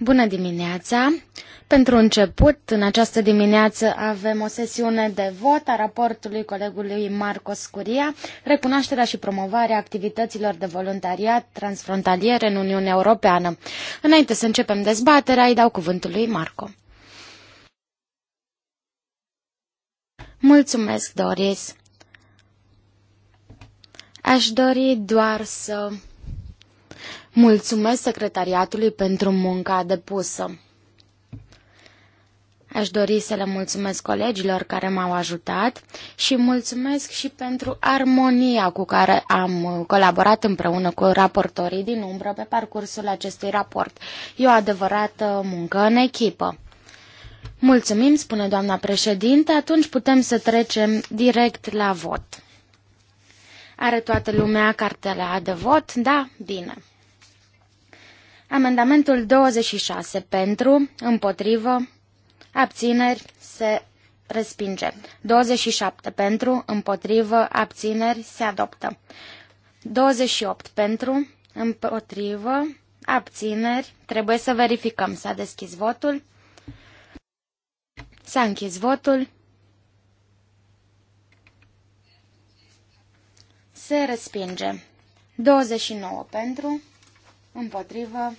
Bună dimineața! Pentru început, în această dimineață avem o sesiune de vot a raportului colegului Marcos Curia, recunoașterea și promovarea activităților de voluntariat transfrontaliere în Uniunea Europeană. Înainte să începem dezbaterea, îi dau cuvântul lui Marco. Mulțumesc, Doris! Aș dori doar să Mulțumesc secretariatului pentru munca depusă. Aș dori să le mulțumesc colegilor care m-au ajutat și mulțumesc și pentru armonia cu care am colaborat împreună cu raportorii din umbră pe parcursul acestui raport. E o adevărată muncă în echipă. Mulțumim, spune doamna președinte, atunci putem să trecem direct la vot. Are toată lumea cartela de vot? Da? Bine. Amendamentul 26 pentru, împotrivă, abțineri, se respinge. 27 pentru, împotrivă, abțineri, se adoptă. 28 pentru, împotrivă, abțineri, trebuie să verificăm. S-a deschis votul. S-a închis votul. Se respinge. 29 pentru, împotrivă,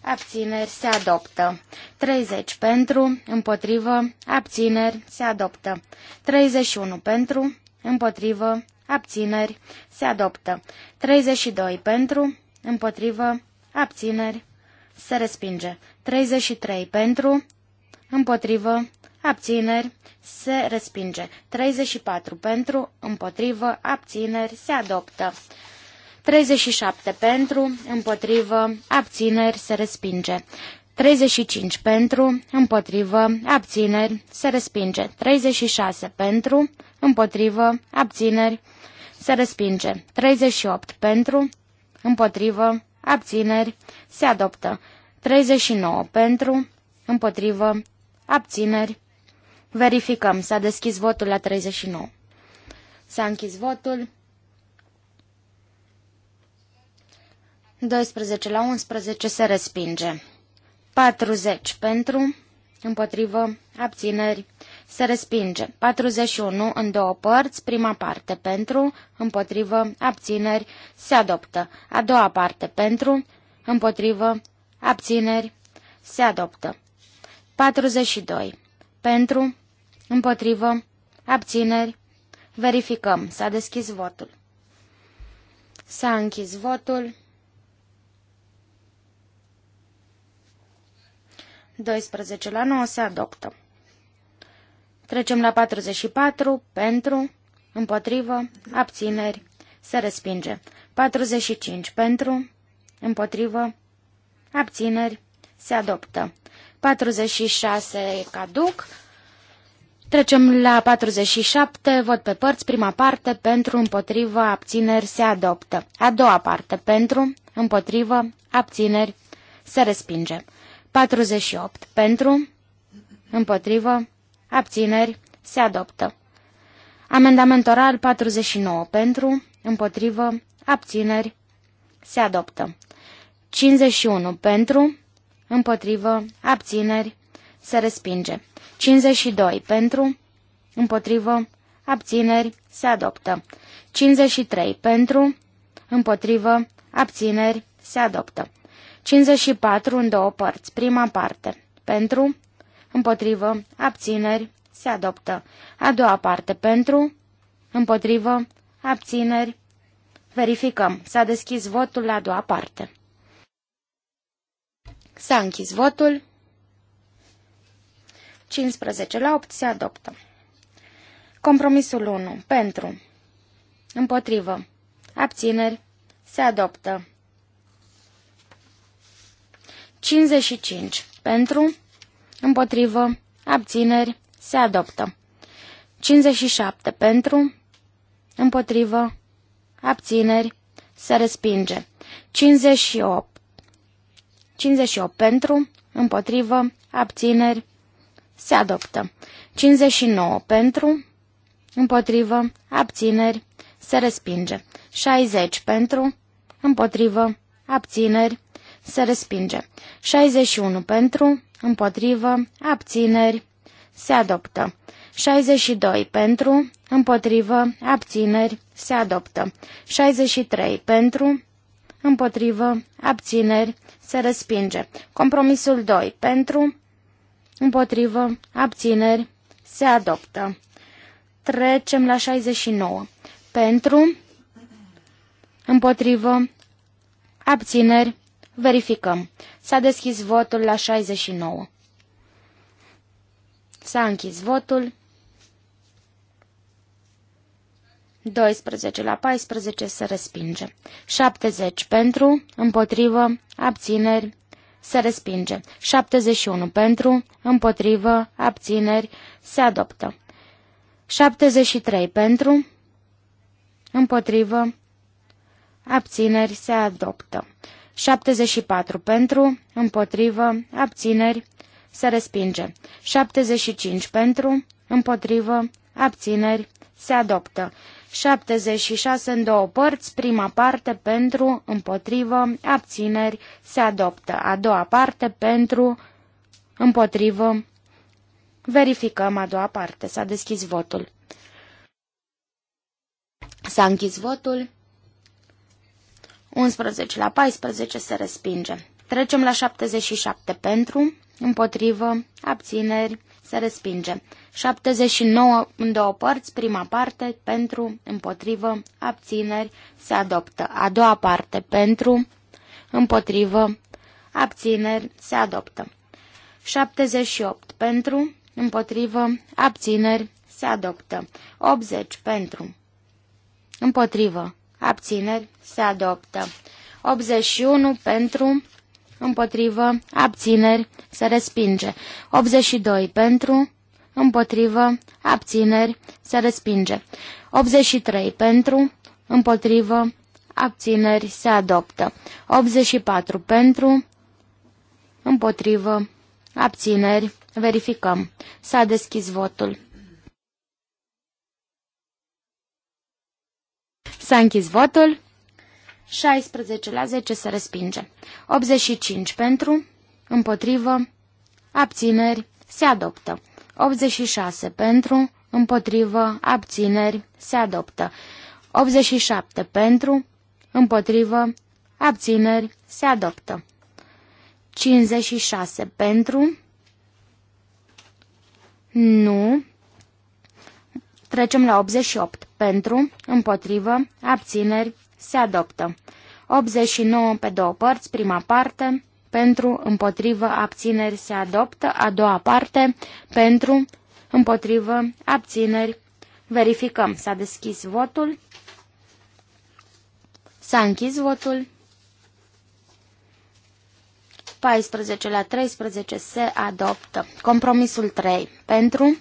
abțineri, se adoptă. 30 pentru, împotrivă, abțineri, se adoptă. 31 pentru, împotrivă, abțineri, se adoptă. 32 pentru, împotrivă, abțineri, se respinge. 33 pentru, împotrivă, abțineri, se respinge. 34 pentru, împotrivă, abțineri, se adoptă. 37 pentru, împotrivă, abțineri, se respinge. 35 pentru, împotrivă, abțineri, se respinge. 36 pentru, împotrivă, abțineri, se respinge. 38 pentru, împotrivă, abțineri, se adoptă. 39 pentru, împotrivă, abțineri. Verificăm, s-a deschis votul la 39. S-a închis votul. 12 la 11 se respinge. 40 pentru, împotrivă, abțineri, se respinge. 41 în două părți, prima parte pentru, împotrivă, abțineri, se adoptă. A doua parte pentru, împotrivă, abțineri, se adoptă. 42. Pentru, împotrivă, abțineri, verificăm. S-a deschis votul. S-a închis votul. 12 la 9 se adoptă. Trecem la 44, pentru, împotrivă, abțineri, se respinge. 45, pentru, împotrivă, abțineri, se adoptă. 46, caduc. Trecem la 47, vot pe părți, prima parte, pentru, împotrivă, abțineri, se adoptă. A doua parte, pentru, împotrivă, abțineri, se respinge. 48 pentru, împotrivă, abțineri, se adoptă. Amendament oral 49 pentru, împotrivă, abțineri, se adoptă. 51 pentru, împotrivă, abțineri, se respinge. 52 pentru, împotrivă, abțineri, se adoptă. 53 pentru, împotrivă, abțineri, se adoptă. 54 în două părți. Prima parte. Pentru, împotrivă, abțineri, se adoptă. A doua parte. Pentru, împotrivă, abțineri. Verificăm. S-a deschis votul la a doua parte. S-a închis votul. 15 la 8 se adoptă. Compromisul 1. Pentru. Împotrivă. Abțineri. Se adoptă. 55. Pentru, împotrivă, abțineri, se adoptă. 57. Pentru, împotrivă, abțineri, se respinge. 58. 58 pentru, împotrivă, abțineri, se adoptă. 59 pentru, împotrivă, abțineri, se respinge. 60 pentru, împotrivă, abțineri, se respinge. 61 pentru, împotrivă, abțineri, se adoptă. 62 pentru, împotrivă, abțineri, se adoptă. 63 pentru, împotrivă, abțineri, se respinge. Compromisul 2 pentru, împotrivă, abțineri, se adoptă. Trecem la 69. Pentru, împotrivă, abțineri, Verificăm. S-a deschis votul la 69. S-a închis votul. 12 la 14 se respinge. 70 pentru, împotrivă, abțineri, se respinge. 71 pentru, împotrivă, abțineri, se adoptă. 73 pentru, împotrivă, abțineri, se adoptă. 74 pentru, împotrivă, abțineri, se respinge. 75 pentru, împotrivă, abțineri, se adoptă. 76 în două părți, prima parte pentru, împotrivă, abțineri, se adoptă. A doua parte pentru, împotrivă, verificăm a doua parte. S-a deschis votul. S-a închis votul. 11 la 14 se respinge. Trecem la 77 pentru, împotrivă, abțineri, se respinge. 79 în două părți, prima parte, pentru, împotrivă, abțineri, se adoptă. A doua parte, pentru, împotrivă, abțineri, se adoptă. 78 pentru, împotrivă, abțineri, se adoptă. 80 pentru, împotrivă, abțineri, se adoptă. 81 pentru, împotrivă, abțineri, se respinge. 82 pentru, împotrivă, abțineri, se respinge. 83 pentru, împotrivă, abțineri, se adoptă. 84 pentru, împotrivă, abțineri, verificăm. S-a deschis votul. S-a închis votul. 16 la 10 se respinge. 85 pentru, împotrivă, abțineri, se adoptă. 86 pentru, împotrivă, abțineri, se adoptă. 87 pentru, împotrivă, abțineri, se adoptă. 56 pentru, nu, Trecem la 88. Pentru, împotrivă, abțineri, se adoptă. 89 pe două părți, prima parte, pentru, împotrivă, abțineri, se adoptă. A doua parte, pentru, împotrivă, abțineri. Verificăm. S-a deschis votul. S-a închis votul. 14 la 13 se adoptă. Compromisul 3. Pentru,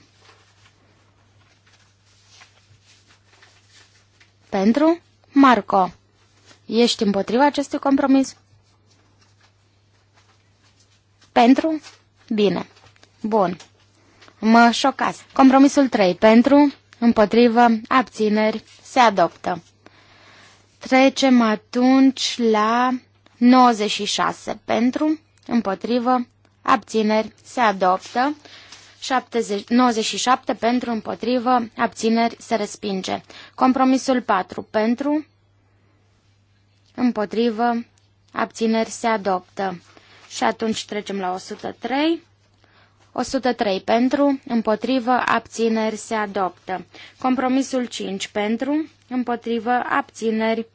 Pentru? Marco, ești împotriva acestui compromis? Pentru? Bine. Bun. Mă șocați. Compromisul 3. Pentru, împotrivă, abțineri, se adoptă. Trecem atunci la 96. Pentru, împotrivă, abțineri, se adoptă. 70, 97 pentru împotrivă, abțineri se respinge. Compromisul 4 pentru, împotrivă, abțineri se adoptă. Și atunci trecem la 103. 103 pentru, împotrivă, abțineri se adoptă. Compromisul 5 pentru, împotrivă, abțineri.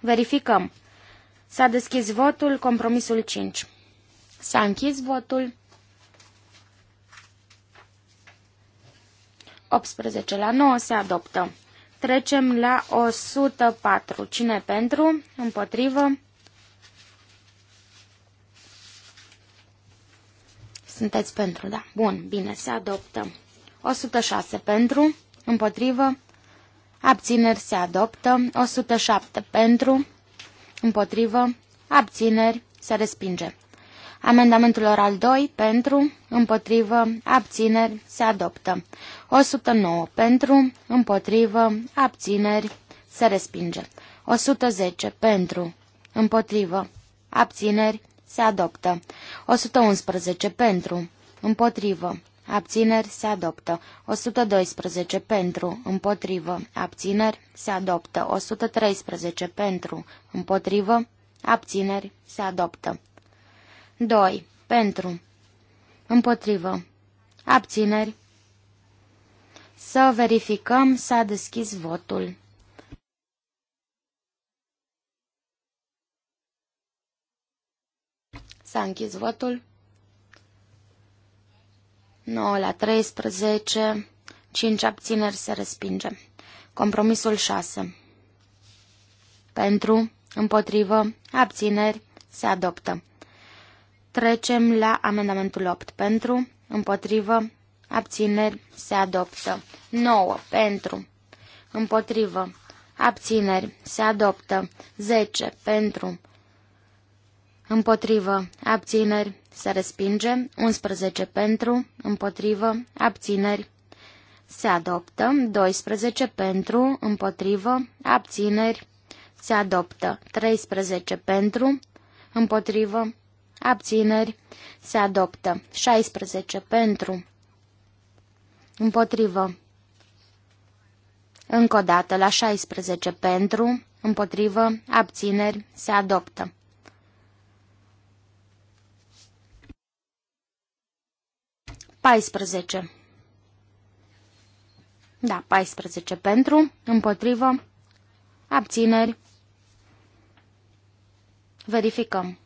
Verificăm. S-a deschis votul, compromisul 5. S-a închis votul. 18 la 9 se adoptă. Trecem la 104. Cine pentru? Împotrivă? Sunteți pentru, da. Bun, bine, se adoptă. 106 pentru, împotrivă, abțineri se adoptă. 107 pentru, împotrivă, abțineri se respinge. Amendamentul oral 2 pentru, împotrivă, abțineri, se adoptă. 109 pentru, împotrivă, abțineri, se respinge. 110 pentru, împotrivă, abțineri, se adoptă. 111 pentru, împotrivă, abțineri, se adoptă. 112 pentru, împotrivă, abțineri, se adoptă. 113 pentru, împotrivă, abțineri, se adoptă. 2. Pentru. Împotrivă. Abțineri. Să verificăm s-a deschis votul. S-a închis votul. 9 la 13, 5 abțineri se respinge. Compromisul 6. Pentru, împotrivă, abțineri, se adoptă. Trecem la amendamentul 8. Pentru, împotrivă, abțineri, se adoptă. 9. Pentru, împotrivă, abțineri, se adoptă. 10. Pentru, împotrivă, abțineri, se respinge. 11. Pentru, împotrivă, abțineri, se adoptă. 12. Pentru, împotrivă, abțineri, se adoptă. 13. Pentru, împotrivă, Abțineri. Se adoptă. 16 pentru. Împotrivă. Încă o dată, la 16 pentru, împotrivă, abțineri, se adoptă. Paisprezece. Da, 14 pentru, împotrivă, abțineri. Verificăm.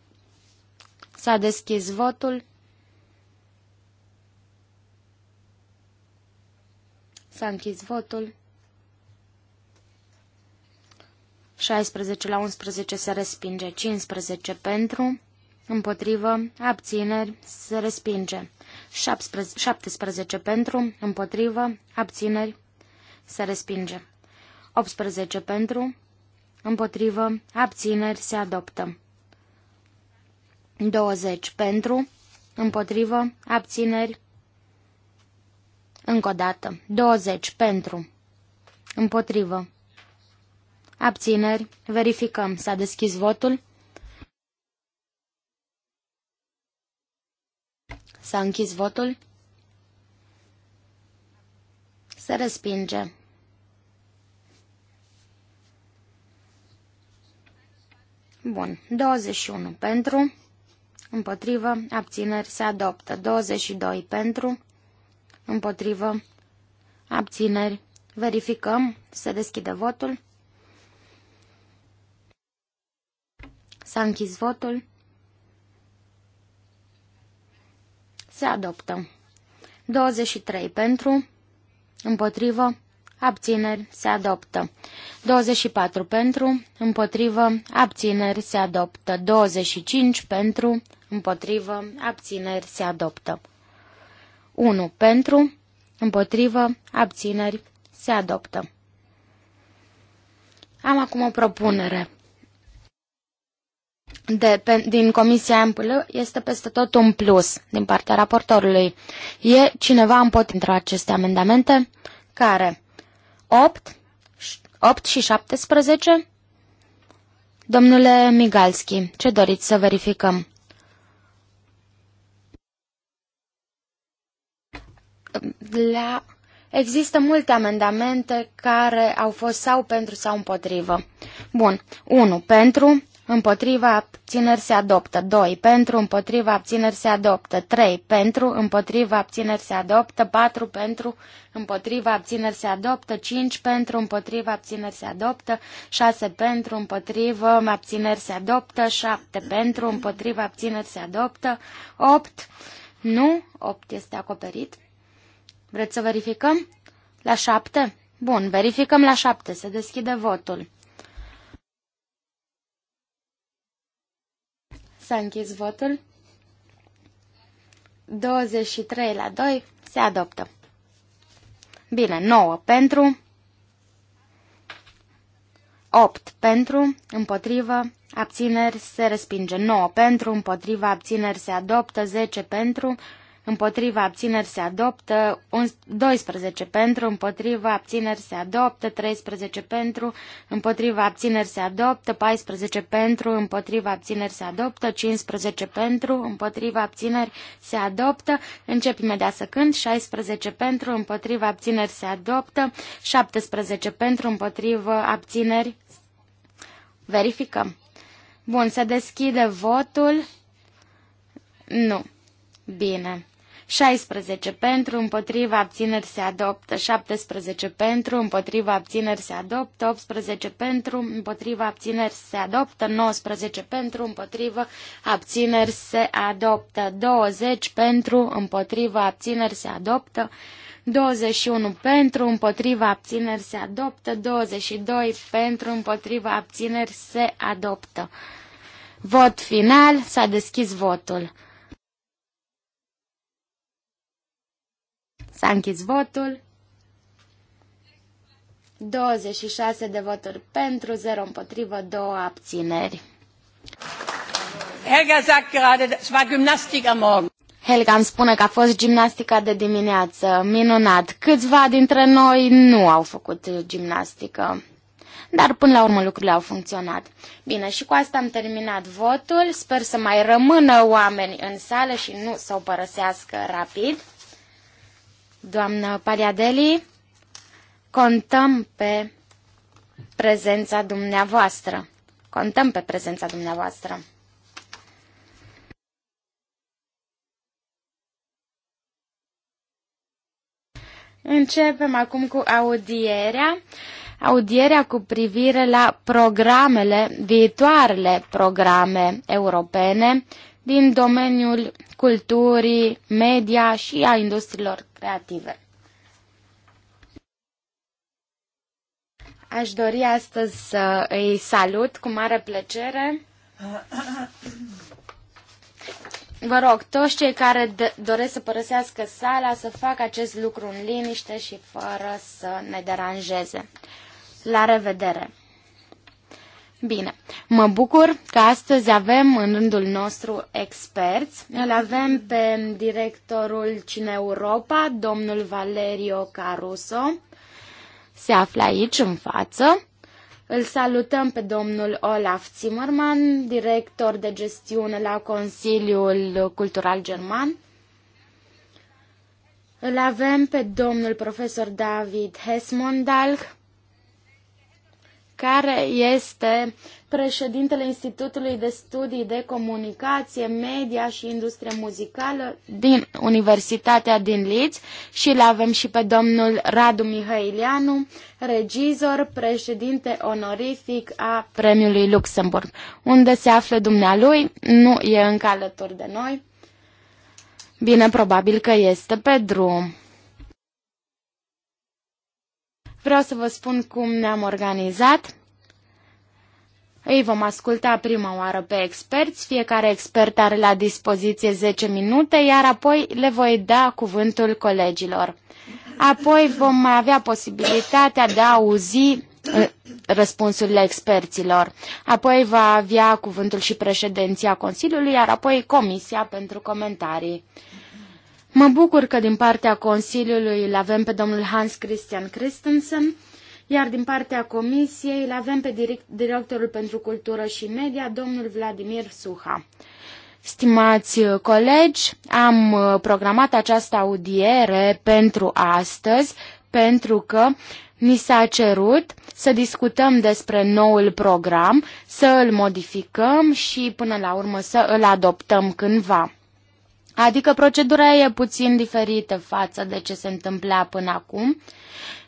S-a deschis votul. S-a închis votul. 16 la 11 se respinge, 15 pentru, împotrivă, abțineri, se respinge, 17, 17 pentru, împotrivă, abțineri, se respinge, 18 pentru, împotrivă, abțineri, se adoptă. 20 pentru, împotrivă, abțineri. Încă o dată. 20 pentru, împotrivă, abțineri. Verificăm. S-a deschis votul. S-a închis votul. Se respinge. Bun. 21 pentru împotrivă, abțineri se adoptă. 22 pentru, împotrivă, abțineri. Verificăm, se deschide votul. S-a închis votul. Se adoptă. 23 pentru, împotrivă, abțineri, se adoptă. 24 pentru, împotrivă, abțineri, se adoptă. 25 pentru, împotrivă, abțineri se adoptă. 1 pentru, împotrivă, abțineri se adoptă. Am acum o propunere. De, pe, din Comisia Ampulă este peste tot un plus din partea raportorului. E cineva împotriva aceste amendamente? Care? 8? 8 și 17? Domnule Migalski, ce doriți să verificăm? la, există multe amendamente care au fost sau pentru sau împotrivă. Bun, 1 pentru, împotriva abțineri se adoptă, 2 pentru, împotriva abțineri se adoptă, 3 pentru, împotriva abțineri se adoptă, 4 pentru, împotriva abțineri se adoptă, 5 pentru, împotriva abțineri se adoptă, 6 pentru, împotriva abțineri se adoptă, 7 pentru, împotriva abțineri se adoptă, 8, nu, 8 este acoperit, Vreți să verificăm? La șapte? Bun, verificăm la șapte. Se deschide votul. S-a închis votul. 23 la 2 se adoptă. Bine, 9 pentru, 8 pentru, împotrivă, abțineri se respinge, 9 pentru, împotrivă, abțineri se adoptă, 10 pentru, împotriva abțineri se adoptă, 12 pentru, împotriva abțineri se adoptă, 13 pentru, împotriva abțineri se adoptă, 14 pentru, împotriva abțineri se adoptă, 15 pentru, împotriva abțineri se adoptă, încep imediat să cânt, 16 pentru, împotriva abțineri se adoptă, 17 pentru, împotriva abțineri verificăm. Bun, se deschide votul. Nu. Bine. 16 pentru, împotriva abțineri se adoptă, 17 pentru, împotriva abțineri se adoptă, 18 pentru, împotriva abțineri se adoptă, 19 pentru, împotriva abțineri se adoptă, 20 pentru, împotriva abțineri se adoptă, 21 pentru, împotriva abțineri se adoptă, 22 pentru, împotriva abțineri se adoptă. Vot final, s-a deschis votul. S-a închis votul. 26 de voturi pentru, 0 împotrivă, 2 abțineri. Helga sagt gerade, es war Gymnastik am Morgen. Helga îmi spune că a fost gimnastica de dimineață. Minunat! Câțiva dintre noi nu au făcut gimnastică. Dar până la urmă lucrurile au funcționat. Bine, și cu asta am terminat votul. Sper să mai rămână oameni în sală și nu să o părăsească rapid doamnă Pariadeli. Contăm pe prezența dumneavoastră. Contăm pe prezența dumneavoastră. Începem acum cu audierea. Audierea cu privire la programele, viitoarele programe europene din domeniul culturii, media și a industriilor creative. Aș dori astăzi să îi salut cu mare plăcere. Vă rog, toți cei care doresc să părăsească sala să facă acest lucru în liniște și fără să ne deranjeze. La revedere! Bine, mă bucur că astăzi avem în rândul nostru experți. Îl avem pe directorul Cine Europa, domnul Valerio Caruso. Se află aici în față. Îl salutăm pe domnul Olaf Zimmermann, director de gestiune la Consiliul Cultural German. Îl avem pe domnul profesor David Hesmondalch, care este președintele Institutului de Studii de Comunicație, Media și Industrie Muzicală din Universitatea din Leeds și îl avem și pe domnul Radu Mihailianu, regizor, președinte onorific a Premiului Luxemburg. Unde se află dumnealui, nu e încă alături de noi. Bine, probabil că este pe drum. Vreau să vă spun cum ne-am organizat. Îi vom asculta prima oară pe experți, fiecare expert are la dispoziție 10 minute, iar apoi le voi da cuvântul colegilor. Apoi vom mai avea posibilitatea de a auzi uh, răspunsurile experților. Apoi va avea cuvântul și președinția Consiliului, iar apoi Comisia pentru comentarii. Mă bucur că din partea Consiliului îl avem pe domnul Hans Christian Christensen, iar din partea Comisiei îl avem pe directorul pentru cultură și media, domnul Vladimir Suha. Stimați uh, colegi, am uh, programat această audiere pentru astăzi, pentru că ni s-a cerut să discutăm despre noul program, să îl modificăm și până la urmă să îl adoptăm cândva. Adică procedura e puțin diferită față de ce se întâmpla până acum.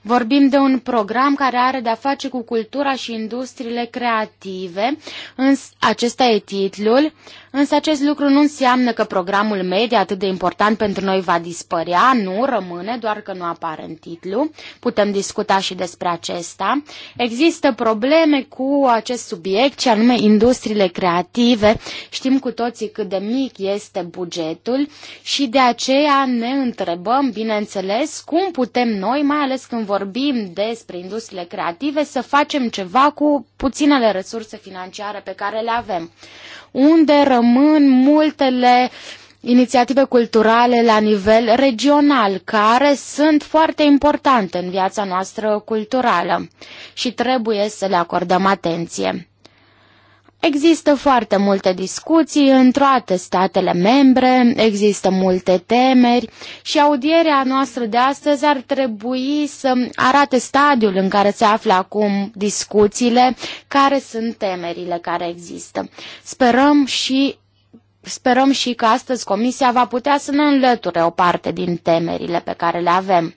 Vorbim de un program care are de-a face cu cultura și industriile creative, însă acesta e titlul. Însă acest lucru nu înseamnă că programul media atât de important pentru noi va dispărea, nu rămâne, doar că nu apare în titlu. Putem discuta și despre acesta. Există probleme cu acest subiect, ce anume industriile creative. Știm cu toții cât de mic este bugetul și de aceea ne întrebăm, bineînțeles, cum putem noi, mai ales când vorbim despre industriile creative, să facem ceva cu puținele resurse financiare pe care le avem unde rămân multele inițiative culturale la nivel regional, care sunt foarte importante în viața noastră culturală și trebuie să le acordăm atenție. Există foarte multe discuții în toate statele membre, există multe temeri și audierea noastră de astăzi ar trebui să arate stadiul în care se află acum discuțiile, care sunt temerile care există. Sperăm și Sperăm și că astăzi Comisia va putea să ne înlăture o parte din temerile pe care le avem.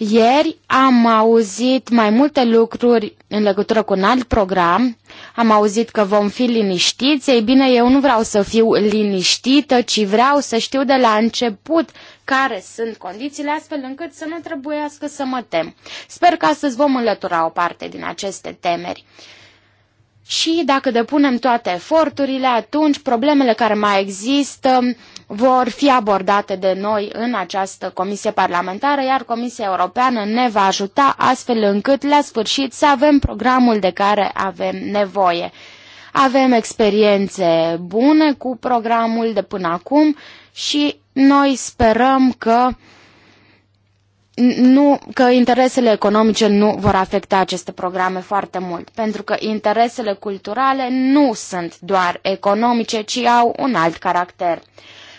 Ieri am auzit mai multe lucruri în legătură cu un alt program. Am auzit că vom fi liniștiți. Ei bine, eu nu vreau să fiu liniștită, ci vreau să știu de la început care sunt condițiile astfel încât să nu trebuiască să mă tem. Sper că astăzi vom înlătura o parte din aceste temeri. Și dacă depunem toate eforturile, atunci problemele care mai există vor fi abordate de noi în această comisie parlamentară, iar Comisia Europeană ne va ajuta astfel încât la sfârșit să avem programul de care avem nevoie. Avem experiențe bune cu programul de până acum și noi sperăm că uh, nu, că interesele economice nu vor afecta aceste programe foarte mult, pentru că interesele culturale nu sunt doar economice, ci au un alt caracter.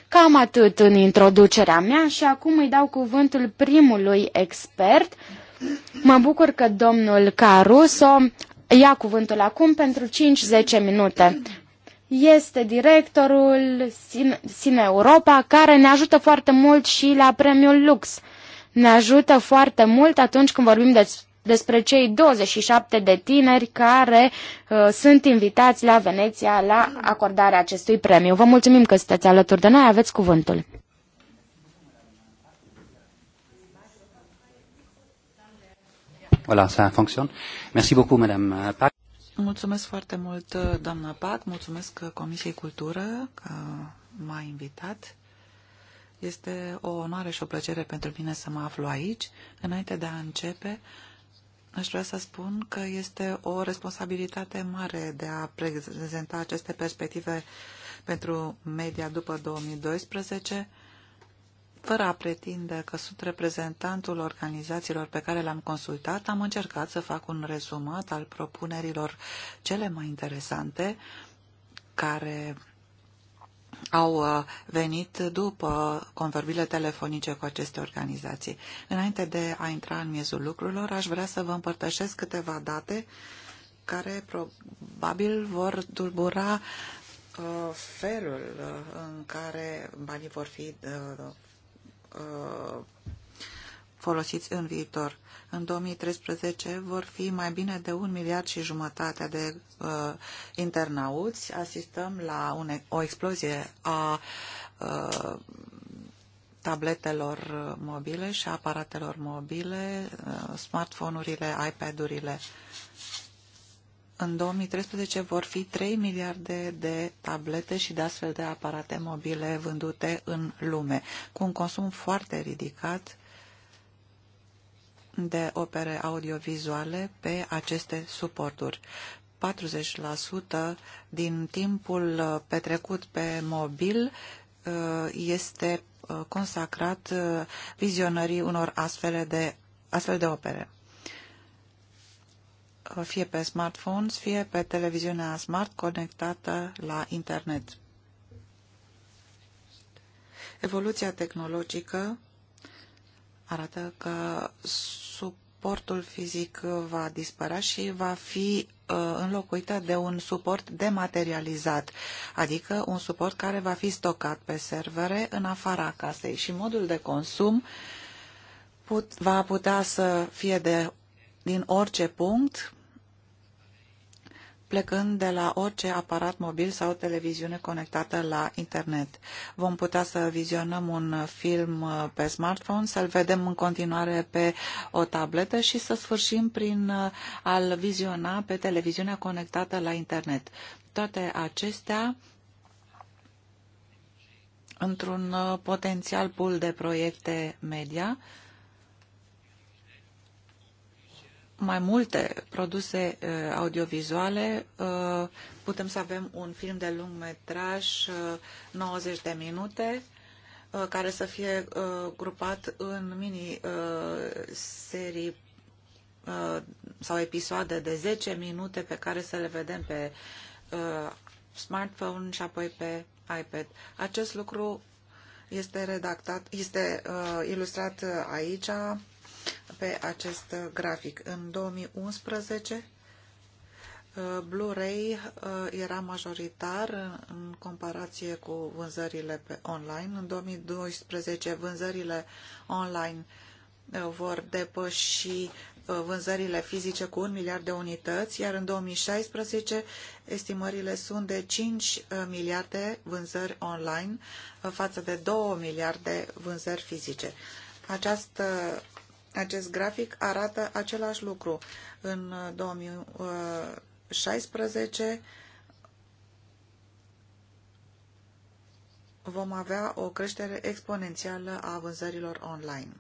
Cam atât în introducerea mea și acum îi dau cuvântul primului expert. Mă bucur că domnul Caruso ia cuvântul acum pentru 5-10 minute. Este directorul Sine Europa, care ne ajută foarte mult și la premiul Lux ne ajută foarte mult atunci când vorbim despre despre cei 27 de tineri care uh, sunt invitați la Veneția la acordarea acestui premiu. Vă mulțumim că sunteți alături de noi, aveți cuvântul. Voilà, euh, Mulțumesc foarte mult, doamna Pac. Mulțumesc Comisiei Cultură că m-a invitat. Este o onoare și o plăcere pentru mine să mă aflu aici. Înainte de a începe, aș vrea să spun că este o responsabilitate mare de a prezenta aceste perspective pentru media după 2012, fără a pretinde că sunt reprezentantul organizațiilor pe care le-am consultat, am încercat să fac un rezumat al propunerilor cele mai interesante care au uh, venit după convorbirile telefonice cu aceste organizații. Înainte de a intra în miezul lucrurilor, aș vrea să vă împărtășesc câteva date care probabil vor tulbura uh, felul uh, în care banii vor fi folosiți în viitor. În 2013 vor fi mai bine de un miliard și jumătate de uh, internauți. Asistăm la une, o explozie a uh, tabletelor mobile și aparatelor mobile, uh, smartphone-urile, iPad-urile. În 2013 vor fi 3 miliarde de tablete și de astfel de aparate mobile vândute în lume, cu un consum foarte ridicat de opere audiovizuale pe aceste suporturi. 40% din timpul uh, petrecut pe mobil uh, este uh, consacrat vizionării unor astfel de, astfel de opere. Fie pe smartphones, fie pe televiziunea smart conectată la internet. Evoluția tehnologică arată că suportul fizic va dispărea și va fi uh, înlocuită de un suport dematerializat, adică un suport care va fi stocat pe servere în afara casei și modul de consum put, va putea să fie de din orice punct plecând de la orice aparat mobil sau televiziune conectată la internet. Vom putea să vizionăm un film uh, pe smartphone, să-l vedem în continuare pe o tabletă și să sfârșim prin uh, a-l viziona pe televiziunea conectată la internet. Toate acestea într-un uh, potențial pool de proiecte media mai multe produse uh, audiovizuale, uh, putem să avem un film de lung metraj, 90 uh, de minute, care să fie grupat în mini-serii sau episoade de 10 minute pe care să le vedem pe smartphone și apoi pe iPad. Acest lucru este redactat, este ilustrat aici pe acest grafic. În 2011, uh, Blu-ray uh, era majoritar în comparație cu vânzările pe online. În 2012, vânzările online uh, vor depăși vânzările fizice cu un miliard de unități, iar în 2016 estimările sunt de 5 miliarde vânzări online față de 2 miliarde vânzări fizice. Această acest grafic arată același lucru. În 2016 uh, uh, vom avea o creștere exponențială a vânzărilor online.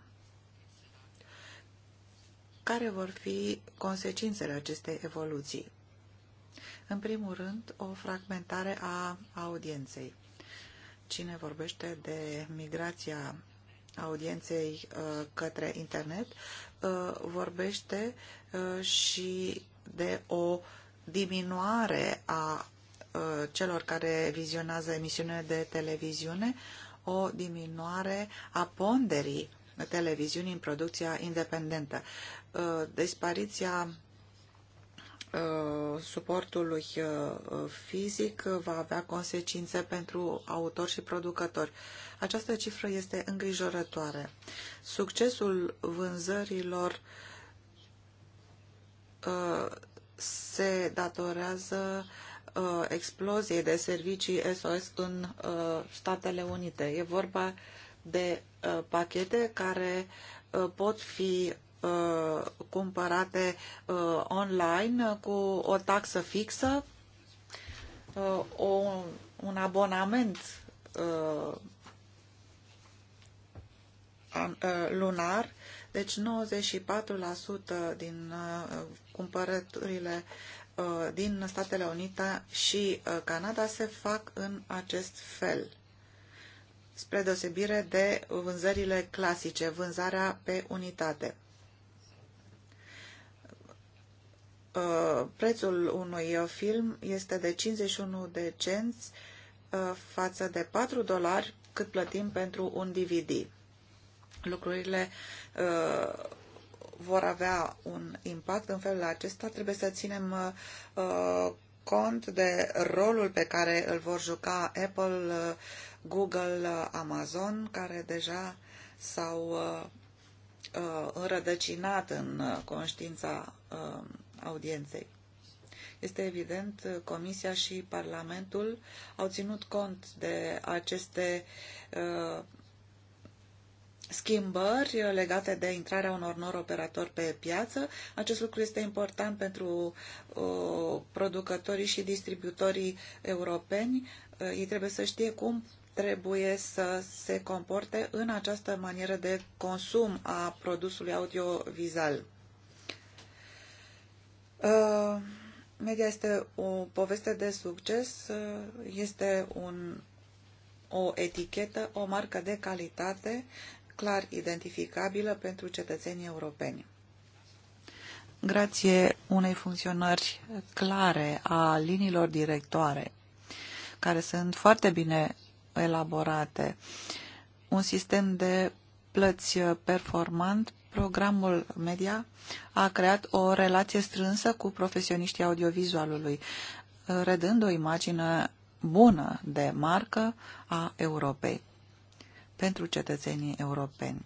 Care vor fi consecințele acestei evoluții? În primul rând, o fragmentare a audienței. Cine vorbește de migrația audienței uh, către internet uh, vorbește uh, și de o diminuare a celor care vizionează emisiunile de televiziune, o diminuare a ponderii televiziunii în producția independentă. Dispariția Uh, suportului uh, fizic uh, va avea consecințe pentru autori și producători. Această cifră este îngrijorătoare. Succesul vânzărilor se datorează exploziei de servicii SOS în Statele Unite. E vorba de pachete care pot fi Uh, cumpărate uh, online cu o taxă fixă, uh, o, un abonament uh, an, uh, lunar, deci 94% din uh, cumpărăturile uh, din Statele Unite și uh, Canada se fac în acest fel spre deosebire de vânzările clasice, vânzarea pe unitate. Uh, prețul unui film este de 51 de cenți uh, față de 4 dolari cât plătim pentru un DVD. Lucrurile uh, vor avea un impact în felul acesta. Trebuie să ținem cont de rolul pe care îl vor juca Apple, Google, Amazon, care deja s-au înrădăcinat în conștiința audienței. Este evident, Comisia și Parlamentul au ținut cont de aceste uh, schimbări legate de intrarea unor nori operatori pe piață. Acest lucru este important pentru uh, producătorii și distribuitorii europeni. Uh, ei trebuie să știe cum trebuie să se comporte în această manieră de consum a produsului audiovizual. Uh, media este o poveste de succes, uh, este un, o etichetă, o marcă de calitate clar identificabilă pentru cetățenii europeni. Grație unei funcționări clare a liniilor directoare, care sunt foarte bine elaborate, un sistem de plăți performant programul media a creat o relație strânsă cu profesioniștii audiovizualului, redând o imagine bună de marcă a Europei pentru cetățenii europeni.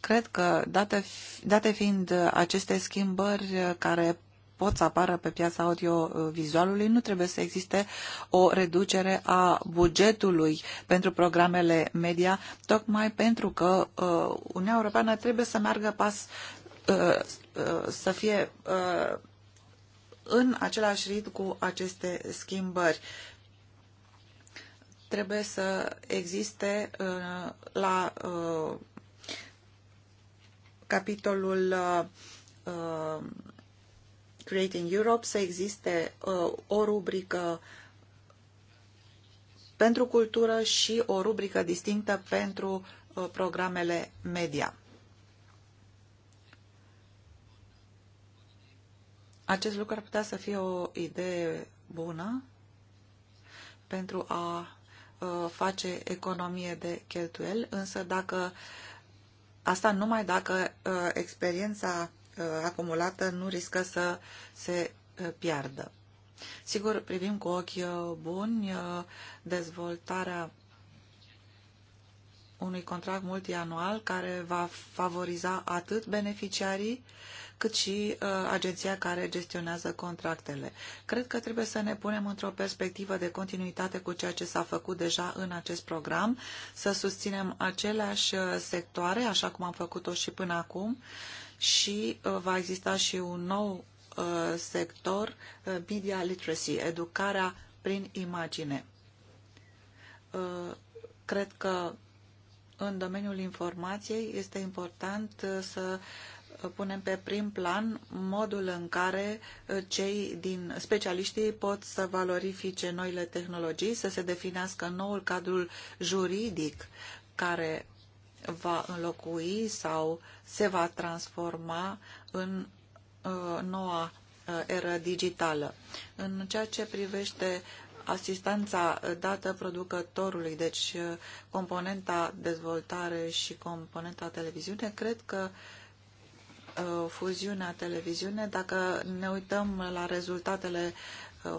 Cred că, date, date fiind aceste schimbări care pot să apară pe piața audiovizualului, nu trebuie să existe o reducere a bugetului pentru programele media, tocmai pentru că uh, Uniunea Europeană trebuie să meargă pas uh, uh, să fie în același rit cu aceste schimbări trebuie să existe uh, la uh, capitolul uh, Creating Europe să existe uh, o rubrică pentru cultură și o rubrică distinctă pentru uh, programele media. Acest lucru ar putea să fie o idee bună pentru a uh, face economie de cheltuieli, însă dacă asta numai dacă uh, experiența Uh, acumulată nu riscă să se uh, piardă. Sigur, privim cu ochi uh, buni dezvoltarea unui contract multianual care va favoriza atât beneficiarii cât și uh, agenția care gestionează contractele. Cred că trebuie să ne punem într-o perspectivă de continuitate cu ceea ce s-a făcut deja în acest program, să susținem aceleași sectoare, așa cum am făcut-o și până acum, și uh, va exista și un nou uh, sector, uh, media literacy, educarea prin imagine. Cred că în domeniul informației este important să punem pe prim plan modul în care cei din specialiștii pot să valorifice noile tehnologii, să se definească noul cadrul juridic care va înlocui sau se va transforma în uh, noua uh, eră digitală. În ceea ce privește asistența uh, dată producătorului, deci componenta dezvoltare și componenta televiziune, cred că fuziunea televiziune, dacă ne uităm la rezultatele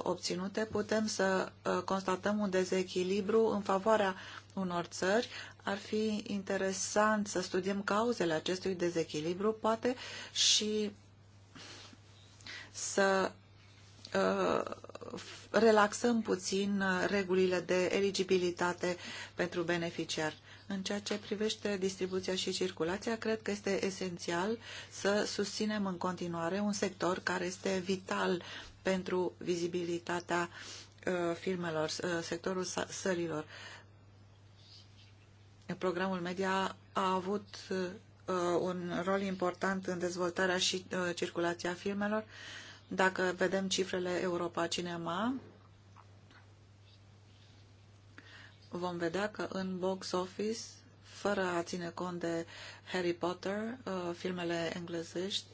obținute, putem să constatăm un dezechilibru în favoarea unor țări, ar fi interesant să studiem cauzele acestui dezechilibru, poate, și să uh, relaxăm puțin uh, regulile de eligibilitate pentru beneficiar. În ceea ce privește distribuția și circulația, cred că este esențial să susținem în continuare un sector care este vital pentru vizibilitatea uh, firmelor, uh, sectorul sărilor. Uh, Programul media a avut uh, un rol important în dezvoltarea și uh, circulația filmelor. Dacă vedem cifrele Europa Cinema, vom vedea că în box office, fără a ține cont de Harry Potter, uh, filmele englezești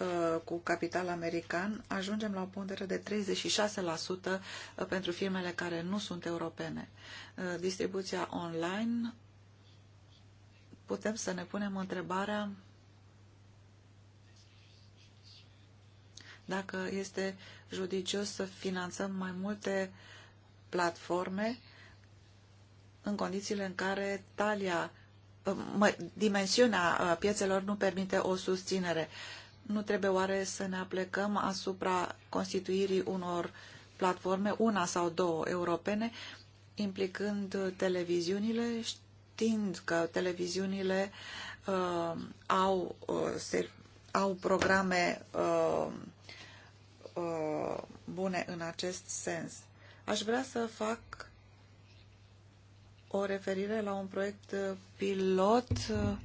Uh, cu capital american, ajungem la o pondere de 36% uh, pentru firmele care nu sunt europene. Uh, distribuția online, putem să ne punem întrebarea dacă este judicios să finanțăm mai multe platforme în condițiile în care talia, dimensiunea piețelor nu permite o susținere. Nu trebuie oare să ne aplecăm asupra constituirii unor platforme, una sau două europene, implicând televiziunile, știind că televiziunile uh, au, uh, se, au programe uh, uh, bune în acest sens. Aș vrea să fac o referire la un proiect uh, pilot uh,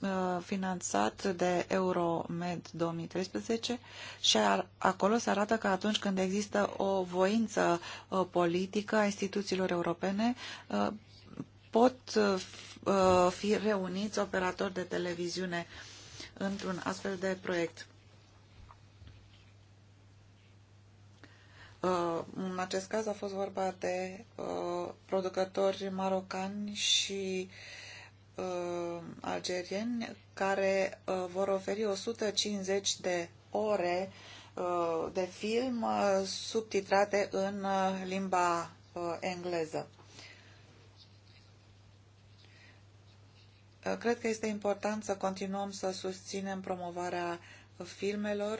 Uh, finanțat de Euromed 2013 și acolo se arată că atunci când există o voință uh, politică a instituțiilor europene, uh, pot fi reuniți operatori de televiziune într-un astfel de proiect. În acest caz a fost vorba de producători marocani și uh, uh, algerieni care uh, vor oferi 150 de ore uh, de film uh, subtitrate în uh, limba uh, engleză. Uh, cred că este important să continuăm să susținem promovarea filmelor,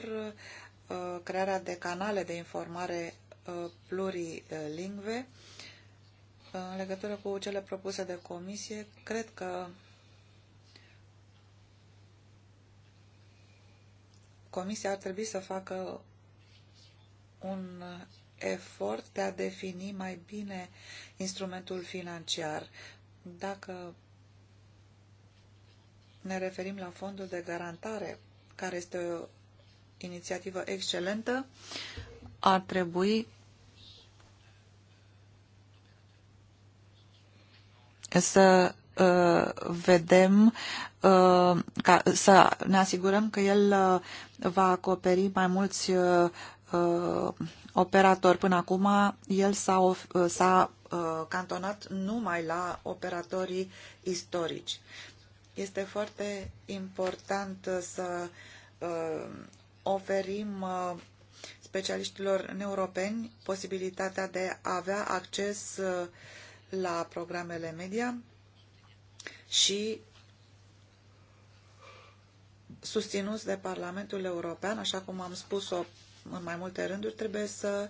uh, crearea de canale de informare uh, plurilingve, în legătură cu cele propuse de comisie, cred că comisia ar trebui să facă un efort de a defini mai bine instrumentul financiar. Dacă ne referim la fondul de garantare, care este o inițiativă excelentă, ar trebui să uh, vedem, uh, ca, să ne asigurăm că el uh, va acoperi mai mulți operatori. Până acum, el s-a, cantonat numai la operatorii istorici. Este foarte important să oferim specialiștilor europeni posibilitatea de a avea acces uh, la programele media și susținuți de Parlamentul European, așa cum am spus-o în mai multe rânduri, trebuie să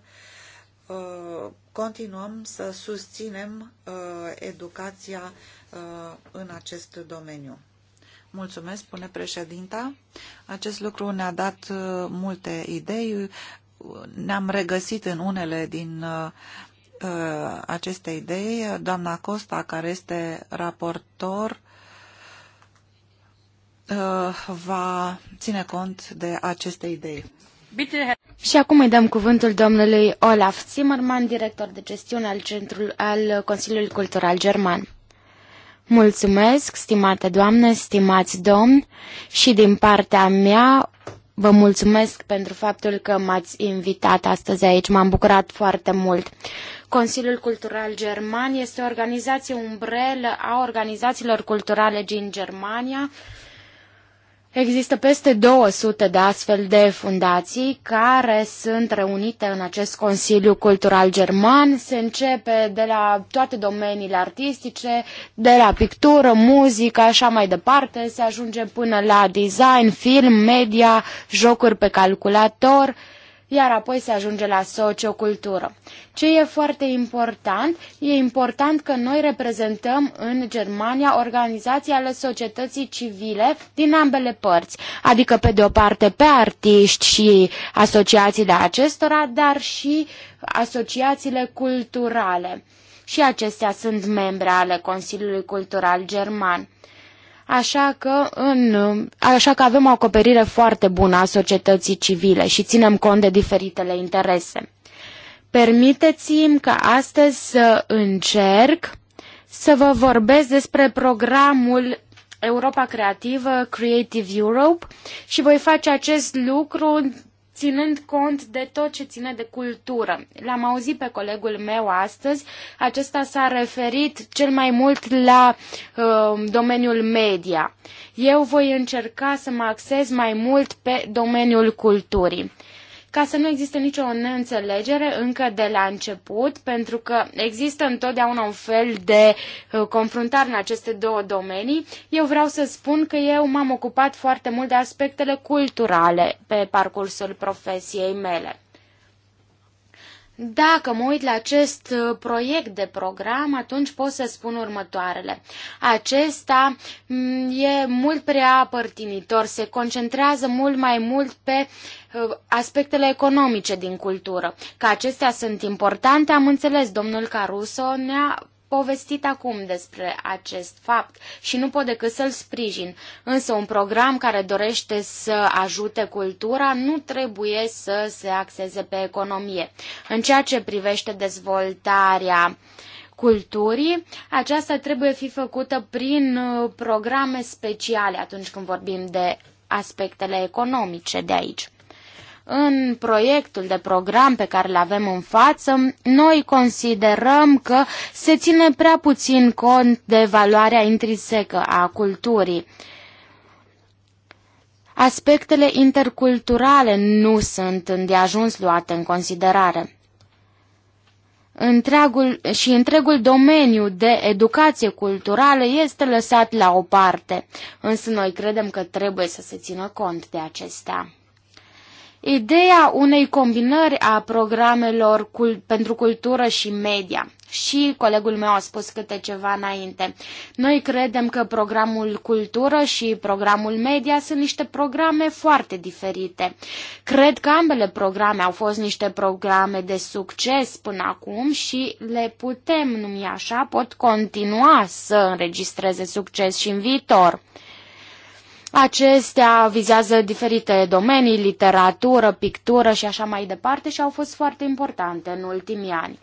uh, continuăm să susținem uh, educația uh, în acest domeniu. Mulțumesc, spune președinta. Acest lucru ne-a dat uh, multe idei. Ne-am regăsit în unele din uh, Uh, aceste idei. Doamna Costa, care este raportor, uh, va ține cont de aceste idei. Și acum îi dăm cuvântul domnului Olaf Zimmermann, director de gestiune al, centrul, al Consiliului Cultural German. Mulțumesc, stimate doamne, stimați domni, și din partea mea vă mulțumesc pentru faptul că m-ați invitat astăzi aici. M-am bucurat foarte mult. Consiliul Cultural German este o organizație umbrelă a organizațiilor culturale din Germania. Există peste 200 de astfel de fundații care sunt reunite în acest Consiliu Cultural German. Se începe de la toate domeniile artistice, de la pictură, muzică, așa mai departe, se ajunge până la design, film, media, jocuri pe calculator, iar apoi se ajunge la sociocultură. Ce e foarte important? E important că noi reprezentăm în Germania organizații ale societății civile din ambele părți, adică pe de o parte pe artiști și asociațiile acestora, dar și asociațiile culturale. Și acestea sunt membre ale Consiliului Cultural German. Așa că, în, așa că avem o acoperire foarte bună a societății civile și ținem cont de diferitele interese. Permiteți-mi ca astăzi să încerc să vă vorbesc despre programul Europa Creativă, Creative Europe și voi face acest lucru ținând cont de tot ce ține de cultură. L-am auzit pe colegul meu astăzi, acesta s-a referit cel mai mult la uh, domeniul media. Eu voi încerca să mă axez mai mult pe domeniul culturii ca să nu existe nicio neînțelegere încă de la început, pentru că există întotdeauna un fel de uh, confruntare în aceste două domenii. Eu vreau să spun că eu m-am ocupat foarte mult de aspectele culturale pe parcursul profesiei mele. Dacă mă uit la acest uh, proiect de program, atunci pot să spun următoarele. Acesta mm, e mult prea părtinitor, se concentrează mult mai mult pe uh, aspectele economice din cultură. Că acestea sunt importante, am înțeles, domnul Caruso ne-a povestit acum despre acest fapt și nu pot decât să-l sprijin. Însă un program care dorește să ajute cultura nu trebuie să se axeze pe economie. În ceea ce privește dezvoltarea culturii, aceasta trebuie fi făcută prin uh, programe speciale atunci când vorbim de aspectele economice de aici. În proiectul de program pe care îl avem în față, noi considerăm că se ține prea puțin cont de valoarea intrinsecă a culturii. Aspectele interculturale nu sunt îndeajuns luate în considerare întreagul, și întregul domeniu de educație culturală este lăsat la o parte, însă noi credem că trebuie să se țină cont de acestea ideea unei combinări a programelor cul- pentru cultură și media. Și colegul meu a spus câte ceva înainte. Noi credem că programul cultură și programul media sunt niște programe foarte diferite. Cred că ambele programe au fost niște programe de succes până acum și le putem numi așa, pot continua să înregistreze succes și în viitor. Acestea vizează diferite domenii, literatură, pictură și așa mai departe și au fost foarte importante în ultimii ani.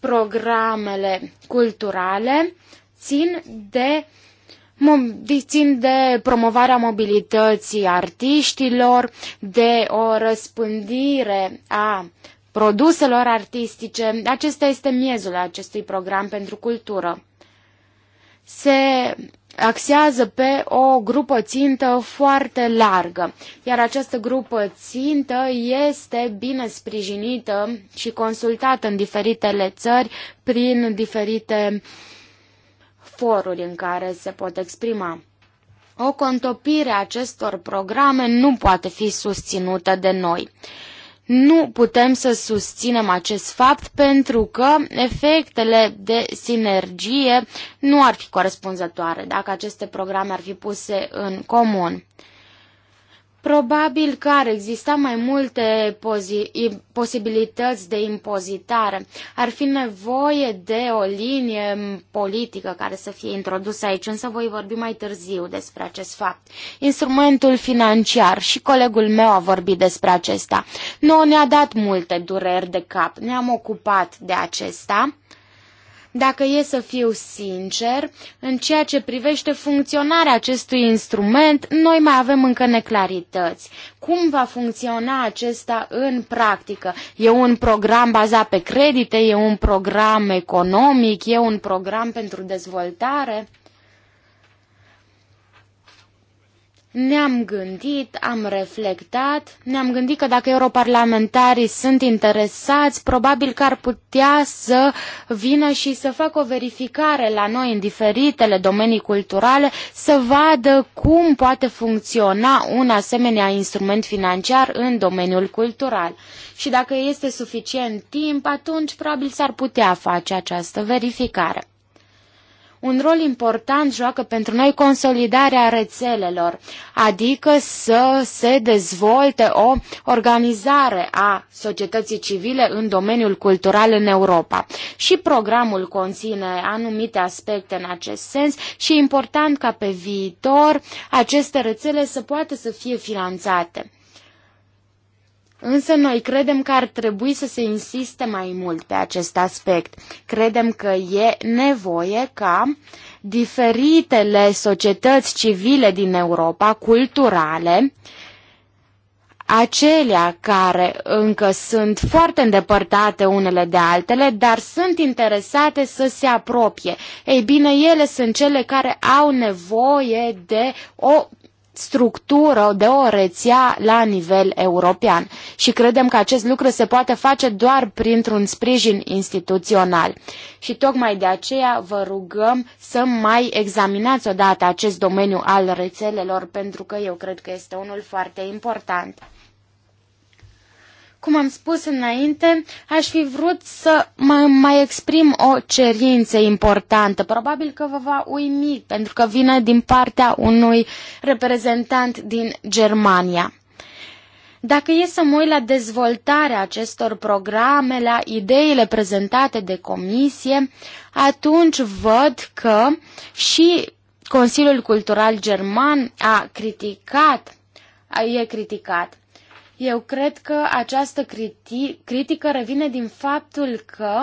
Programele culturale țin de țin de promovarea mobilității artiștilor, de o răspândire a produselor artistice. Acesta este miezul acestui program pentru cultură. Se axează pe o grupă țintă foarte largă, iar această grupă țintă este bine sprijinită și consultată în diferitele țări prin diferite foruri în care se pot exprima. O contopire a acestor programe nu poate fi susținută de noi. Nu putem să susținem acest fapt pentru că efectele de sinergie nu ar fi corespunzătoare dacă aceste programe ar fi puse în comun. Probabil că ar exista mai multe posibilități de impozitare. Ar fi nevoie de o linie politică care să fie introdusă aici, însă voi vorbi mai târziu despre acest fapt. Instrumentul financiar și colegul meu a vorbit despre acesta. Nu ne-a dat multe dureri de cap, ne-am ocupat de acesta. Dacă e să fiu sincer, în ceea ce privește funcționarea acestui instrument, noi mai avem încă neclarități. Cum va funcționa acesta în practică? E un program bazat pe credite, e un program economic, e un program pentru dezvoltare? Ne-am gândit, am reflectat, ne-am gândit că dacă europarlamentarii sunt interesați, probabil că ar putea să vină și să facă o verificare la noi în diferitele domenii culturale, să vadă cum poate funcționa un asemenea instrument financiar în domeniul cultural. Și dacă este suficient timp, atunci probabil s-ar putea face această verificare. Un rol important joacă pentru noi consolidarea rețelelor, adică să se dezvolte o organizare a societății civile în domeniul cultural în Europa. Și programul conține anumite aspecte în acest sens și e important ca pe viitor aceste rețele să poată să fie finanțate. Însă noi credem că ar trebui să se insiste mai mult pe acest aspect. Credem că e nevoie ca diferitele societăți civile din Europa, culturale, acelea care încă sunt foarte îndepărtate unele de altele, dar sunt interesate să se apropie. Ei bine, ele sunt cele care au nevoie de o structură, de o rețea la nivel european și credem că acest lucru se poate face doar printr-un sprijin instituțional. Și tocmai de aceea vă rugăm să mai examinați odată acest domeniu al rețelelor pentru că eu cred că este unul foarte important. Cum am spus înainte, aș fi vrut să mă mai exprim o cerință importantă. Probabil că vă va uimi, pentru că vine din partea unui reprezentant din Germania. Dacă e să mă uit la dezvoltarea acestor programe, la ideile prezentate de comisie, atunci văd că și Consiliul Cultural German a criticat, e criticat. Eu cred că această criti- critică revine din faptul că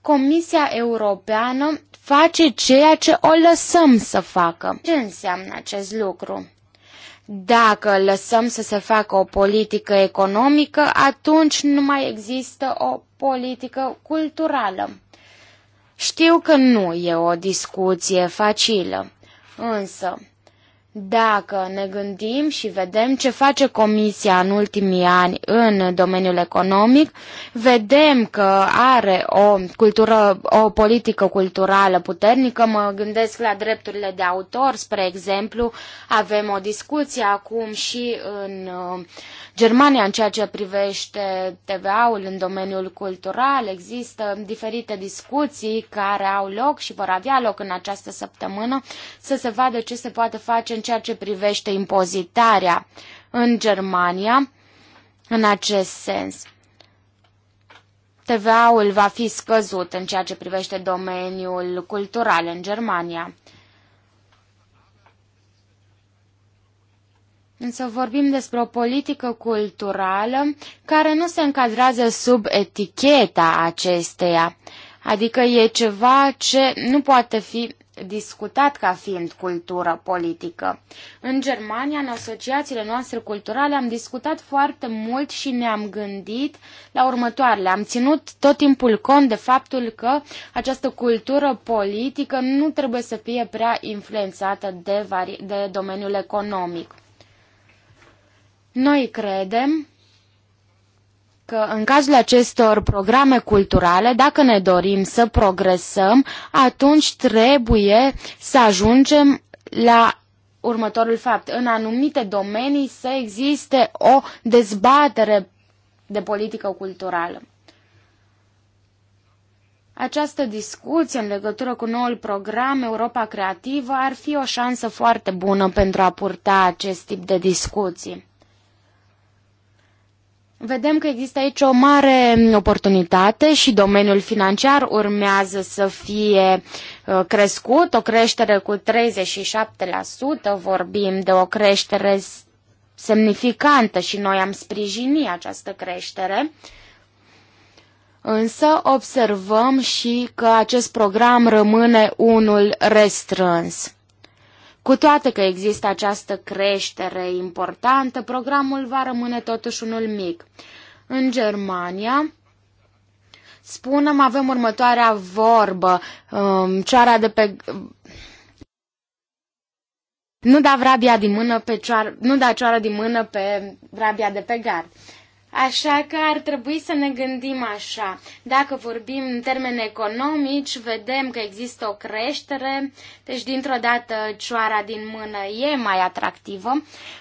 Comisia Europeană face ceea ce o lăsăm să facă. Ce înseamnă acest lucru? Dacă lăsăm să se facă o politică economică, atunci nu mai există o politică culturală. Știu că nu e o discuție facilă, însă dacă ne gândim și vedem ce face Comisia în ultimii ani în domeniul economic, vedem că are o, cultură, o politică culturală puternică. Mă gândesc la drepturile de autor, spre exemplu. Avem o discuție acum și în uh, Germania, în ceea ce privește TVA-ul în domeniul cultural, există diferite discuții care au loc și vor avea loc în această săptămână să se vadă ce se poate face în ceea ce privește impozitarea în Germania în acest sens. TVA-ul va fi scăzut în ceea ce privește domeniul cultural în Germania. Însă vorbim despre o politică culturală care nu se încadrează sub eticheta acesteia, adică e ceva ce nu poate fi discutat ca fiind cultură politică. În Germania, în asociațiile noastre culturale, am discutat foarte mult și ne-am gândit la următoarele. Am ținut tot timpul cont de faptul că această cultură politică nu trebuie să fie prea influențată de, vari- de domeniul economic. Noi credem că în cazul acestor programe culturale, dacă ne dorim să progresăm, atunci trebuie să ajungem la următorul fapt. În anumite domenii să existe o dezbatere de politică culturală. Această discuție în legătură cu noul program Europa Creativă ar fi o șansă foarte bună pentru a purta acest tip de discuții. Vedem că există aici o mare oportunitate și domeniul financiar urmează să fie uh, crescut, o creștere cu 37%, vorbim de o creștere semnificantă și noi am sprijinit această creștere. Însă observăm și că acest program rămâne unul restrâns. Cu toate că există această creștere importantă, programul va rămâne totuși unul mic. În Germania, spunem, avem următoarea vorbă, um, ceara de pe... Nu da vrabia din mână pe cioar... nu da cioara din mână pe vrabia de pe gard. Așa că ar trebui să ne gândim așa. Dacă vorbim în termeni economici, vedem că există o creștere, deci dintr-o dată cioara din mână e mai atractivă,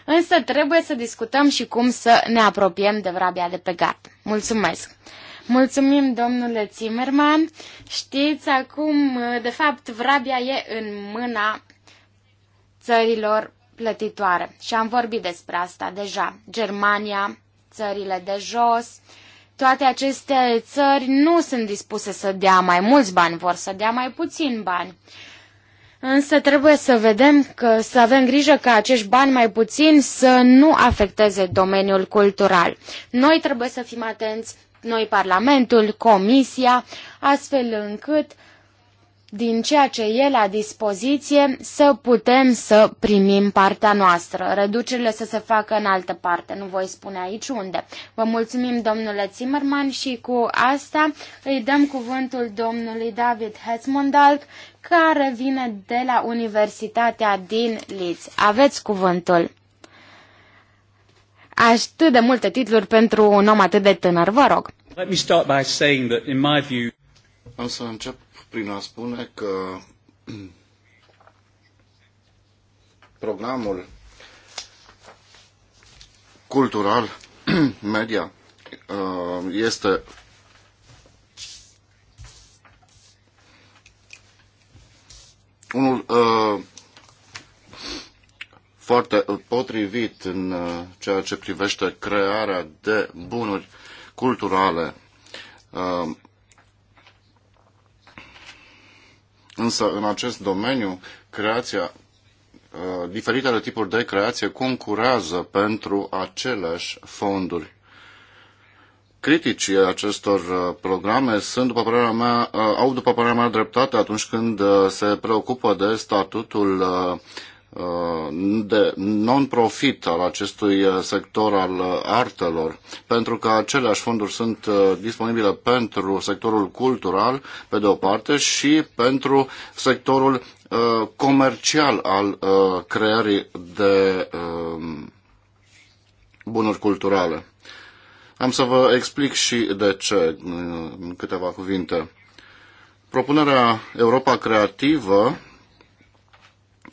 însă trebuie să discutăm și cum să ne apropiem de vrabia de pe gard. Mulțumesc! Mulțumim, domnule Zimmerman. Știți, acum, de fapt, vrabia e în mâna țărilor plătitoare. Și am vorbit despre asta deja. Germania, țările de jos. Toate aceste țări nu sunt dispuse să dea mai mulți bani, vor să dea mai puțin bani. Însă trebuie să vedem că să avem grijă ca acești bani mai puțin să nu afecteze domeniul cultural. Noi trebuie să fim atenți, noi Parlamentul, Comisia, astfel încât din ceea ce e la dispoziție să putem să primim partea noastră. Reducerile să se facă în altă parte, nu voi spune aici unde. Vă mulțumim, domnule Zimmerman, și cu asta îi dăm cuvântul domnului David Hetzmondalk, care vine de la Universitatea din Leeds. Aveți cuvântul. Atât de multe titluri pentru un om atât de tânăr, vă rog. Let me start by saying that, in my view... Am să încep prin a spune că programul cultural media uh, este unul uh, foarte potrivit în uh, ceea ce privește crearea de bunuri culturale. Însă, în acest domeniu, creația, uh, diferitele tipuri de creație concurează pentru aceleași fonduri. Criticii acestor uh, programe sunt, după părerea mea, uh, au, după părerea mea, dreptate atunci când se preocupă de statutul de non-profit al acestui uh, sector al uh, artelor, pentru că aceleași fonduri sunt uh, disponibile pentru sectorul cultural, pe de o parte, și pentru sectorul comercial al creării de um, bunuri culturale. Am să vă explic și de ce în câteva cuvinte. Propunerea Europa Creativă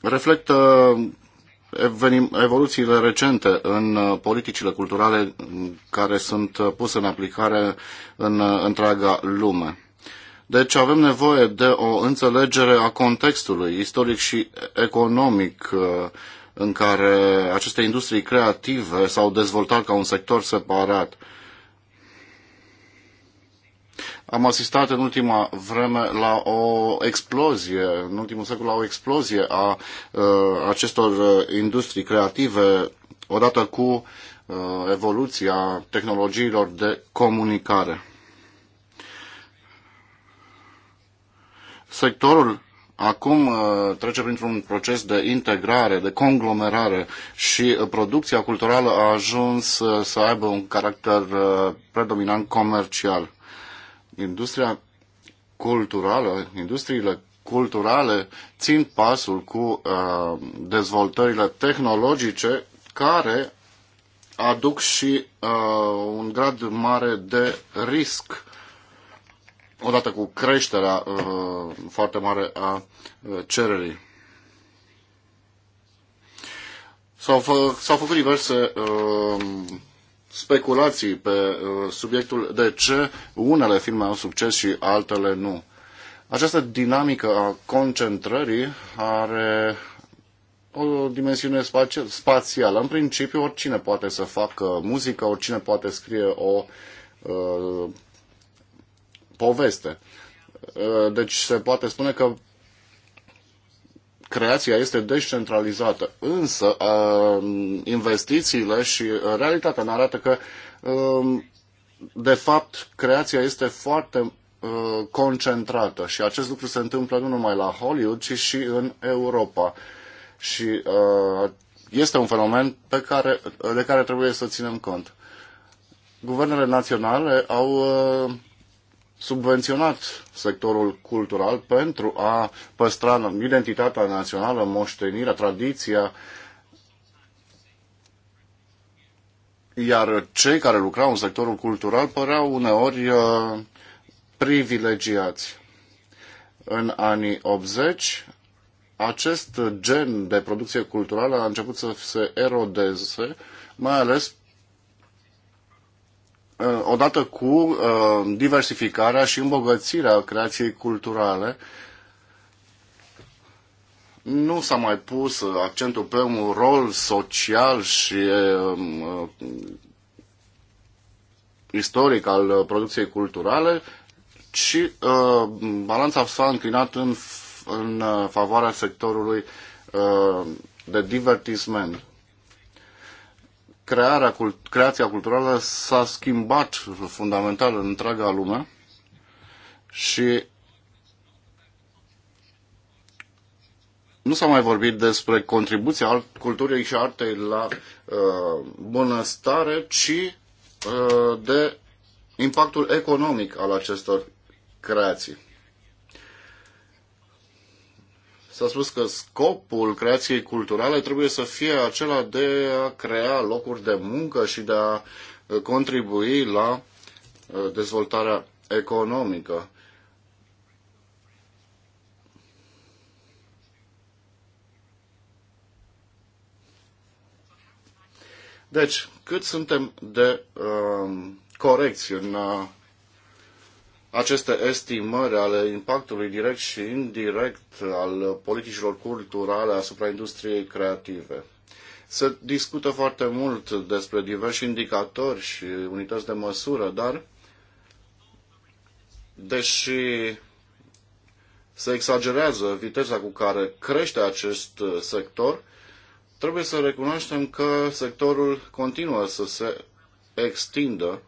reflectă uh, evoluțiile recente în uh, politicile culturale mm, care sunt uh, puse în aplicare în întreaga lume. Deci avem nevoie de o înțelegere a contextului istoric și economic în care aceste industrii creative s-au dezvoltat ca un sector separat. Am asistat în ultima vreme la o explozie, în ultimul secol la o explozie a uh, acestor uh, industrii creative odată cu uh, evoluția tehnologiilor de comunicare. Sectorul acum trece printr-un proces de integrare, de conglomerare și producția culturală a ajuns să aibă un caracter predominant comercial industria culturală, industriile culturale țin pasul cu uh, dezvoltările tehnologice care aduc și uh, un grad mare de risc odată cu creșterea uh, foarte mare a uh, cererii. S-au, fă, s-au făcut diverse uh, speculații pe uh, subiectul de ce unele filme au succes și altele nu. Această dinamică a concentrării are o dimensiune spațială. În principiu, oricine poate să facă muzică, oricine poate scrie o uh, poveste. Uh, deci se poate spune că creația este descentralizată, însă um, investițiile și uh, realitatea ne arată că um, de fapt creația este foarte uh, concentrată și acest lucru se întâmplă nu numai la Hollywood, ci și în Europa. Și uh, este un fenomen pe care, de care trebuie să ținem cont. Guvernele naționale au subvenționat sectorul cultural pentru a păstra identitatea națională, moștenirea, tradiția, iar cei care lucrau în sectorul cultural păreau uneori uh, privilegiați. În anii 80, acest gen de producție culturală a început să se erodeze, mai ales Uh, odată cu uh, diversificarea și îmbogățirea creației culturale, nu s-a mai pus uh, accentul pe un rol social și um, istoric al producției culturale, ci balanța s-a înclinat în, în favoarea sectorului de divertisment crearea, creația culturală s-a schimbat fundamental în întreaga lume și nu s-a mai vorbit despre contribuția culturii și artei la uh, bunăstare, ci uh, de impactul economic al acestor creații. S-a spus că scopul creației culturale trebuie să fie acela de a crea locuri de muncă și de a uh, contribui la uh, dezvoltarea economică. Deci, cât suntem de uh, corecți în a aceste estimări ale impactului direct și indirect al politicilor culturale asupra industriei creative. Se discută foarte mult despre diversi indicatori și unități de măsură, dar deși se exagerează viteza cu care crește acest sector, trebuie să recunoaștem că sectorul continuă să se extindă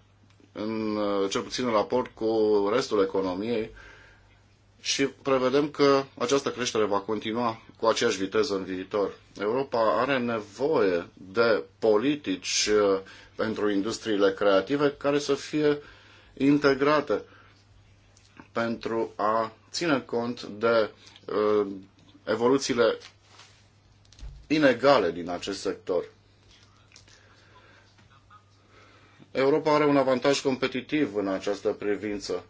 în, uh, cel puțin în raport cu restul economiei și prevedem că această creștere va continua cu aceeași viteză în viitor. Europa are nevoie de politici uh, pentru industriile creative care să fie integrate pentru a ține cont de uh, evoluțiile inegale din acest sector. Europa are un avantaj competitiv în această privință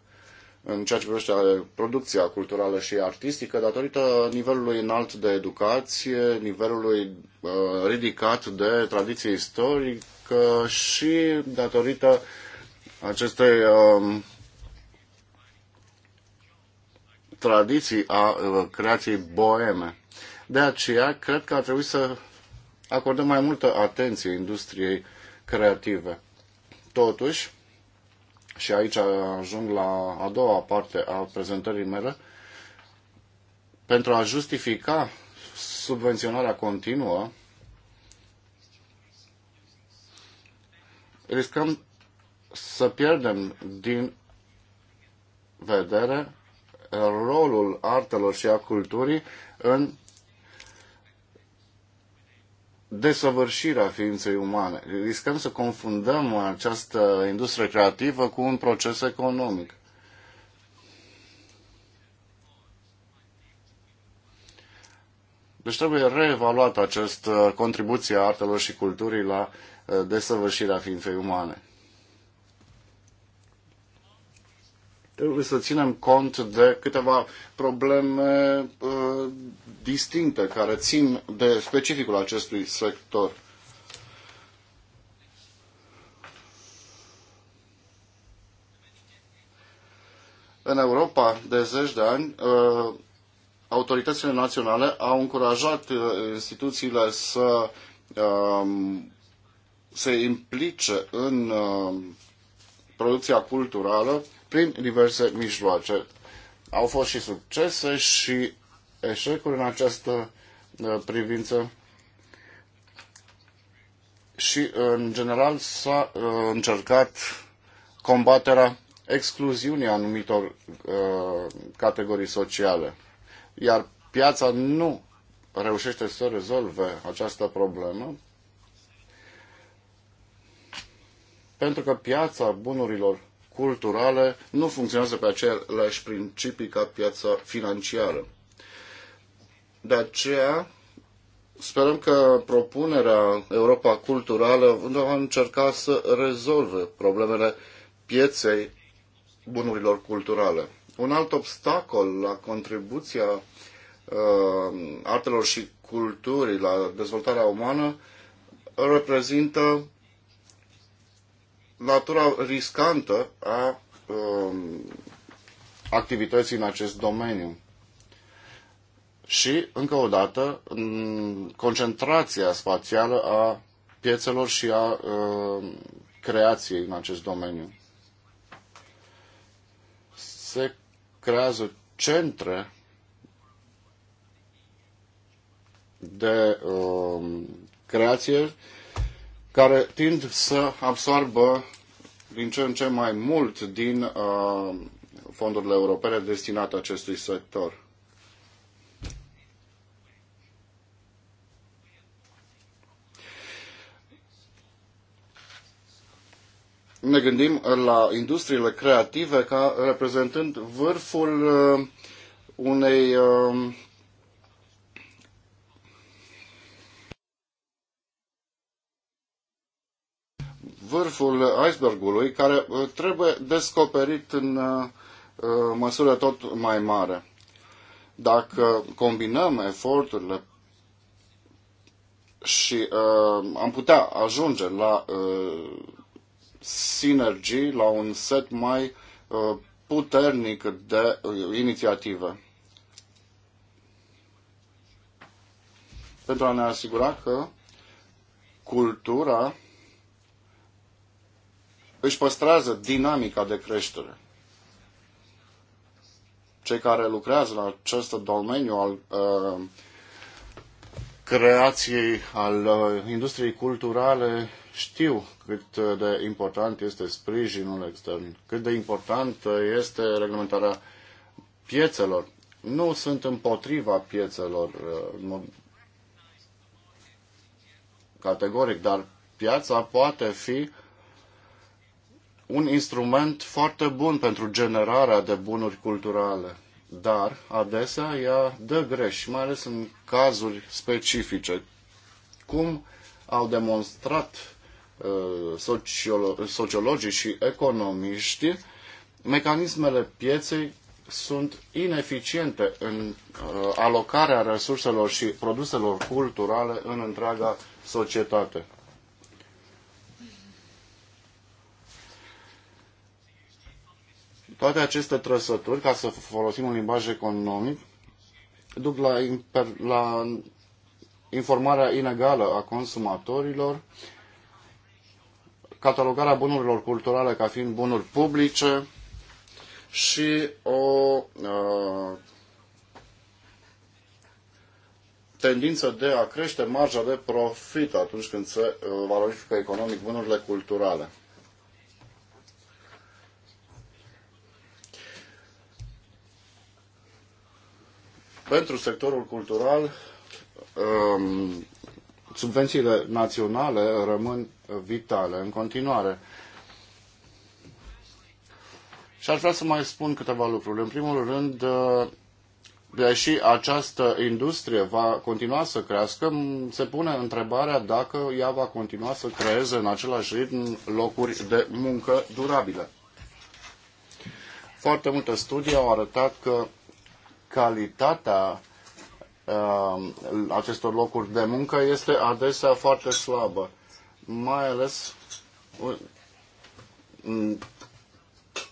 în ceea ce privește producția culturală și artistică, datorită nivelului înalt de educație, nivelului uh, ridicat de tradiție istorică și datorită acestei um, tradiții a uh, creației boeme. De aceea, cred că ar trebui să acordăm mai multă atenție industriei creative. Totuși, și aici ajung la a doua parte a prezentării mele, pentru a justifica subvenționarea continuă, riscăm să pierdem din vedere rolul artelor și a culturii în desăvârșire a ființei umane. Riscăm să confundăm această industrie creativă cu un proces economic. Deci trebuie reevaluat această contribuție a artelor și culturii la uh, desăvârșirea ființei umane. să ținem cont de câteva probleme uh, distincte care țin de specificul acestui sector. În Europa, de zeci de ani, uh, autoritățile naționale au încurajat uh, instituțiile să um, se implice în uh, producția culturală prin diverse mijloace. Au fost și succese și eșecuri în această uh, privință și, uh, în general, s-a uh, încercat combaterea excluziunii anumitor categorii sociale. Iar piața nu reușește să rezolve această problemă pentru că piața bunurilor culturale nu funcționează pe aceleași principii ca piața financiară. De aceea, sperăm că propunerea Europa Culturală va încerca să rezolve problemele pieței bunurilor culturale. Un alt obstacol la contribuția uh, artelor și culturii la dezvoltarea umană reprezintă natura riscantă a um, activității în acest domeniu. Și, încă o dată, concentrația spațială a piețelor și a uh, creației în acest domeniu. Se creează centre de uh, creație care tind să absorbă din ce în ce mai mult din uh, fondurile europene destinate acestui sector. Ne gândim la industriile creative ca reprezentând vârful uh, unei uh, vârful icebergului care uh, trebuie descoperit în uh, uh, măsură tot mai mare. Dacă combinăm eforturile și uh, am putea ajunge la uh, sinergii, la un set mai uh, puternic de uh, inițiative. Pentru a ne asigura că cultura își păstrează dinamica de creștere. Cei care lucrează în acest domeniu al uh, creației, al uh, industriei culturale, știu cât de important este sprijinul extern, cât de important este reglementarea piețelor. Nu sunt împotriva piețelor uh, categoric, dar piața poate fi uh, un instrument foarte bun pentru generarea de bunuri culturale, dar adesea ea dă greș, mai ales în cazuri specifice. Cum au demonstrat uh, sociolo- sociologii și economiștii, mecanismele pieței sunt ineficiente în uh, alocarea resurselor și produselor culturale în întreaga societate. Toate aceste trăsături, ca să folosim un limbaj economic, duc la, la informarea inegală a consumatorilor, catalogarea bunurilor culturale ca fiind bunuri publice și o uh, tendință de a crește marja de profit atunci când se uh, valorifică economic bunurile culturale. Pentru sectorul cultural, um, subvențiile naționale rămân vitale în continuare. Și aș vrea să mai spun câteva lucruri. În primul rând, uh, deși această industrie va continua să crească, se pune întrebarea dacă ea va continua să creeze în același ritm locuri de muncă durabile. Foarte multe studii au arătat că calitatea uh, acestor locuri de muncă este adesea foarte slabă, mai ales uh,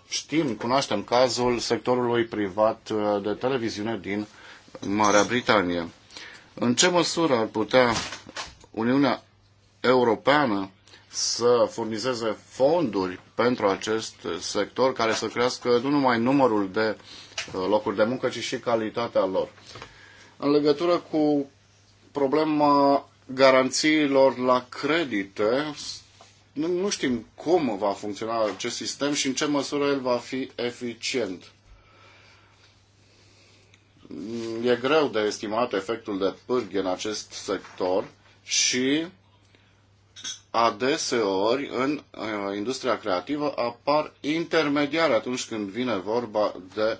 știm, cunoaștem cazul sectorului privat uh, de televiziune din Marea Britanie. În ce măsură ar putea Uniunea Europeană să furnizeze fonduri pentru acest sector care să crească nu numai numărul de uh, Uh, locuri de muncă, ci și calitatea lor. În legătură cu problema garanțiilor la credite, nu, știm cum va funcționa acest sistem și în ce măsură el va fi eficient. E greu de estimat efectul de pârghie în acest sector și adeseori în uh, industria creativă apar intermediari atunci când vine vorba de uh,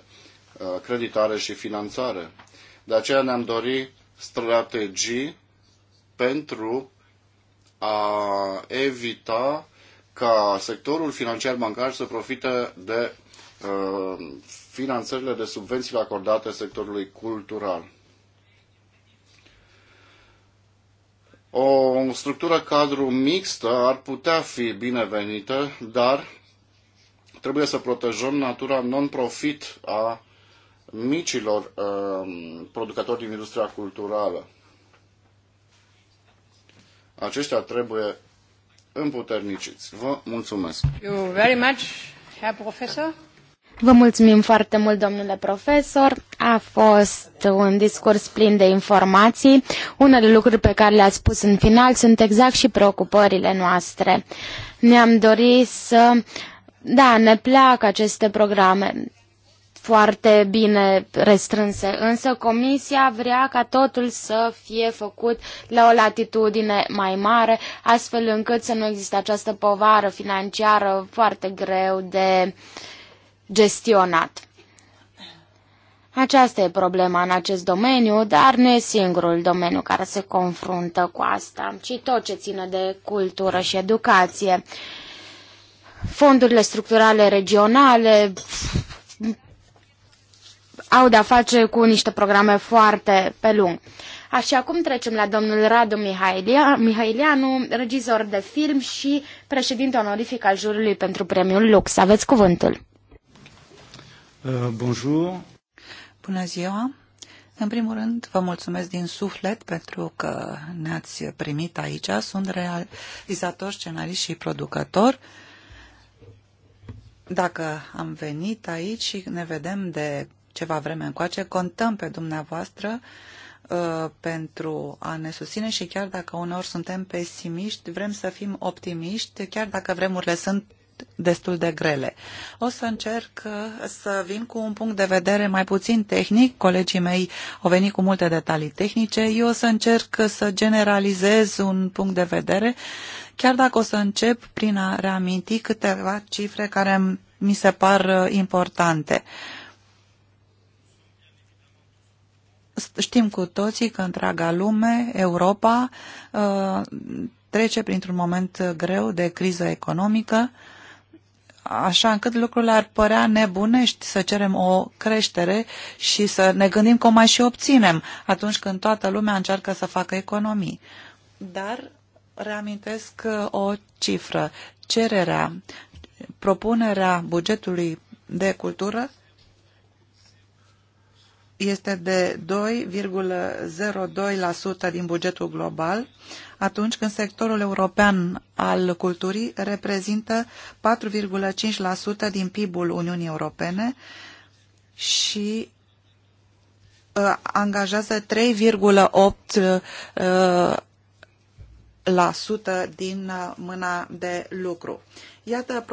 Uh, creditare și finanțare. De aceea ne-am dorit strategii pentru a evita ca sectorul financiar bancar să profite de uh, finanțările de subvențiile acordate sectorului cultural. O structură cadru mixtă ar putea fi binevenită, dar trebuie să protejăm natura non-profit a micilor uh, producători din industria culturală. Aceștia trebuie împuterniciți. Vă mulțumesc. You very much, Herr Professor. Vă mulțumim foarte mult, domnule profesor. A fost un discurs plin de informații. Unele lucruri pe care le-ați spus în final sunt exact și preocupările noastre. Ne-am dorit să... Da, ne plac aceste programe foarte bine restrânse, însă Comisia vrea ca totul să fie făcut la o latitudine mai mare, astfel încât să nu există această povară financiară foarte greu de gestionat. Aceasta e problema în acest domeniu, dar nu e singurul domeniu care se confruntă cu asta, ci tot ce ține de cultură și educație. Fondurile structurale regionale, au de-a face cu niște programe foarte pe lung. Așa, acum trecem la domnul Radu Mihailianu, regizor de film și președinte onorific al jurului pentru premiul Lux. Aveți cuvântul. Uh, bonjour. Bună ziua. În primul rând, vă mulțumesc din suflet pentru că ne-ați primit aici. Sunt realizator, scenarist și producător. Dacă am venit aici și ne vedem de ceva vreme încoace. Contăm pe dumneavoastră uh, pentru a ne susține și chiar dacă uneori suntem pesimiști, vrem să fim optimiști, chiar dacă vremurile sunt destul de grele. O să încerc uh, să vin cu un punct de vedere mai puțin tehnic. Colegii mei au venit cu multe detalii tehnice. Eu o să încerc să generalizez un punct de vedere, chiar dacă o să încep prin a reaminti câteva cifre care mi se par uh, importante. Uh, Știm cu toții că întreaga lume, Europa, uh, trece printr-un moment greu de criză economică, așa încât lucrurile ar părea nebunești să cerem o creștere și să ne gândim cum mai și obținem atunci când toată lumea încearcă să facă economii. Dar reamintesc uh, o cifră. Cererea, propunerea bugetului de cultură este de 2,02% din bugetul global, atunci când sectorul european al culturii reprezintă 4,5% din PIB-ul Uniunii Europene și uh, angajează 3,8% uh, la sută din uh, mâna de lucru. Iată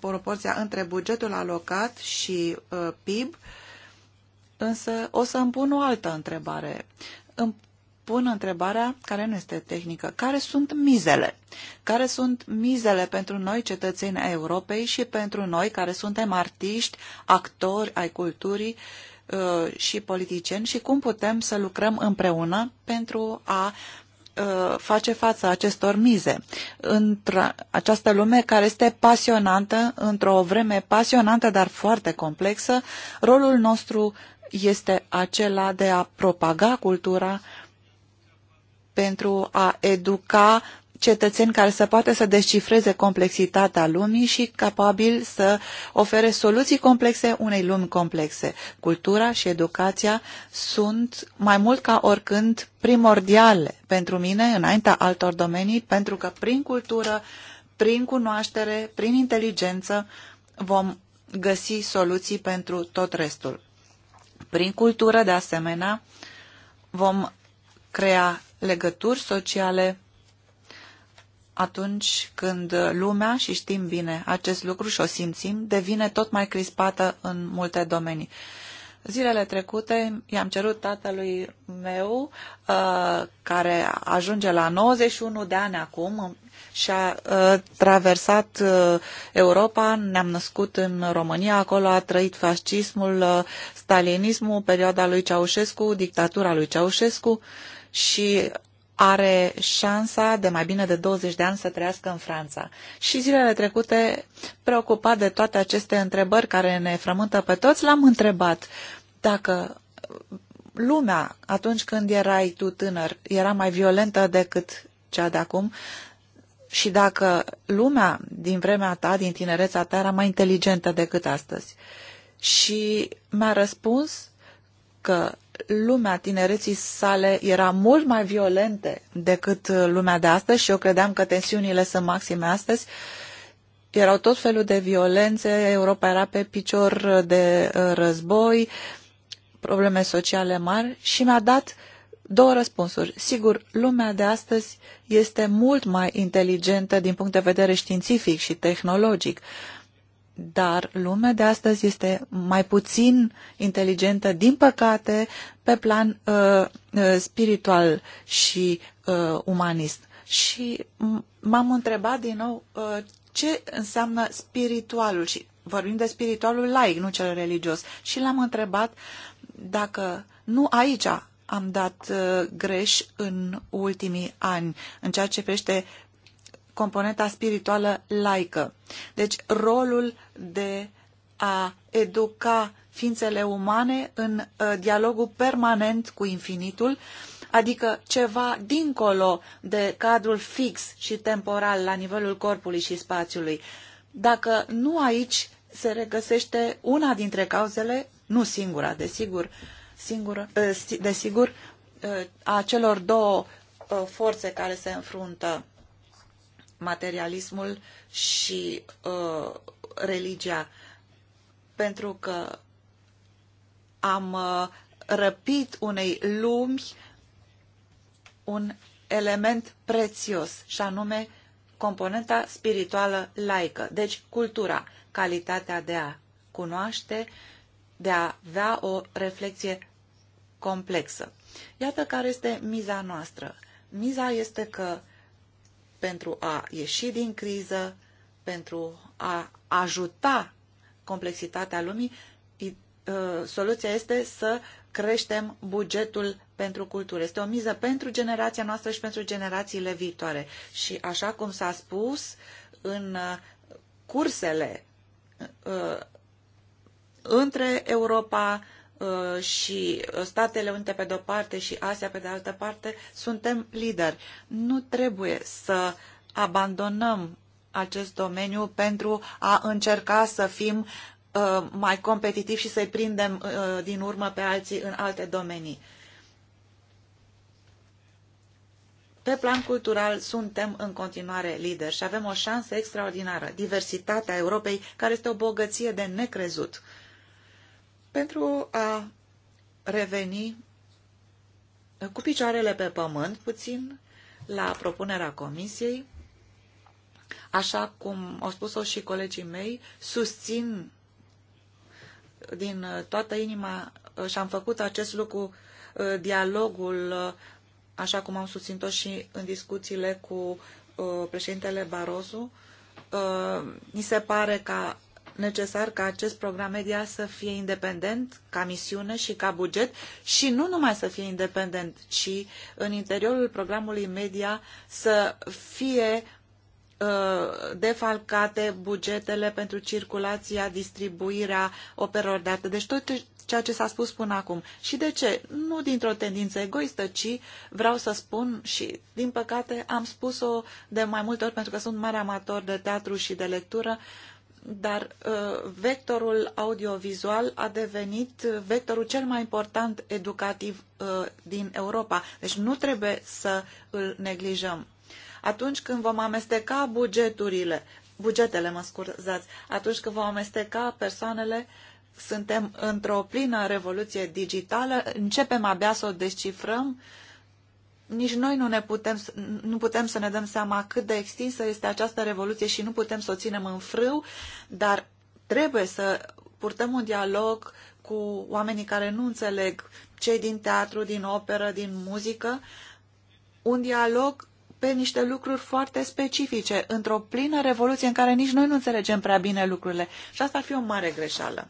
proporția între bugetul alocat și PIB Însă o să îmi pun o altă întrebare. Îmi pun întrebarea care nu este tehnică. Care sunt mizele? Care sunt mizele pentru noi cetățeni ai Europei și pentru noi care suntem artiști, actori ai culturii uh, și politicieni și cum putem să lucrăm împreună pentru a uh, face față acestor mize. Într această lume care este pasionantă, într-o vreme pasionantă, dar foarte complexă, rolul nostru este acela de a propaga cultura pentru a educa cetățeni care să poată să descifreze complexitatea lumii și capabil să ofere soluții complexe unei lumi complexe. Cultura și educația sunt mai mult ca oricând primordiale pentru mine, înaintea altor domenii, pentru că prin cultură, prin cunoaștere, prin inteligență vom găsi soluții pentru tot restul. Prin cultură, de asemenea, vom crea legături sociale atunci când lumea, și știm bine acest lucru și o simțim, devine tot mai crispată în multe domenii. Zilele trecute i-am cerut tatălui meu, uh, care ajunge la 91 de ani acum, și a uh, traversat uh, Europa, ne-am născut în România, acolo a trăit fascismul, uh, stalinismul, perioada lui Ceaușescu, dictatura lui Ceaușescu și are șansa de mai bine de 20 de ani să trăiască în Franța. Și zilele trecute, preocupat de toate aceste întrebări care ne frământă pe toți, l-am întrebat dacă lumea, atunci când erai tu tânăr, era mai violentă decât cea de acum, și dacă lumea din vremea ta, din tinereța ta, era mai inteligentă decât astăzi. Și mi-a răspuns că lumea tinereții sale era mult mai violente decât lumea de astăzi și eu credeam că tensiunile sunt maxime astăzi. Erau tot felul de violențe, Europa era pe picior de uh, război, probleme sociale mari și mi-a dat uh, Două răspunsuri. Sigur, lumea de astăzi este mult mai inteligentă din punct de vedere științific și tehnologic, dar lumea de astăzi este mai puțin inteligentă, din păcate, pe plan uh, uh spiritual și uh, umanist. Și m-am întrebat din nou uh, ce înseamnă spiritualul și vorbim de spiritualul laic, nu cel religios. Și l-am întrebat dacă nu aici am dat uh, greș în ultimii ani în ceea ce privește componenta spirituală laică. Deci rolul de a educa ființele umane în uh, dialogul permanent cu infinitul, adică ceva dincolo de cadrul fix și temporal la nivelul corpului și spațiului. Dacă nu aici se regăsește una dintre cauzele, nu singura, desigur, uh, singură, ă, desigur, ă, a celor două ă, forțe care se înfruntă, materialismul și religia, pentru că am răpit unei lumi un element prețios, și anume componenta spirituală laică, deci cultura, calitatea de a cunoaște, de a avea o reflexie complexă. Iată care este miza noastră. Miza este că pentru a ieși din criză, pentru a ajuta complexitatea lumii, ă, soluția este să creștem bugetul pentru cultură. Este o miză pentru generația noastră și pentru generațiile viitoare. Și așa cum s-a spus în ă, cursele ă, între Europa, Uh, și Statele Unite pe de-o parte și Asia pe de altă parte, suntem lideri. Nu trebuie să abandonăm acest domeniu pentru a încerca să fim uh, mai competitivi și să-i prindem uh, din urmă pe alții în alte domenii. Pe plan cultural suntem în continuare lideri și avem o șansă extraordinară, diversitatea Europei, care este o bogăție de necrezut. Uh, pentru a reveni cu picioarele pe pământ puțin la propunerea comisiei, așa cum au spus-o și colegii mei, susțin din toată inima și am făcut acest lucru uh, dialogul, uh, așa cum am susținut-o și în discuțiile cu uh, președintele Barosu. mi se pare că necesar ca acest program media să fie independent ca misiune și ca buget și nu numai să fie independent, ci în interiorul programului media să fie uh, defalcate bugetele pentru circulația, distribuirea operelor de artă. Deci tot ceea ce s-a spus până acum. Și de ce? Nu dintr-o tendință egoistă, ci vreau să spun și, din păcate, am spus-o de mai multe ori pentru că sunt mare amator de teatru și de lectură. Uh, dar uh, vectorul audiovizual a devenit uh, vectorul cel mai important educativ uh, din Europa. Deci nu trebuie să îl neglijăm. Atunci când vom amesteca bugeturile, bugetele, mă scuzați, atunci când vom amesteca persoanele, suntem într-o plină revoluție digitală, începem abia să o descifrăm, uh, nici noi nu, ne putem, nu putem să ne dăm seama cât de extinsă este această revoluție și nu putem să o ținem în frâu, dar trebuie să purtăm un dialog cu oamenii care nu înțeleg, cei din teatru, din operă, din muzică, un dialog pe niște lucruri foarte specifice, într-o plină revoluție în care nici noi nu înțelegem prea bine lucrurile. Și asta ar fi o mare greșeală.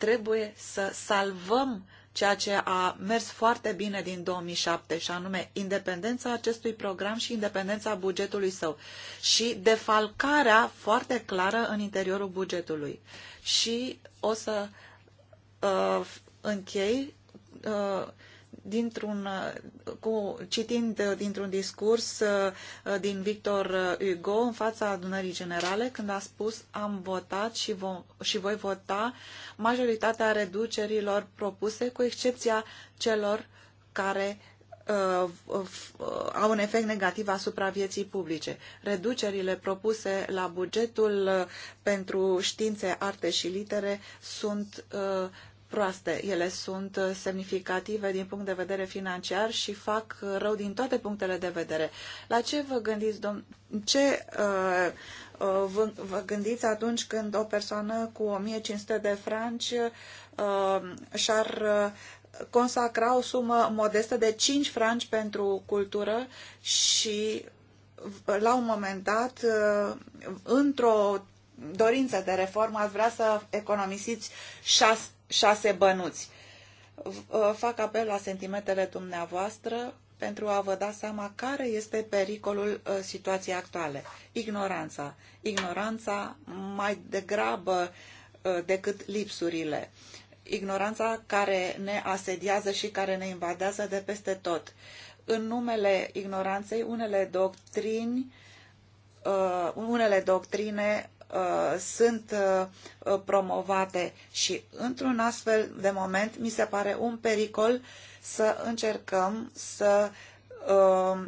trebuie să salvăm ceea ce a mers foarte bine din 2007 și anume independența acestui program și independența bugetului său și defalcarea foarte clară în interiorul bugetului. Și o să uh, închei uh, dintr-un, uh, cu, citind dintr-un discurs uh, din Victor Hugo în fața adunării generale, când a spus am votat și, vom, și voi vota majoritatea reducerilor propuse, cu excepția celor care uh, au un efect negativ asupra vieții publice. Reducerile propuse la bugetul pentru științe, arte și litere sunt proaste. Ele sunt semnificative din punct de vedere financiar și fac rău din toate punctele de vedere. La ce vă gândiți, domn... ce uh, uh, vă, vă gândiți atunci când o persoană cu 1500 de franci uh, și-ar uh, consacra o sumă modestă de 5 franci pentru cultură și uh, la un moment dat, uh, într-o dorință de reformă, ați vrea să economisiți 6 șase bănuți. Uh, fac apel la sentimentele dumneavoastră pentru a vă da seama care este pericolul uh, situației actuale. Ignoranța. Ignoranța mai degrabă uh, decât lipsurile. Ignoranța care ne asediază și care ne invadează de peste tot. În numele ignoranței, unele doctrini, unele doctrine Uh, sunt uh, promovate și într-un astfel de moment mi se pare un pericol să încercăm să uh,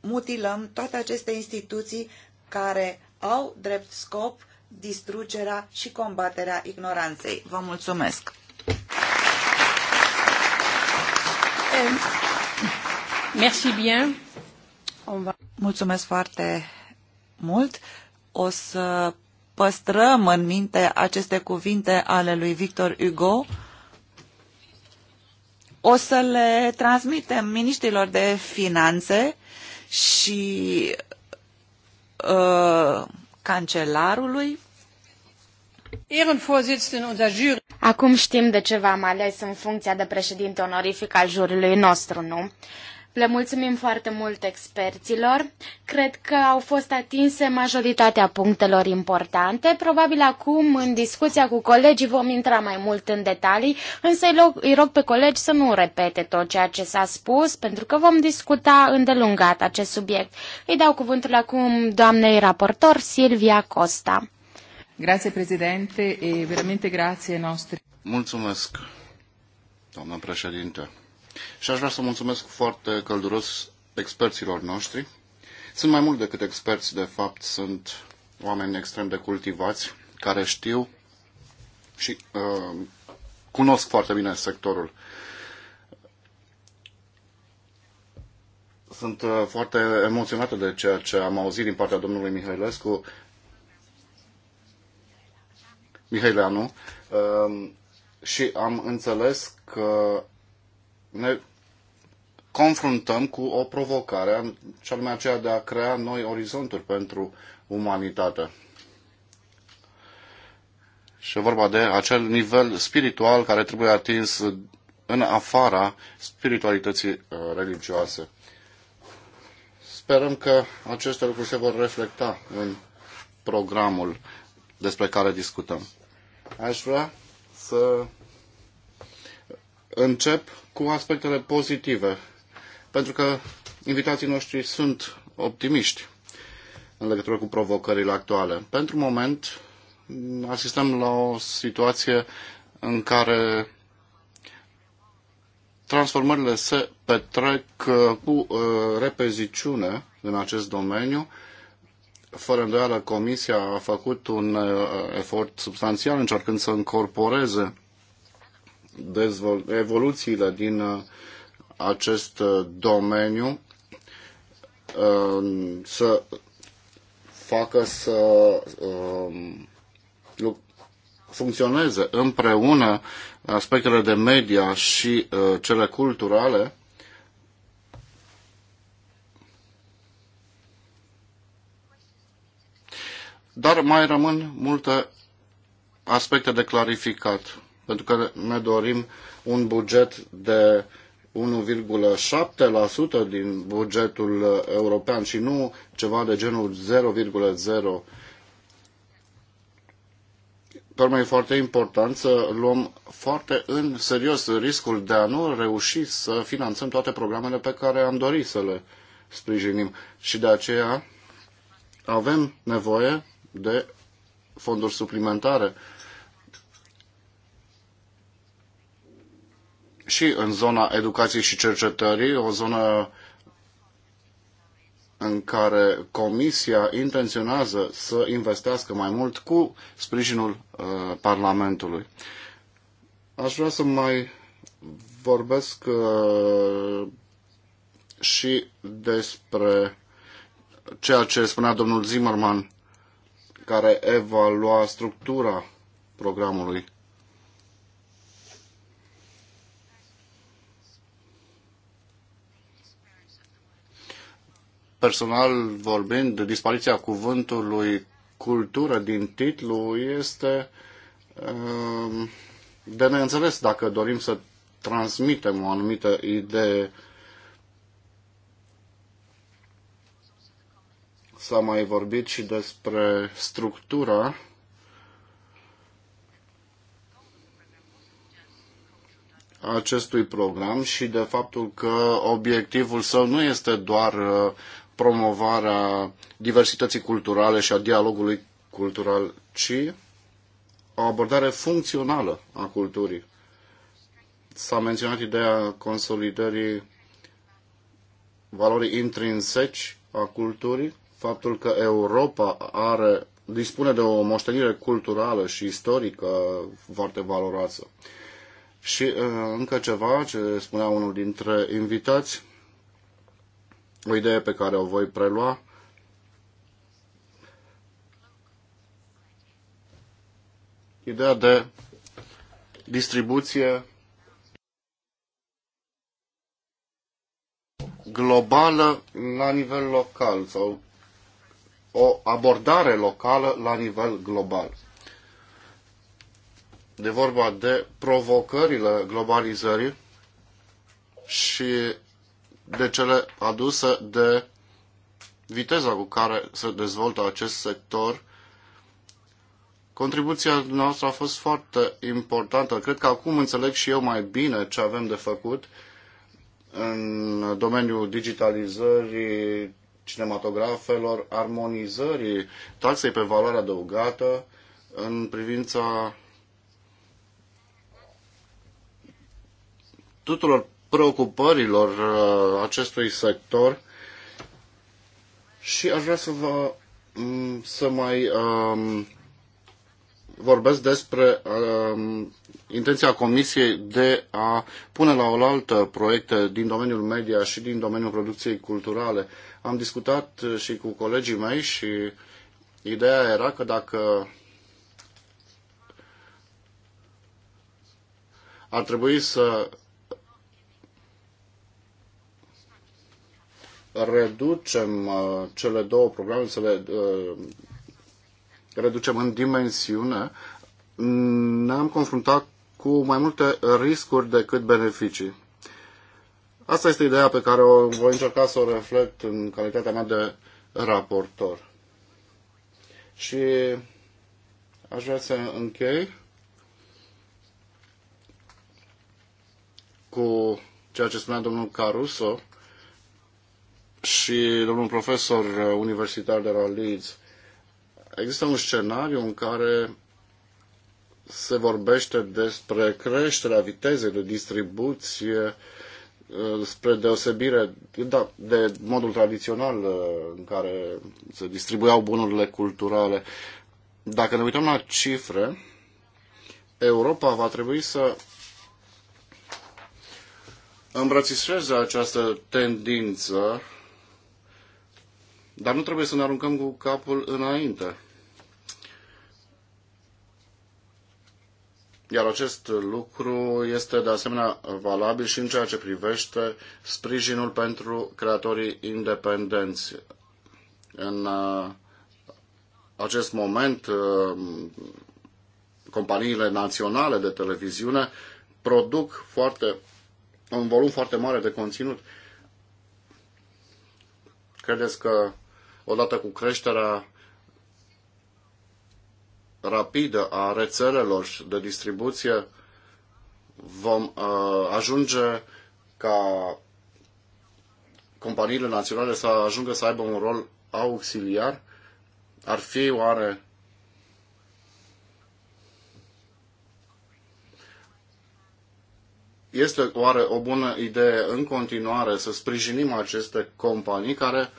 mutilăm toate aceste instituții care au drept scop distrugerea și combaterea ignoranței. Vă mulțumesc! Mulțumesc foarte mult o să păstrăm în minte aceste cuvinte ale lui Victor Hugo, o să le transmitem ministrilor de finanțe și uh, cancelarului. Acum știm de ce v-am ales în funcția de președinte onorific al jurului nostru, nu? Le mulțumim foarte mult experților. Cred că au fost atinse majoritatea punctelor importante. Probabil acum, în discuția cu colegii, vom intra mai mult în detalii, însă îi rog pe colegi să nu repete tot ceea ce s-a spus, pentru că vom discuta îndelungat acest subiect. Îi dau cuvântul acum doamnei raportor Silvia Costa. Grazie, președinte, e veramente grazie nostri. Mulțumesc, doamna președinte. Și aș vrea să mulțumesc foarte călduros experților noștri. Sunt mai mult decât experți, de fapt, sunt oameni extrem de cultivați, care știu și uh, cunosc foarte bine sectorul. Sunt uh, foarte emoționată de ceea ce am auzit din partea domnului Mihailescu, Mihaileanu, uh, și am înțeles că ne confruntăm cu o provocare, cea mai aceea de a crea noi orizonturi pentru umanitate. Și e vorba de acel nivel spiritual care trebuie atins în afara spiritualității uh, religioase. Sperăm că aceste lucruri se vor reflecta în programul despre care discutăm. Aș vrea să încep cu aspectele pozitive, pentru că invitații noștri sunt optimiști în legătură cu provocările actuale. Pentru moment, asistăm la o situație în care transformările se petrec uh, cu uh, repeziciune în acest domeniu. Fără îndoială, Comisia a făcut un uh, efort substanțial încercând să încorporeze evoluțiile din uh, acest uh, domeniu uh, să facă să um, funcționeze împreună aspectele de media și cele culturale dar mai rămân multe aspecte de clarificat pentru că ne dorim un buget de 1,7% din bugetul european și nu ceva de genul 0,0. Pe urmă, e foarte important să luăm foarte în serios riscul de a nu reuși să finanțăm toate programele pe care am dorit să le sprijinim. Și de aceea avem nevoie de fonduri suplimentare și în zona educației și cercetării, o zonă în care Comisia intenționează să investească mai mult cu sprijinul uh, Parlamentului. Aș vrea să mai vorbesc uh, și despre ceea ce spunea domnul Zimmerman, care evalua structura programului personal vorbind, dispariția cuvântului cultură din titlu este um, de neînțeles dacă dorim să transmitem o anumită idee. S-a mai vorbit și despre structura acestui program și de faptul că obiectivul său nu este doar uh, promovarea diversității culturale și a dialogului cultural, ci o abordare funcțională a culturii. S-a menționat ideea consolidării valorii intrinseci a culturii, faptul că Europa are, dispune de o moștenire culturală și istorică foarte valoroasă. Și uh, încă ceva ce spunea unul dintre invitați, o idee pe care o voi prelua ideea de distribuție globală la nivel local sau o abordare locală la nivel global. De vorba de provocările globalizării și de cele aduse de viteza cu care se dezvoltă acest sector. Contribuția noastră a fost foarte importantă. Cred că acum înțeleg și eu mai bine ce avem de făcut în domeniul digitalizării cinematografelor, armonizării taxei pe valoare adăugată în privința tuturor preocupărilor uh, acestui sector și aș vrea să vă mm, să mai um, vorbesc despre um, intenția Comisiei de a pune la oaltă proiecte din domeniul media și din domeniul producției culturale. Am discutat uh, și cu colegii mei și ideea era că dacă ar trebui să reducem uh, cele două programe, să le uh, reducem în dimensiune, ne-am confruntat cu mai multe riscuri decât beneficii. Asta este ideea pe care o voi încerca să o reflect în calitatea mea de raportor. Și aș vrea să închei cu ceea ce spunea domnul Caruso, și domnul profesor uh, universitar de la Leeds, există un scenariu în care se vorbește despre creșterea vitezei de distribuție uh, spre deosebire da, de modul tradițional uh, în care se distribuiau bunurile culturale. Dacă ne uităm la cifre, Europa va trebui să îmbrățișeze această tendință dar nu trebuie să ne aruncăm cu capul înainte. Iar acest lucru este de asemenea valabil și în ceea ce privește sprijinul pentru creatorii independenți. În uh, acest moment, uh, companiile naționale de televiziune produc foarte, un volum foarte mare de conținut. Credeți că odată cu creșterea rapidă a rețelelor de distribuție, vom uh, ajunge ca companiile naționale să ajungă să aibă un rol auxiliar? Ar fi oare Este oare o bună idee în continuare să sprijinim aceste companii care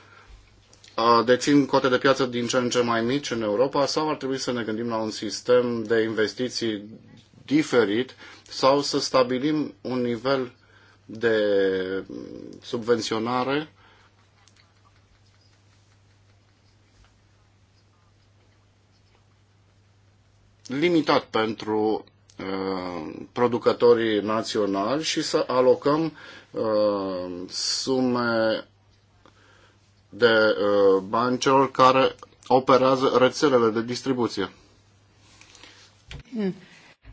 dețin cote de piață din ce în ce mai mici în Europa sau ar trebui să ne gândim la un sistem de investiții diferit sau să stabilim un nivel de subvenționare limitat pentru uh, producătorii naționali și să alocăm uh, sume de uh, bani celor care operează rețelele de distribuție. Hmm.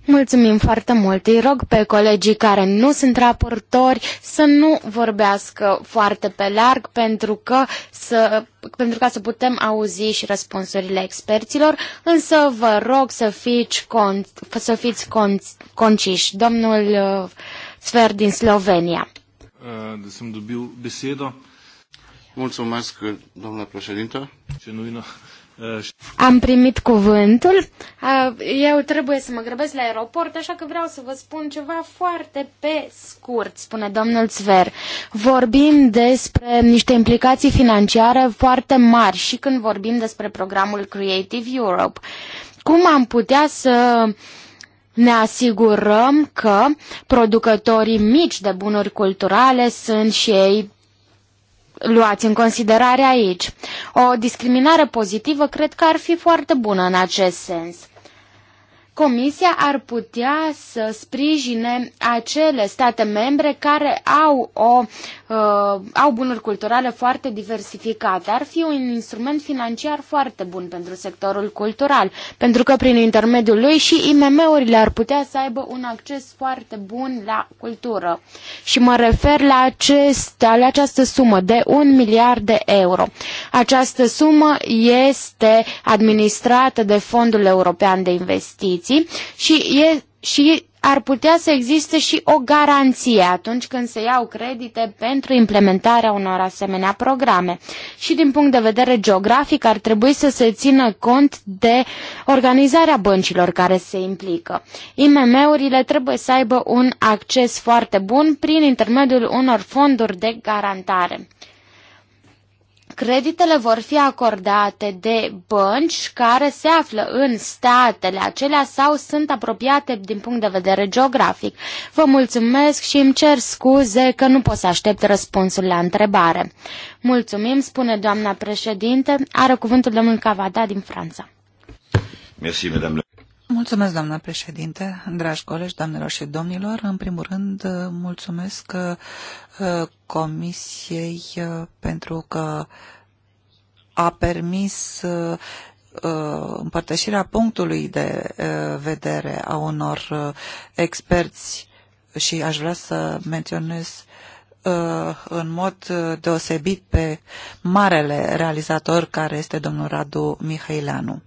Mulțumim foarte mult. Îi rog pe colegii care nu sunt raportori să nu vorbească foarte pe larg pentru, că să, pentru ca să putem auzi și răspunsurile experților, însă vă rog să fiți, con, să fiți con, conciși. Domnul uh, Sfer din Slovenia. Uh, da, sem besedo. Mulțumesc, domnule președinte. Eh, am primit cuvântul. Ah, eu trebuie să mă grăbesc la aeroport, așa că vreau să vă spun ceva foarte pe scurt, spune domnul Zver. Vorbim despre niște implicații financiare foarte mari și când vorbim despre programul Creative Europe. Cum am putea să ne asigurăm că producătorii mici de bunuri culturale sunt și ei luați în considerare aici. O discriminare pozitivă cred că ar fi foarte bună în acest sens. Comisia ar putea să sprijine acele state membre care au, o, uh, au bunuri culturale foarte diversificate. Ar fi un instrument financiar foarte bun pentru sectorul cultural, pentru că prin intermediul lui și IMM-urile ar putea să aibă un acces foarte bun la cultură. Și mă refer la, acest, la această sumă de un miliard de euro. Această sumă este administrată de Fondul European de Investiții investiții și, e, și ar putea să existe și o garanție atunci când se iau credite pentru implementarea unor asemenea programe. Și din punct de vedere geografic ar trebui să se țină cont de organizarea băncilor care se implică. IMM-urile trebuie să aibă un acces foarte bun prin intermediul unor fonduri de garantare Creditele vor fi acordate de bănci care se află în statele acelea sau sunt apropiate din punct de vedere geografic. Vă mulțumesc și îmi cer scuze că nu pot să aștept răspunsul la întrebare. Mulțumim, spune doamna președinte. Are cuvântul domnul Cavada din Franța. Merci, madame. Mulțumesc, doamnă președinte, dragi colegi, doamnelor și domnilor. În primul rând, uh, mulțumesc uh, Comisiei uh, pentru că a permis împărtășirea punctului de vedere a unor experți și aș vrea să menționez în mod deosebit pe marele realizator care este domnul Radu Mihaileanu.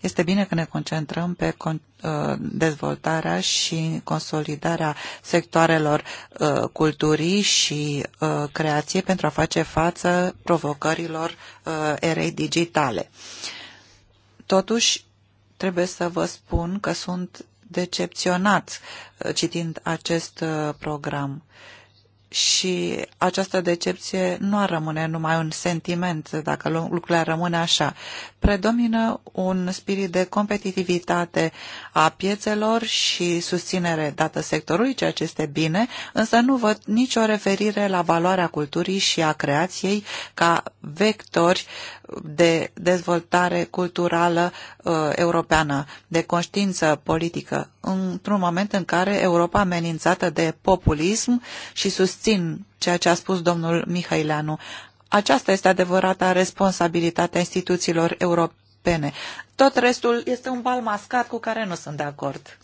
Este bine că ne concentrăm pe uh, dezvoltarea și consolidarea sectoarelor uh, culturii și uh, creației pentru a face față provocărilor erei digitale. Totuși, trebuie să vă spun că sunt decepționat citind acest program și această decepție nu ar rămâne numai un sentiment dacă lucrurile ar rămâne așa. Predomină un spirit de competitivitate a piețelor și susținere dată sectorului, ceea ce este bine, însă nu văd nicio referire la valoarea culturii și a creației ca vectori de dezvoltare culturală uh, europeană, de conștiință politică, într-un moment în care Europa amenințată de populism și susțin ceea ce a spus domnul Mihaileanu. Aceasta este adevărata responsabilitatea instituțiilor europene. Tot restul este un bal mascat cu care nu sunt de acord.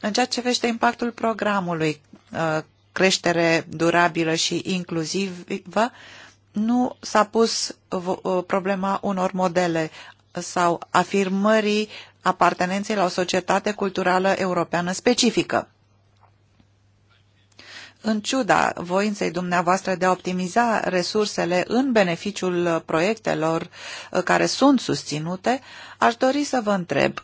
În ceea ce vește impactul programului, uh, creștere durabilă și inclusivă, nu s-a pus ă, problema unor modele sau afirmării apartenenței la o societate culturală europeană specifică. În ciuda voinței dumneavoastră de a optimiza resursele în beneficiul proiectelor ă, care sunt susținute, aș dori să vă întreb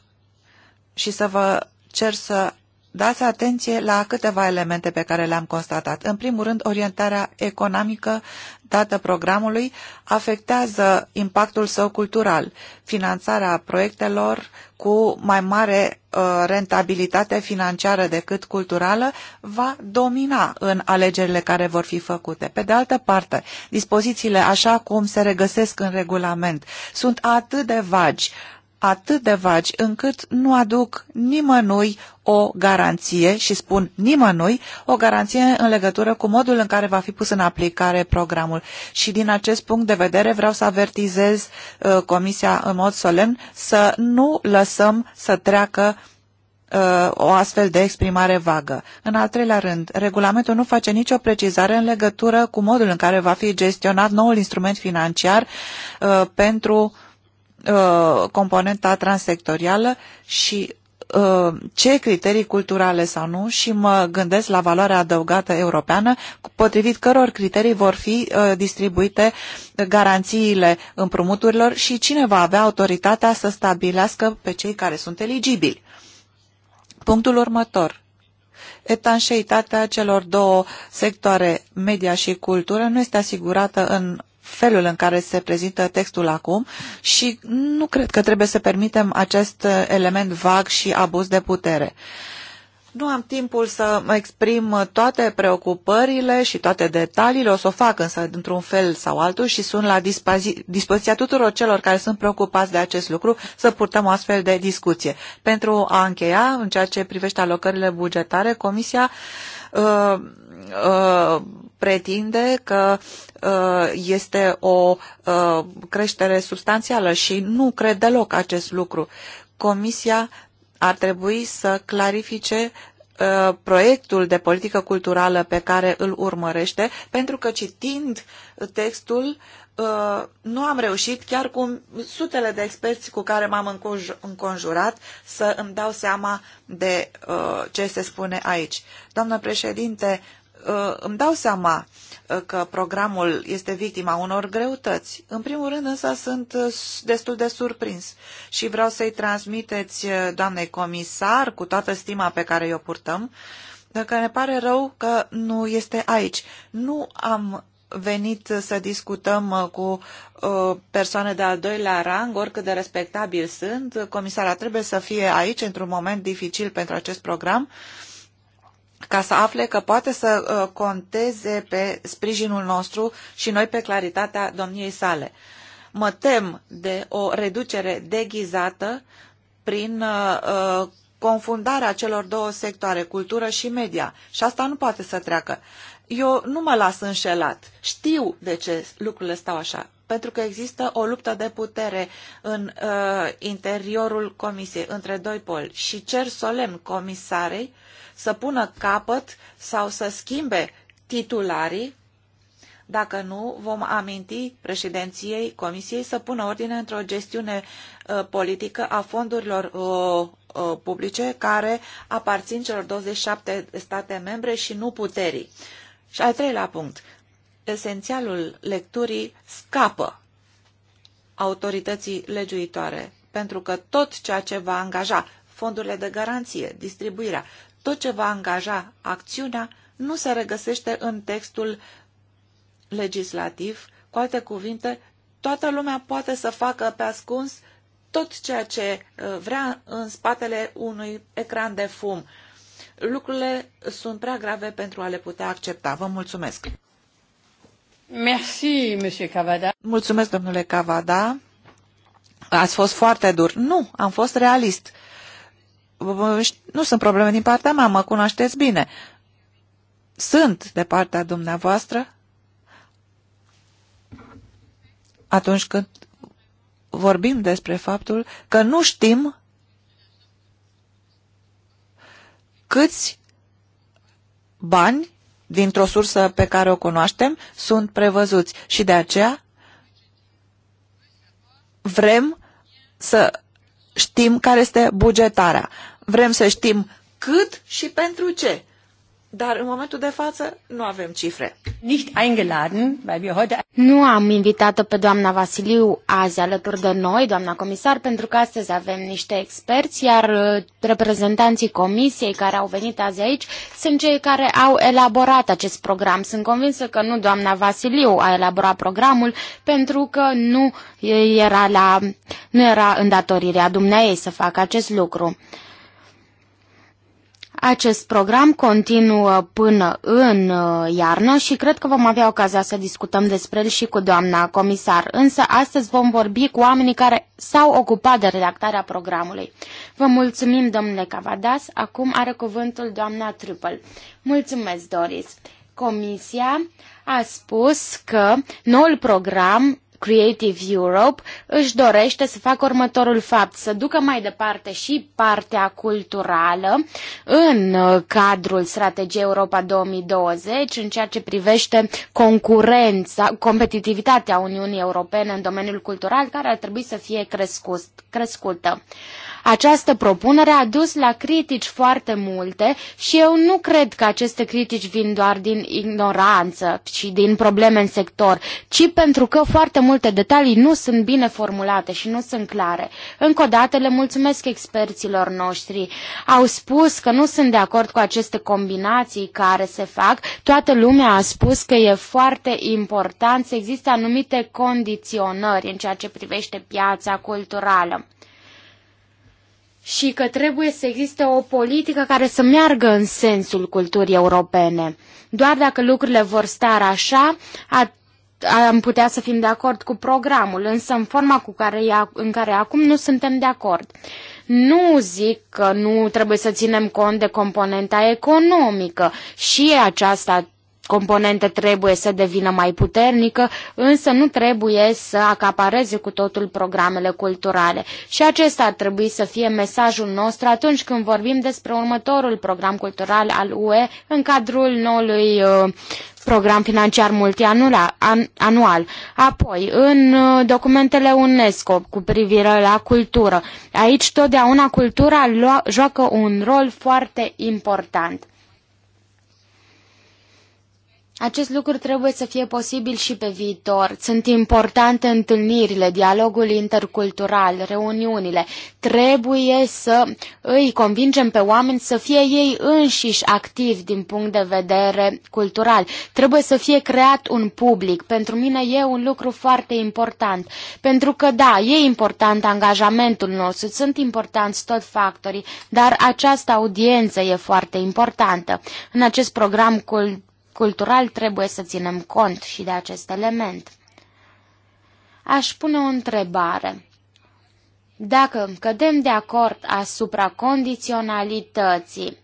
și să vă cer să dați atenție la câteva elemente pe care le-am constatat. În primul rând, orientarea economică dată programului afectează impactul său cultural, finanțarea proiectelor cu mai mare uh, rentabilitate financiară decât culturală va domina în alegerile care vor fi făcute. Pe de altă parte, dispozițiile așa cum se regăsesc în regulament sunt atât de vagi, uh, atât de vagi încât nu aduc nimănui o garanție și spun nimănui o garanție în legătură cu modul în care va fi pus în aplicare programul. Și din acest punct de vedere vreau să avertizez uh, Comisia în mod solemn să nu lăsăm să treacă uh, o astfel de exprimare vagă. În al treilea rând, regulamentul nu face nicio precizare în legătură cu modul în care va fi gestionat noul instrument financiar uh, pentru uh, Uh, componenta transsectorială și uh, ce criterii culturale sau nu și mă gândesc la valoarea adăugată europeană, potrivit căror criterii vor fi uh, distribuite garanțiile împrumuturilor și cine va avea autoritatea să stabilească pe cei care sunt eligibili. Punctul următor etanșeitatea celor două sectoare, media și cultură, nu este asigurată în felul în care se prezintă textul acum și nu cred că trebuie să permitem acest element vag și abuz de putere. Nu am timpul să exprim toate preocupările și toate detaliile, o să o fac însă într-un fel sau altul și sunt la dispozi dispoziția tuturor celor care sunt preocupați de acest lucru să purtăm o astfel de discuție. Pentru a încheia, în ceea ce privește alocările bugetare, Comisia uh, uh, pretinde că uh, este o uh, creștere substanțială și nu cred deloc acest lucru. Comisia ar trebui să clarifice uh, proiectul de politică culturală pe care îl urmărește, pentru că citind textul nu am reușit, chiar cu sutele de experți cu care m-am înconjurat, să îmi dau seama de ce se spune aici. Doamnă președinte, Uh, îmi dau seama uh, că programul este victima unor greutăți. În primul rând însă sunt uh, destul de surprins și vreau să-i transmiteți doamnei comisar cu toată stima pe care o purtăm, că ne pare rău că nu este aici. Nu am venit să discutăm cu persoane de al doilea rang, oricât de respectabil sunt. Comisara trebuie să fie aici într-un moment dificil pentru acest program ca să afle că poate să uh, conteze pe sprijinul nostru și noi pe claritatea domniei sale. Mă tem de o reducere deghizată prin uh, uh, confundarea celor două sectoare, cultură și media. Și asta nu poate să treacă. Eu nu mă las înșelat. Știu de ce lucrurile stau așa. Pentru că există o luptă de putere în uh, interiorul comisiei, între doi poli. Și cer solemn comisarei să pună capăt sau să schimbe titularii dacă nu, vom aminti președinției Comisiei să pună ordine într-o gestiune uh, politică a fondurilor uh, uh, publice care aparțin celor 27 state membre și nu puterii. Și al treilea punct. Esențialul lecturii scapă autorității legiuitoare, pentru că tot ceea ce va angaja fondurile de garanție, distribuirea, tot ce va angaja acțiunea nu se regăsește în textul legislativ. Cu alte cuvinte, toată lumea poate să facă pe ascuns tot ceea ce uh, vrea în spatele unui ecran de fum. Lucrurile sunt prea grave pentru a le putea accepta. Vă mulțumesc! Merci, monsieur Cavada. Mulțumesc, domnule Cavada. Ați fost foarte dur. Nu, am fost realist nu sunt probleme din partea mea, mă cunoașteți bine. Sunt de partea dumneavoastră atunci când vorbim despre faptul că nu știm câți bani dintr-o sursă pe care o cunoaștem sunt prevăzuți și de aceea vrem să știm care este bugetarea. Vrem să știm cât și pentru ce. Dar în momentul de față nu avem cifre. Nicht eingeladen, weil wir heute... Nu am invitat-o pe doamna Vasiliu azi alături de noi, doamna comisar, pentru că astăzi avem niște experți, iar uh, reprezentanții comisiei care au venit azi aici sunt cei care au elaborat acest program. Sunt convinsă că nu doamna Vasiliu a elaborat programul pentru că nu era, la, nu era îndatorirea dumneai să facă acest lucru. Acest program continuă până în uh, iarnă și cred că vom avea ocazia să discutăm despre el și cu doamna comisar, însă astăzi vom vorbi cu oamenii care s-au ocupat de redactarea programului. Vă mulțumim, domnule Cavadas. Acum are cuvântul doamna Triple. Mulțumesc, Doris. Comisia a spus că noul program Creative Europe își dorește să facă următorul fapt, să ducă mai departe și partea culturală în uh, cadrul strategiei Europa 2020 în ceea ce privește concurența, competitivitatea Uniunii Europene în domeniul cultural care ar trebui să fie crescut, crescută. Această propunere a dus la critici foarte multe și eu nu cred că aceste critici vin doar din ignoranță și din probleme în sector, ci pentru că foarte multe detalii nu sunt bine formulate și nu sunt clare. Încă o dată le mulțumesc experților noștri. Au spus că nu sunt de acord cu aceste combinații care se fac. Toată lumea a spus că e foarte important să existe anumite condiționări în ceea ce privește piața culturală și că trebuie să existe o politică care să meargă în sensul culturii europene. Doar dacă lucrurile vor sta așa, am putea să fim de acord cu programul, însă în forma cu care, în care acum nu suntem de acord. Nu zic că nu trebuie să ținem cont de componenta economică și aceasta componentă trebuie să devină mai puternică, însă nu trebuie să acapareze cu totul programele culturale. Și acesta ar trebui să fie mesajul nostru atunci când vorbim despre următorul program cultural al UE în cadrul noului uh, program financiar multianual. Apoi, în uh, documentele UNESCO cu privire la cultură, aici totdeauna cultura joacă un rol foarte important. Acest lucru trebuie să fie posibil și pe viitor. Sunt importante întâlnirile, dialogul intercultural, reuniunile. Trebuie să îi convingem pe oameni să fie ei înșiși activi din punct de vedere cultural. Trebuie să fie creat un public. Pentru mine e un lucru foarte important. Pentru că, da, e important angajamentul nostru, sunt importanți tot factorii, dar această audiență e foarte importantă. În acest program cultural, cultural trebuie să ținem cont și de acest element. Aș pune o întrebare. Dacă cădem de acord asupra condiționalității,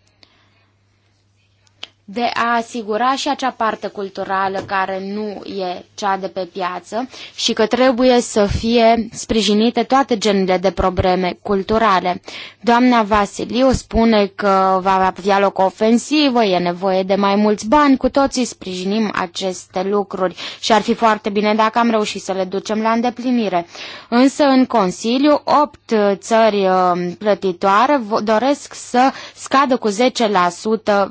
de a asigura și acea parte culturală care nu e cea de pe piață și că trebuie să fie sprijinite toate genurile de probleme culturale. Doamna Vasiliu spune că va avea loc o ofensivă, e nevoie de mai mulți bani, cu toții sprijinim aceste lucruri și ar fi foarte bine dacă am reușit să le ducem la îndeplinire. Însă în Consiliu, opt țări uh, plătitoare doresc să scadă cu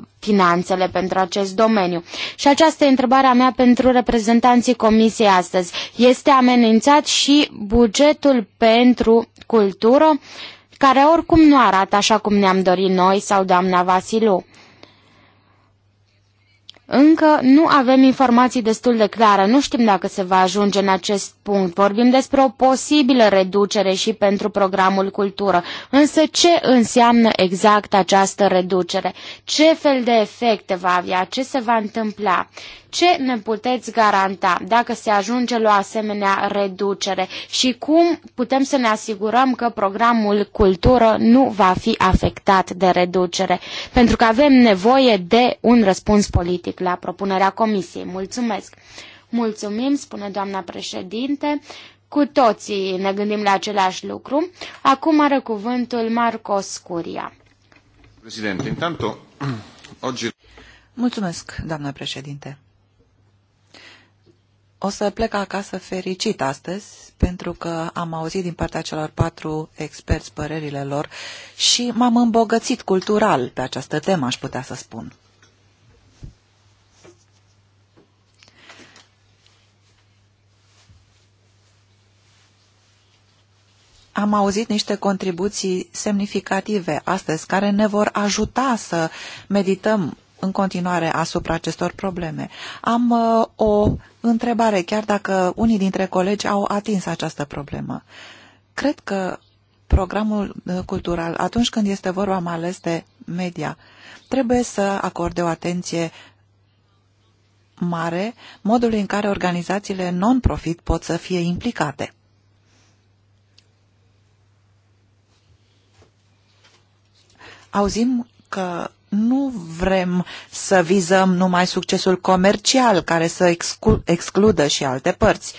10% finanțele pentru acest domeniu. Și aceasta e întrebarea mea pentru reprezentanții Comisiei astăzi. Este amenințat și bugetul pentru cultură, care oricum nu arată așa cum ne-am dorit noi sau doamna Vasilu. Încă nu avem informații destul de clare, nu știm dacă se va ajunge în acest punct. Vorbim despre o posibilă reducere și pentru programul cultură. Însă ce înseamnă exact această reducere? Ce fel de efecte va avea? Ce se va întâmpla? Ce ne puteți garanta dacă se ajunge la o asemenea reducere și cum putem să ne asigurăm că programul cultură nu va fi afectat de reducere? Pentru că avem nevoie de un răspuns politic la propunerea Comisiei. Mulțumesc! Mulțumim, spune doamna președinte. Cu toții ne gândim la același lucru. Acum are cuvântul Marco Scuria. Președinte, intanto, oggi... Mulțumesc, doamna președinte. O să plec acasă fericit astăzi, pentru că am auzit din partea celor patru experți părerile lor și m-am îmbogățit cultural pe această temă, aș putea să spun. Am auzit niște contribuții semnificative astăzi care ne vor ajuta să medităm în continuare asupra acestor probleme. Am uh, o întrebare, chiar dacă unii dintre colegi au atins această problemă. Cred că programul uh, cultural, atunci când este vorba mai ales de media, trebuie să acorde o atenție mare modului în care organizațiile non-profit pot să fie implicate. Auzim că nu vrem să vizăm numai succesul comercial, care să exclu excludă și alte părți.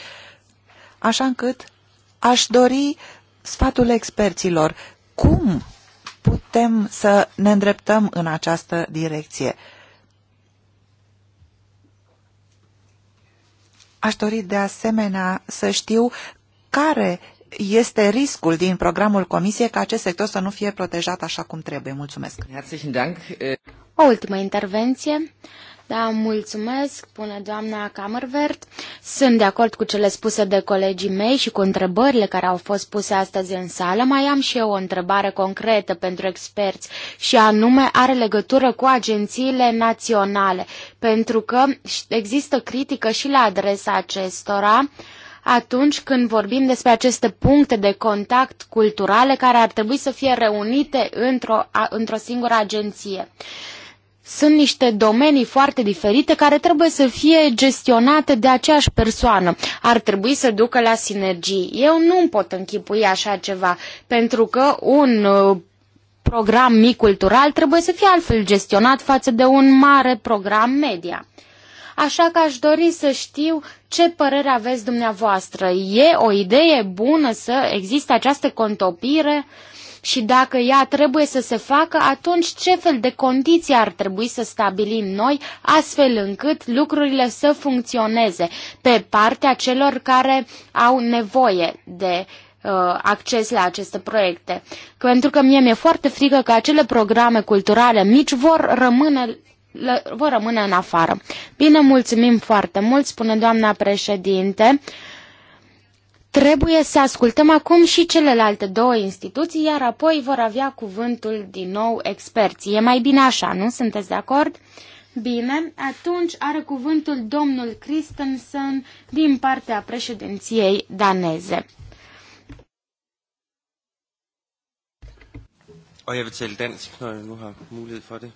Așa încât aș dori sfatul experților. Cum putem să ne îndreptăm în această direcție? Aș dori de asemenea să știu care este riscul din programul Comisiei ca acest sector să nu fie protejat așa cum trebuie. Mulțumesc. O ultimă intervenție. Da, mulțumesc, spune doamna Camervert. Sunt de acord cu cele spuse de colegii mei și cu întrebările care au fost puse astăzi în sală. Mai am și eu o întrebare concretă pentru experți și anume are legătură cu agențiile naționale, pentru că există critică și la adresa acestora uh, atunci când vorbim despre aceste puncte de contact culturale care ar trebui să fie reunite într-o, într-o singură agenție. Sunt niște domenii foarte diferite care trebuie să fie gestionate de aceeași persoană. Ar trebui să ducă la sinergii. Eu nu îmi pot închipui așa ceva, pentru că un uh, program mic cultural trebuie să fie altfel gestionat față de un mare program media așa că aș dori să știu ce părere aveți dumneavoastră. E o idee bună să existe această contopire? Și dacă ea trebuie să se facă, atunci ce fel de condiții ar trebui să stabilim noi, astfel încât lucrurile să funcționeze pe partea celor care au nevoie de uh, acces la aceste proiecte. Pentru că mie mi-e foarte frică că acele programe culturale mici vor rămâne vor rămâne în afară. Bine, mulțumim foarte mult, spune doamna președinte. Trebuie să ascultăm acum și celelalte două instituții, iar apoi vor avea cuvântul din nou experții. E mai bine așa, nu sunteți de acord? Bine, atunci are cuvântul domnul Christensen din partea președinției daneze. Og jeg vil tale dansk, når jeg nu har mulighed for det.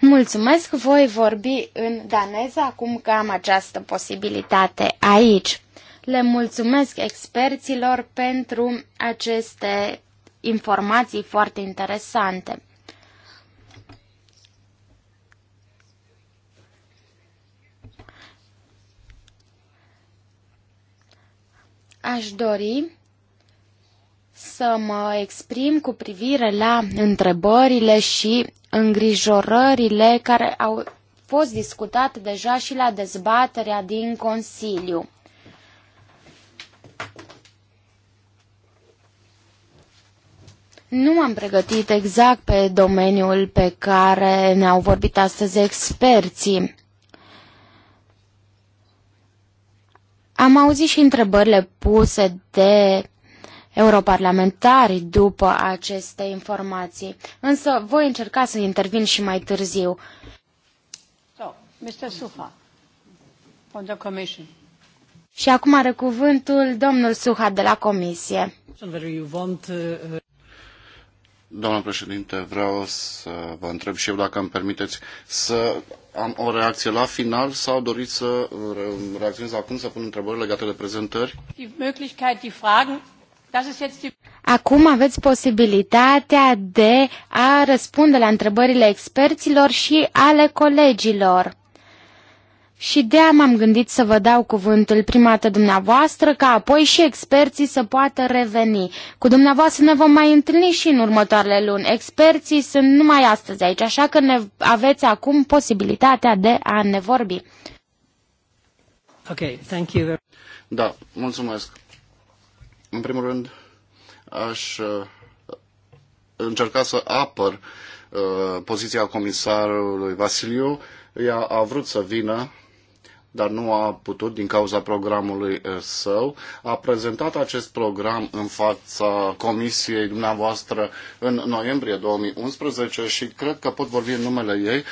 Mulțumesc, voi vorbi în daneză acum că am această posibilitate aici. Le mulțumesc experților pentru aceste informații foarte interesante. Aș dori să mă exprim cu privire la întrebările și îngrijorările care au fost discutate deja și la dezbaterea din Consiliu. Nu am pregătit exact pe domeniul pe care ne-au vorbit astăzi experții. Am auzit și întrebările puse de europarlamentari după aceste informații, însă voi încerca să intervin și mai târziu. So, Mr. from the commission. Și acum are cuvântul domnul Suha de la Comisie. Uh, uh. Doamna președinte, vreau să vă întreb și eu dacă îmi permiteți să am o reacție la final sau doriți să reacționez acum, să pun întrebări legate de prezentări? Acum aveți posibilitatea de a răspunde la întrebările experților și ale colegilor. Și de am m-am gândit să vă dau cuvântul prima dată dumneavoastră, ca apoi și experții să poată reveni. Cu dumneavoastră ne vom mai întâlni și în următoarele luni. Experții sunt numai astăzi aici, așa că ne aveți acum posibilitatea de a ne vorbi. Ok, thank you. Da, mulțumesc. În primul rând, aș uh, încerca să apăr uh, poziția comisarului Vasiliu. Ea a vrut să vină, dar nu a putut din cauza programului uh, său. A prezentat acest program în fața comisiei dumneavoastră în noiembrie 2011 și cred că pot vorbi în numele ei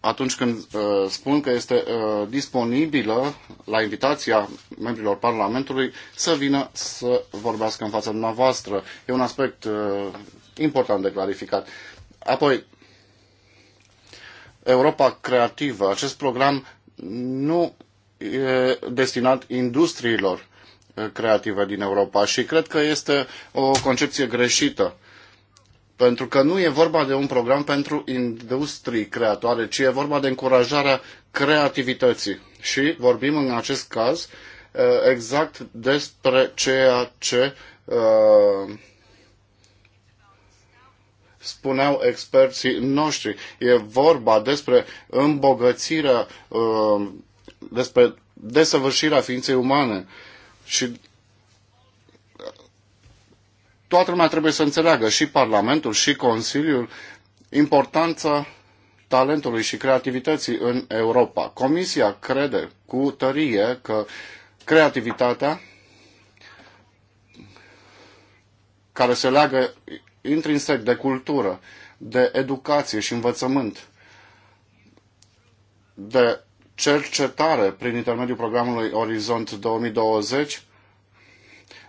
atunci când uh, spun că este uh, disponibilă la invitația membrilor Parlamentului să vină să vorbească în fața dumneavoastră. E un aspect uh, important de clarificat. Apoi, Europa Creativă. Acest program nu e destinat industriilor uh, creative din Europa și cred că este o concepție greșită pentru că nu e vorba de un program pentru industrii creatoare, ci e vorba de încurajarea creativității. Și vorbim în acest caz uh, exact despre ceea ce uh, spuneau experții noștri. E vorba despre îmbogățirea, uh, despre desăvârșirea ființei umane. Și toată lumea trebuie să înțeleagă, și Parlamentul, și Consiliul, importanța talentului și creativității în Europa. Comisia crede cu tărie că creativitatea care se leagă intrinsec de cultură, de educație și învățământ, de cercetare prin intermediul programului Orizont 2020,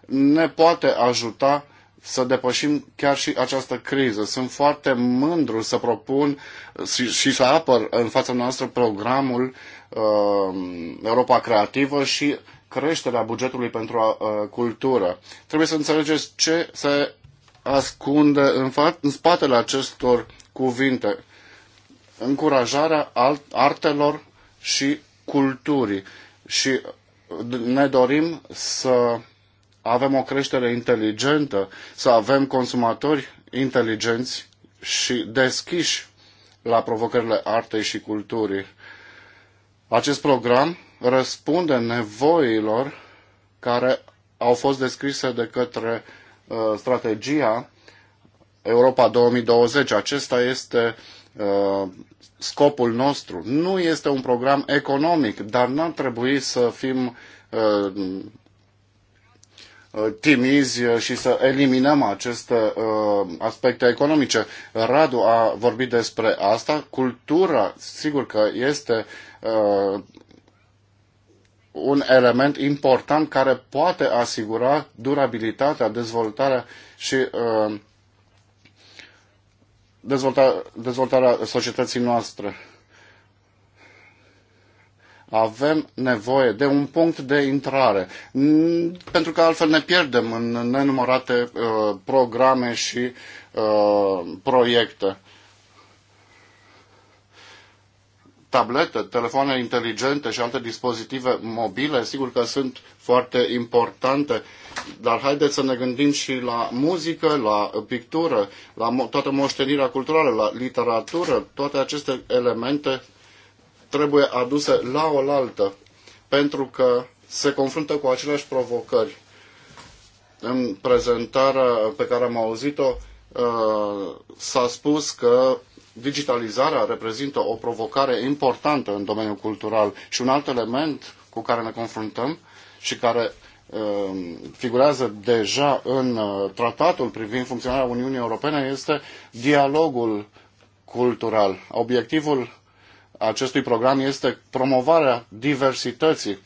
ne poate ajuta să depășim chiar și această criză. Sunt foarte mândru să propun și, și să apăr în fața noastră programul uh, Europa Creativă și creșterea bugetului pentru uh, cultură. Trebuie să înțelegeți ce se ascunde în, în spatele acestor cuvinte. Încurajarea alt, artelor și culturii. Și ne dorim să avem o creștere inteligentă, să avem consumatori inteligenți și deschiși la provocările artei și culturii. Acest program răspunde nevoilor care au fost descrise de către uh, strategia Europa 2020. Acesta este uh, scopul nostru. Nu este un program economic, dar n-ar trebui să fim uh, Uh, timizi uh, și să eliminăm aceste uh, aspecte economice. Radu a vorbit despre asta. Cultura, sigur că este un element important care poate asigura durabilitatea, dezvoltarea și dezvoltarea, dezvoltarea societății noastre avem nevoie de un punct de intrare, mm, pentru că altfel ne pierdem în nenumărate uh, programe și uh, proiecte. Tablete, telefoane inteligente și alte dispozitive mobile, sigur că sunt foarte importante, dar haideți să ne gândim și la muzică, la pictură, la mo- toată moștenirea culturală, la literatură, toate aceste elemente trebuie aduse la oaltă, pentru că se confruntă cu aceleași provocări. În prezentarea pe care am auzit-o, uh, s-a spus că digitalizarea reprezintă o provocare importantă în domeniul cultural și un alt element cu care ne confruntăm și care uh, figurează deja în uh, tratatul privind funcționarea Uniunii Europene este dialogul cultural. Obiectivul acestui program este promovarea diversității.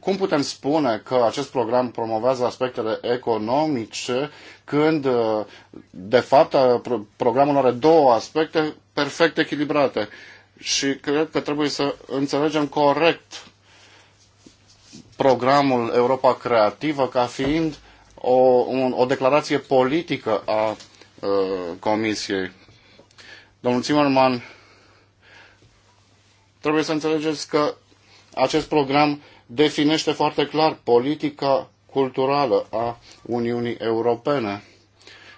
Cum putem spune că acest program promovează aspectele economice când, uh, de fapt, uh, programul are două aspecte perfect echilibrate? Și cred că trebuie să înțelegem corect programul Europa Creativă ca fiind o, un, o declarație politică a uh, Comisiei. Domnul Zimmerman Trebuie să înțelegeți că acest program definește foarte clar politica culturală a Uniunii Europene.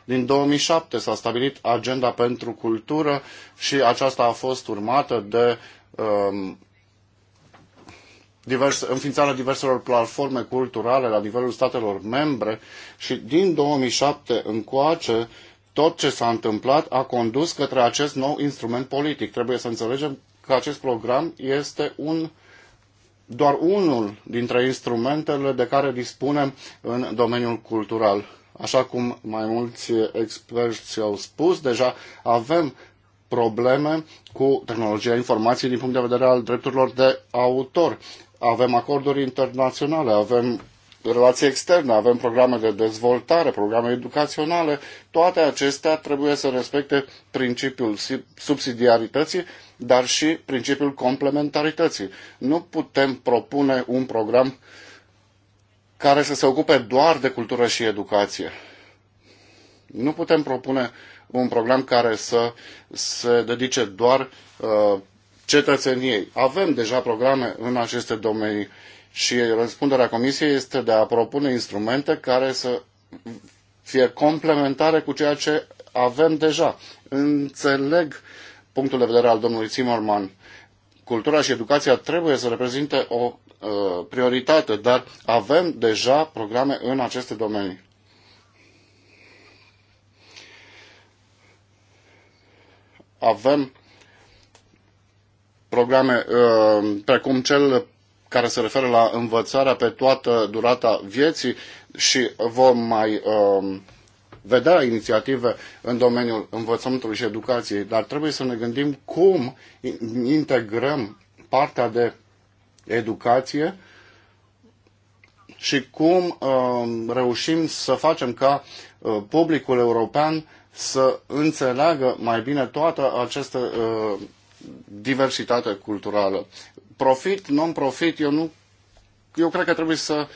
Din 2007 s-a stabilit agenda pentru cultură și aceasta a fost urmată de um, divers, înființarea diverselor platforme culturale la nivelul statelor membre și din 2007 încoace tot ce s-a întâmplat a condus către acest nou instrument politic. Trebuie să înțelegem că acest program este un, doar unul dintre instrumentele de care dispunem în domeniul cultural. Așa cum mai mulți experți au spus, deja avem probleme cu tehnologia informației din punct de vedere al drepturilor de autor. Avem acorduri internaționale, avem relații externe, avem programe de dezvoltare, programe educaționale, toate acestea trebuie să respecte principiul subsidiarității, dar și principiul complementarității. Nu putem propune un program care să se ocupe doar de cultură și educație. Nu putem propune un program care să se dedice doar uh, cetățeniei. Avem deja programe în aceste domenii. Uh, și răspunderea Comisiei este de a propune instrumente care să fie complementare cu ceea ce avem deja. Înțeleg punctul de vedere al domnului Zimmerman. Cultura și educația trebuie să reprezinte o uh, prioritate, dar avem deja programe în aceste domenii. Avem programe uh, precum cel care se referă la învățarea pe toată durata vieții și vom mai um, vedea inițiative în domeniul învățământului și educației, dar trebuie să ne gândim cum integrăm partea de educație și cum uh, reușim să facem ca uh, publicul european să înțeleagă mai bine toată această uh, diversitate culturală profit, non-profit, eu nu. Eu cred că trebuie să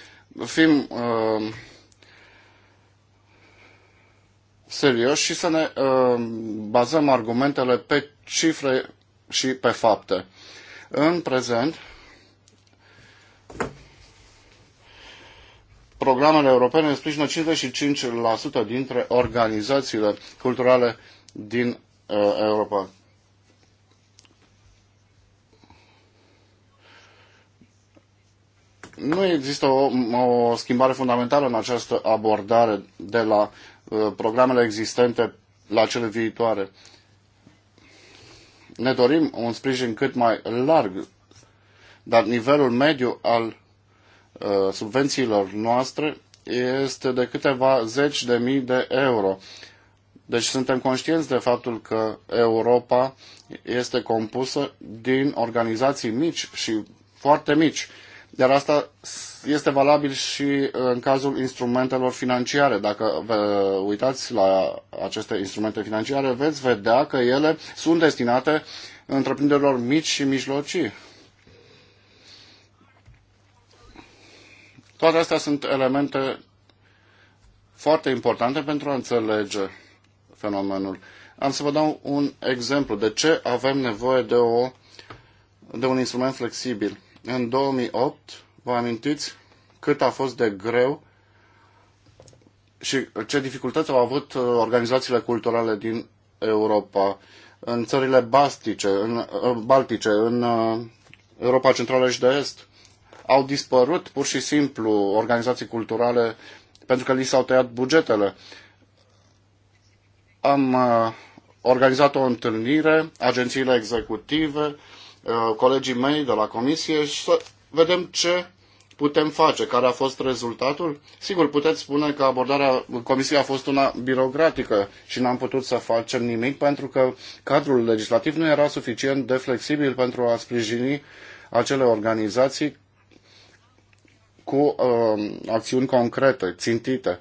fim uh, serioși și să ne uh, bazăm argumentele pe cifre și pe fapte. În prezent, programele europene sprijină 55% dintre organizațiile culturale din uh, Europa. nu există o, o schimbare fundamentală în această abordare de la uh, programele existente la cele viitoare. Ne dorim un sprijin cât mai larg, dar nivelul mediu al uh, subvențiilor noastre este de câteva zeci de mii de euro. Deci suntem conștienți de faptul că Europa este compusă din organizații mici și foarte mici iar asta este valabil și uh, în cazul instrumentelor financiare. Dacă vă uitați la aceste instrumente financiare, veți vedea că ele sunt destinate întreprinderilor mici și mijlocii. Toate astea sunt elemente foarte importante pentru a înțelege fenomenul. Am să vă dau un exemplu de ce avem nevoie de, o, de un instrument flexibil. În 2008, vă amintiți cât a fost de greu și ce dificultăți au avut uh, organizațiile culturale din Europa, în țările bastice, în, uh, baltice, în uh, Europa Centrală și de Est. Au dispărut pur și simplu organizații culturale pentru că li s-au tăiat bugetele. Am organizat o întâlnire, agențiile executive, Uh, colegii mei de la comisie și să vedem ce putem face, care a fost rezultatul. Sigur, puteți spune că abordarea comisiei a fost una birocratică și n-am putut să facem nimic pentru că cadrul legislativ nu era suficient de flexibil pentru a sprijini acele organizații cu uh, acțiuni concrete, țintite.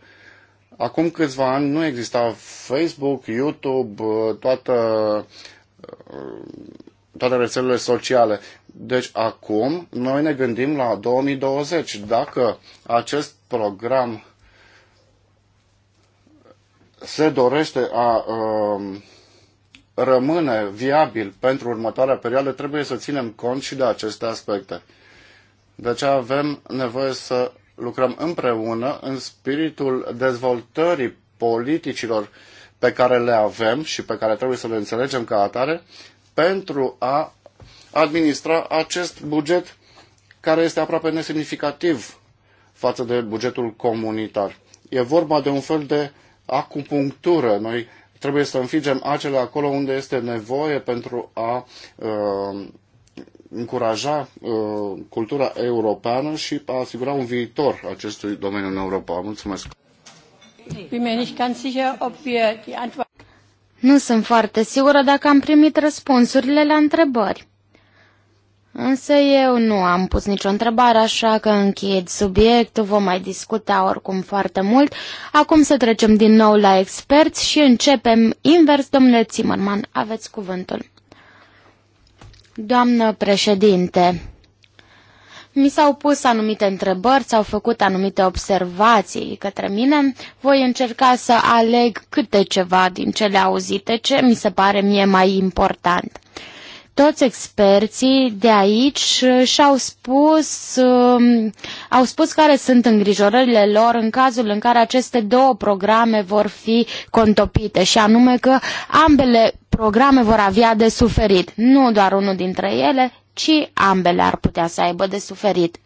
Acum câțiva ani nu exista Facebook, YouTube, uh, toată uh, toate rețelele sociale. Deci acum noi ne gândim la 2020. Dacă acest program se dorește a uh, rămâne viabil pentru următoarea perioadă, trebuie să ținem cont și de aceste aspecte. De deci avem nevoie să lucrăm împreună în spiritul dezvoltării politicilor pe care le avem și pe care trebuie să le înțelegem ca atare pentru a administra acest buget care este aproape nesemnificativ față de bugetul comunitar. E vorba de un fel de acupunctură. Noi trebuie să înfigem acele acolo unde este nevoie pentru a uh, încuraja uh, cultura europeană și a asigura un viitor acestui domeniu în Europa. Mulțumesc! Nu sunt foarte sigură dacă am primit răspunsurile la întrebări. Însă eu nu am pus nicio întrebare, așa că închid subiectul, vom mai discuta oricum foarte mult. Acum să trecem din nou la experți și începem invers. Domnule Zimmerman, aveți cuvântul. Doamnă președinte, mi s-au pus anumite întrebări, s-au făcut anumite observații către mine. Voi încerca să aleg câte ceva din cele auzite, ce mi se pare mie mai important. Toți experții de aici și-au spus, um, au spus care sunt îngrijorările lor în cazul în care aceste două programe vor fi contopite și anume că ambele programe vor avea de suferit, nu doar unul dintre ele, ci ambele ar putea să aibă de suferit.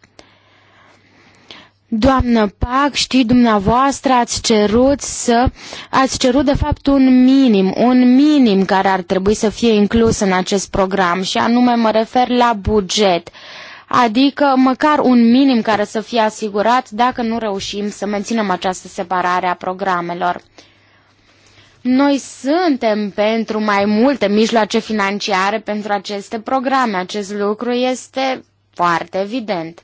Doamnă Pac, știi dumneavoastră, ați cerut să, ați cerut de fapt un minim, un minim care ar trebui să fie inclus în acest program și anume mă refer la buget, adică măcar un minim care să fie asigurat dacă nu reușim să menținem această separare a programelor. Noi suntem pentru mai multe mijloace financiare pentru aceste programe. Acest lucru este foarte evident.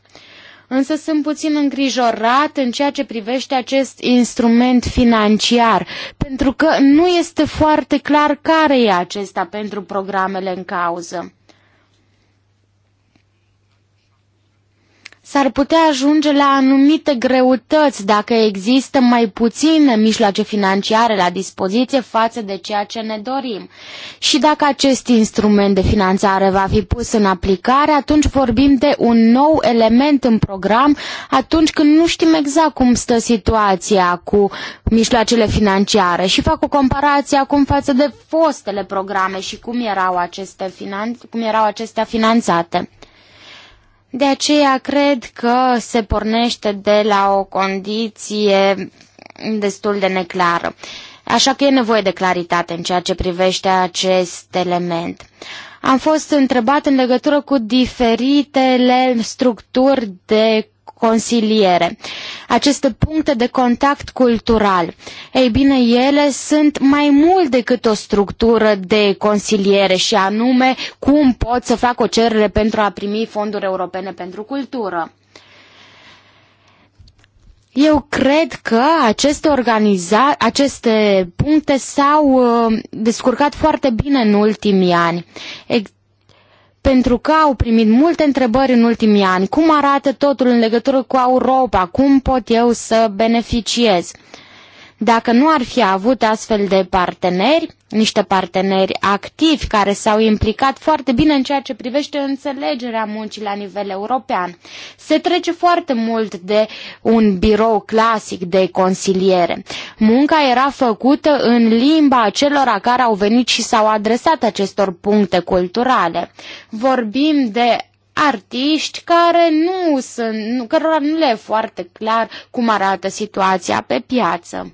Însă sunt puțin îngrijorat în ceea ce privește acest instrument financiar, pentru că nu este foarte clar care e acesta pentru programele în cauză. s-ar putea ajunge la anumite greutăți dacă există mai puține mijloace financiare la dispoziție față de ceea ce ne dorim. Și dacă acest instrument de finanțare va fi pus în aplicare, atunci vorbim de un nou element în program atunci când nu știm exact cum stă situația cu mijloacele financiare. Și fac o comparație acum față de fostele programe și cum erau, aceste finan- cum erau acestea finanțate. De aceea cred că se pornește de la o condiție destul de neclară. Așa că e nevoie de claritate în ceea ce privește acest element. Am fost întrebat în legătură cu diferitele structuri de consiliere, aceste puncte de contact cultural. Ei bine, ele sunt mai mult decât o structură de consiliere și anume cum pot să fac o cerere pentru a primi fonduri europene pentru cultură. Eu cred că aceste, organiza- aceste puncte s-au uh, descurcat foarte bine în ultimii ani pentru că au primit multe întrebări în ultimii ani. Cum arată totul în legătură cu Europa? Cum pot eu să beneficiez? Dacă nu ar fi avut astfel de parteneri, niște parteneri activi care s-au implicat foarte bine în ceea ce privește înțelegerea muncii la nivel european. Se trece foarte mult de un birou clasic de consiliere. Munca era făcută în limba celor care au venit și s-au adresat acestor puncte culturale. Vorbim de artiști care nu sunt, cărora nu le e foarte clar cum arată situația pe piață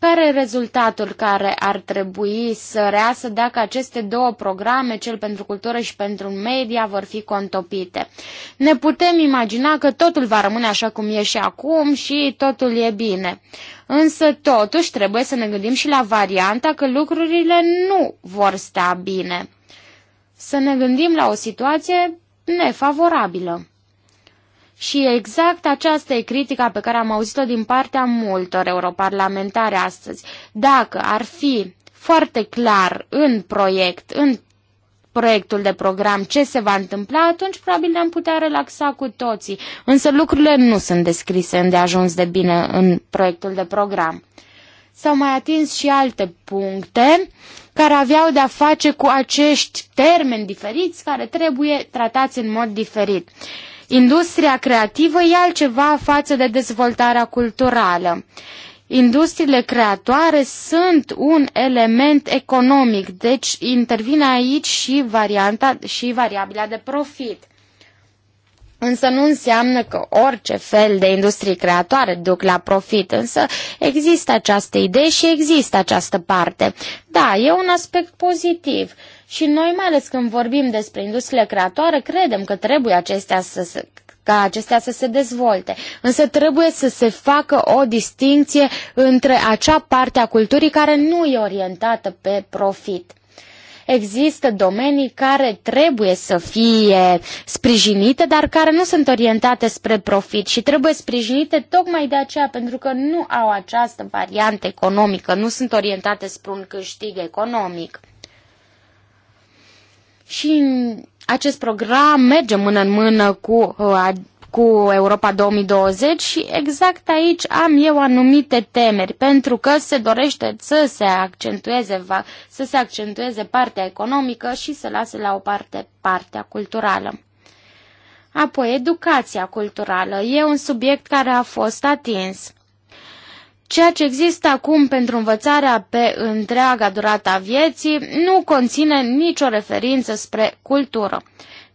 care e rezultatul care ar trebui să reasă dacă aceste două programe, cel pentru cultură și pentru media, vor fi contopite? Ne putem imagina că totul va rămâne așa cum e și acum și totul e bine. Însă, totuși, trebuie să ne gândim și la varianta că lucrurile nu vor sta bine. Să ne gândim la o situație nefavorabilă. Și exact aceasta e critica pe care am auzit-o din partea multor europarlamentari astăzi. Dacă ar fi foarte clar în proiect, în proiectul de program, ce se va întâmpla, atunci probabil ne-am putea relaxa cu toții. Însă lucrurile nu sunt descrise îndeajuns de bine în proiectul de program. S-au mai atins și alte puncte care aveau de-a face cu acești termeni diferiți care trebuie tratați în mod diferit. Uh, Industria creativă e altceva față de dezvoltarea culturală. Industriile creatoare sunt un element economic, deci intervine aici și, varianta, și variabila de profit. Însă nu înseamnă că orice fel de industrie creatoare duc la profit, însă există această idee și există această parte. Da, e un aspect pozitiv. Uh, și noi, mai ales când vorbim despre industriile creatoare, credem că trebuie acestea să se, ca acestea să se dezvolte. Însă trebuie să se facă o distinție între acea parte a culturii care nu e orientată pe profit există domenii care trebuie să fie sprijinite, dar care nu sunt orientate spre profit și trebuie sprijinite tocmai de aceea, pentru că nu au această variantă economică, nu sunt orientate spre un câștig economic. Și acest program merge mână în mână cu, uh, cu Europa 2020 și exact aici am eu anumite temeri, pentru că se dorește să se accentueze, să se accentueze partea economică și să lase la o parte partea culturală. Apoi, educația culturală e un subiect care a fost atins. Ceea ce există acum pentru învățarea pe întreaga durată a vieții nu conține nicio referință spre cultură.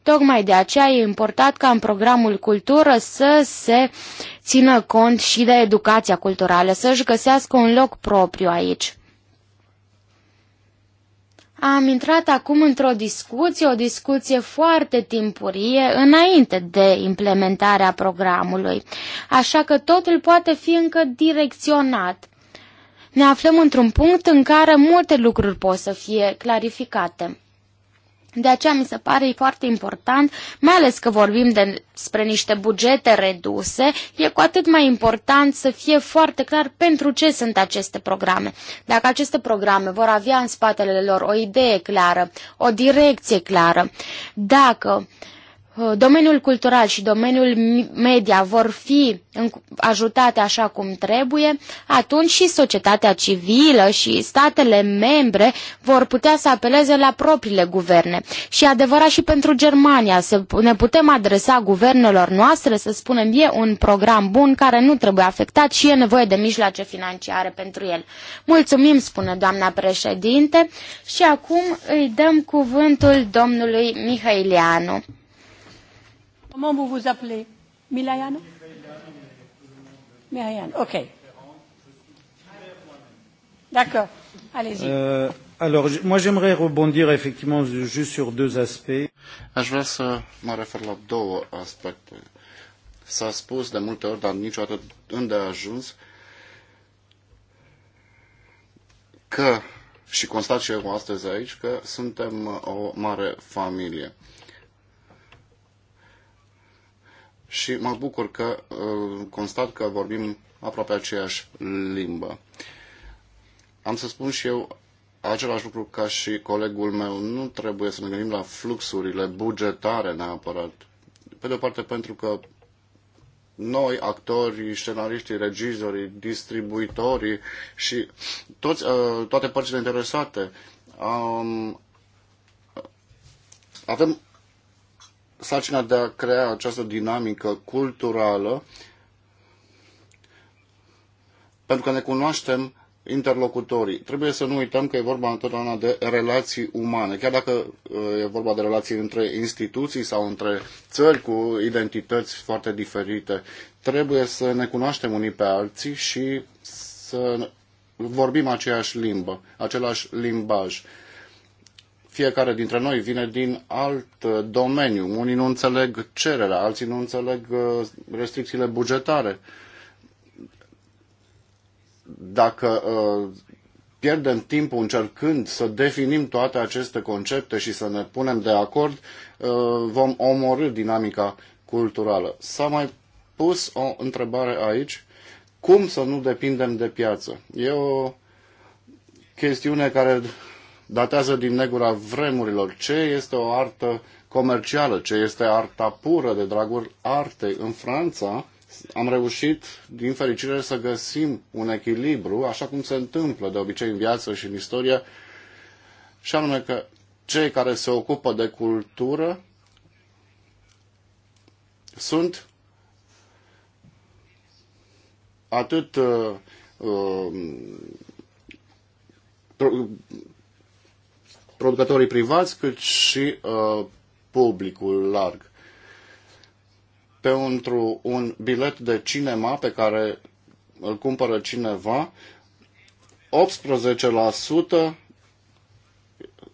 Tocmai de aceea e important ca în programul cultură să se țină cont și de educația culturală, să-și găsească un loc propriu aici am intrat acum într-o discuție, o discuție foarte timpurie, înainte de implementarea programului, așa că totul poate fi încă direcționat. Ne aflăm într-un punct în care multe lucruri pot să fie clarificate. De aceea mi se pare foarte important, mai ales că vorbim despre niște bugete reduse, e cu atât mai important să fie foarte clar pentru ce sunt aceste programe. Dacă aceste programe vor avea în spatele lor o idee clară, o direcție clară, dacă uh, Uh, domeniul cultural și domeniul media vor fi ajutate așa cum trebuie, atunci și societatea civilă și statele membre vor putea să apeleze la propriile guverne. Și adevărat și pentru Germania, să ne putem adresa guvernelor noastre, să spunem, e un program bun care nu trebuie afectat și e nevoie de mijloace financiare pentru el. Mulțumim, spune doamna președinte, și acum îi dăm cuvântul domnului Mihailianu. Comment vous vous appelez Milayan Milayan, ok. D'accord, allez-y. Euh, alors, moi j'aimerais rebondir effectivement juste sur deux aspects. Aș vrea să mă refer la două aspecte. S-a spus de multe ori, dar niciodată îndeajuns, că, și constat și eu astăzi aici, că suntem o mare familie. Uh, și mă bucur că uh, constat că vorbim aproape aceeași limbă. Am să spun și eu același lucru ca și colegul meu. Nu trebuie să ne gândim la fluxurile bugetare neapărat. Pe de o parte pentru că noi, actorii, scenariștii, regizorii, distribuitorii și toți, uh, toate părțile interesate am avem sarcina de a crea această dinamică culturală pentru că ne cunoaștem interlocutorii. Trebuie să nu uităm că e vorba întotdeauna de relații umane, chiar dacă uh, e vorba de relații între instituții sau între țări cu identități foarte diferite. Trebuie să ne cunoaștem unii pe alții și să vorbim aceeași limbă, același limbaj fiecare dintre noi vine din alt uh, domeniu. Unii nu înțeleg cererea, alții nu înțeleg uh, restricțiile bugetare. Dacă uh, pierdem timpul încercând să definim toate aceste concepte și să ne punem de acord, vom omorâ dinamica culturală. S-a mai pus o întrebare aici. Cum să nu depindem de piață? E o chestiune care datează din negura vremurilor. Ce este o artă comercială? Ce este arta pură de dragul artei? În Franța am reușit, din fericire, să găsim un echilibru, așa cum se întâmplă de obicei în viață și în istorie, și anume că cei care se ocupă de cultură sunt atât uh, uh, producătorii privați, cât și uh, publicul larg. Pentru un bilet de cinema pe care îl cumpără cineva, 18%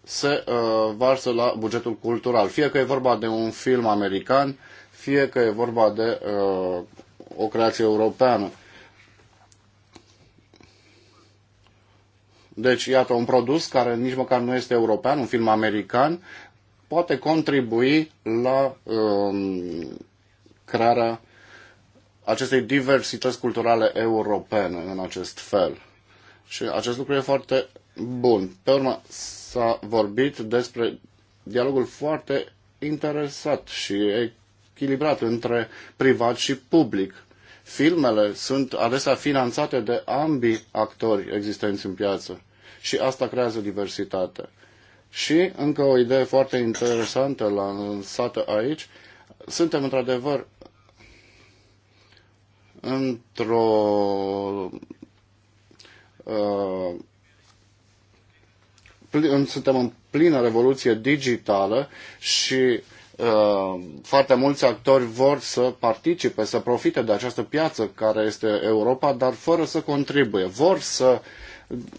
se uh, varsă la bugetul cultural. Fie că e vorba de un film american, fie că e vorba de uh, o creație europeană. Deci, iată, un produs care nici măcar nu este european, un film american, poate contribui la um, crearea acestei diversități culturale europene în acest fel. Și acest lucru e foarte bun. Pe urmă, s-a vorbit despre dialogul foarte interesat și echilibrat între privat și public. Filmele sunt adesea finanțate de ambii actori existenți în piață și asta creează diversitate. Și încă o idee foarte interesantă lansată aici, suntem într-adevăr într-o uh, suntem în plină revoluție digitală și uh, foarte mulți actori vor să participe, să profite de această piață care este Europa, dar fără să contribuie. Vor să uh,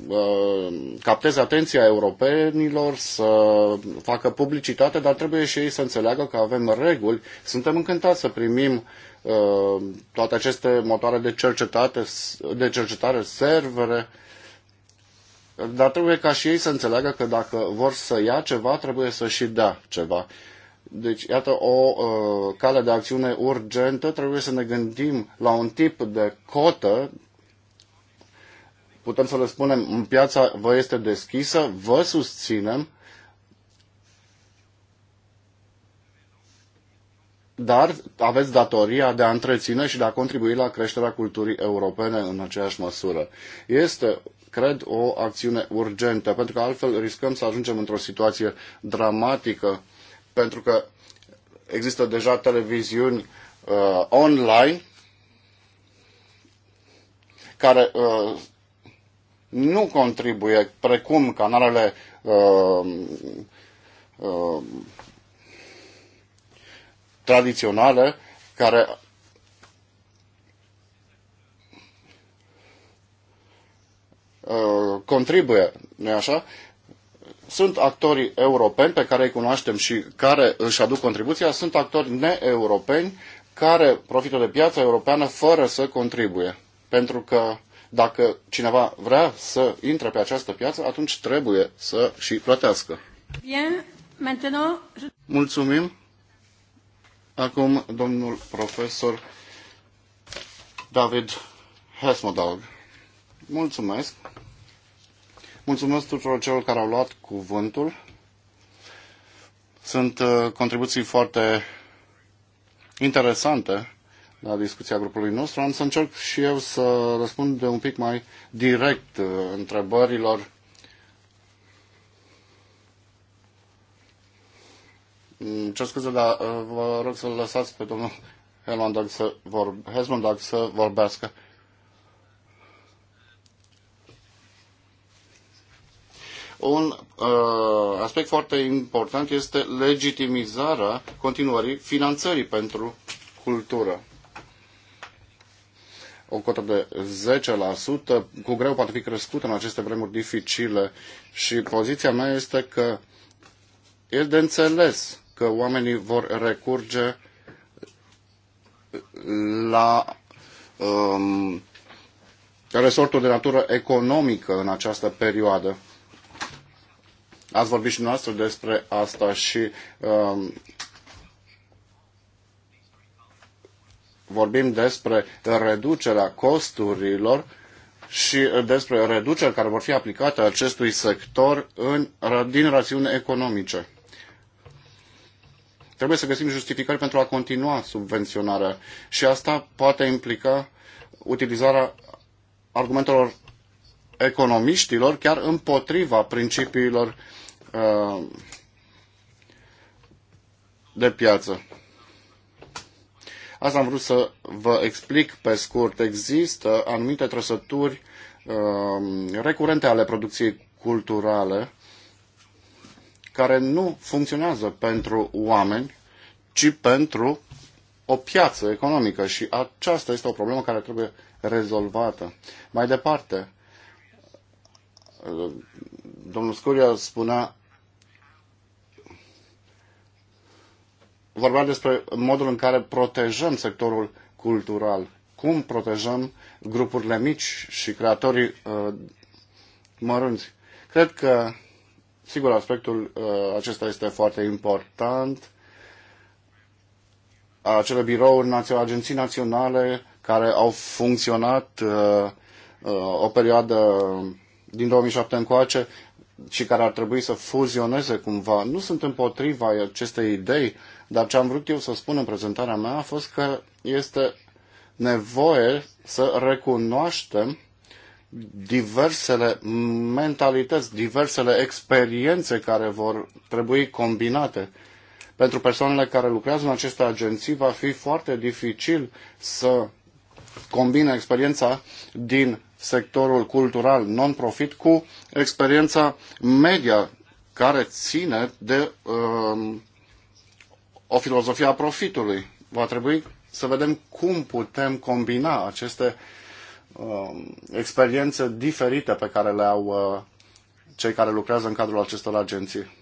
Uh, capteze atenția europenilor, să facă publicitate, dar trebuie și ei să înțeleagă că avem reguli. Suntem încântați să primim uh, toate aceste motoare de cercetare, de cercetare servere, dar trebuie ca și ei să înțeleagă că dacă vor să ia ceva, trebuie să și dea ceva. Deci, iată, o uh, cale de acțiune urgentă, trebuie să ne gândim la un tip de cotă putem să le spunem, piața vă este deschisă, vă susținem, dar aveți datoria de a întreține și de a contribui la creșterea culturii europene în aceeași măsură. Este, cred, o acțiune urgentă, pentru că altfel riscăm să ajungem într-o situație dramatică, pentru că există deja televiziuni uh, online care uh, nu contribuie, precum canalele uh, uh, tradiționale, care uh, contribuie, nu așa? Sunt actorii europeni pe care îi cunoaștem și care își aduc contribuția, sunt actori neeuropeni care profită de piața europeană fără să contribuie. Pentru că dacă cineva vrea să intre pe această piață, atunci trebuie să și plătească. Mulțumim. Acum domnul profesor David Hesmodaug. Mulțumesc. Mulțumesc tuturor celor care au luat cuvântul. Sunt uh, contribuții foarte interesante la discuția grupului nostru. Am să încerc și eu să răspund de un pic mai direct uh, întrebărilor mm, Ce scuze, dar uh, vă rog să-l lăsați pe domnul Dag să, vorbe, să vorbească. Un uh, aspect foarte important este legitimizarea continuării finanțării pentru cultură o cotă de 10%, cu greu poate fi crescută în aceste vremuri dificile și poziția mea este că e de înțeles că oamenii vor recurge la um, resortul de natură economică în această perioadă. Ați vorbit și noastră despre asta și um, vorbim despre reducerea costurilor și despre reduceri care vor fi aplicate acestui sector în, din rațiuni economice. Trebuie să găsim justificări pentru a continua subvenționarea și asta poate implica utilizarea argumentelor economiștilor chiar împotriva principiilor uh, de piață. Asta am vrut să vă explic pe scurt. Există anumite trăsături um, recurente ale producției culturale care nu funcționează pentru oameni, ci pentru o piață economică și aceasta este o problemă care trebuie rezolvată. Mai departe, domnul Scuria spunea vorbea despre modul în care protejăm sectorul cultural, cum protejăm grupurile mici și creatorii uh, mărunți. Cred că, sigur, aspectul uh, acesta este foarte important. Acele birouri, agenții naționale care au funcționat uh, uh, o perioadă din 2007 încoace și care ar trebui să fuzioneze cumva. Nu sunt împotriva acestei idei, uh, dar ce am vrut eu să spun în prezentarea mea a fost că este nevoie să recunoaștem diversele mentalități, diversele experiențe care vor trebui combinate. Pentru persoanele care lucrează în aceste agenții va fi foarte dificil să combine experiența din sectorul cultural non-profit cu experiența media care ține de uh, o filozofie a profitului. Va trebui să vedem cum putem combina aceste uh, experiențe diferite pe care le au uh, cei care lucrează în cadrul acestor agenții.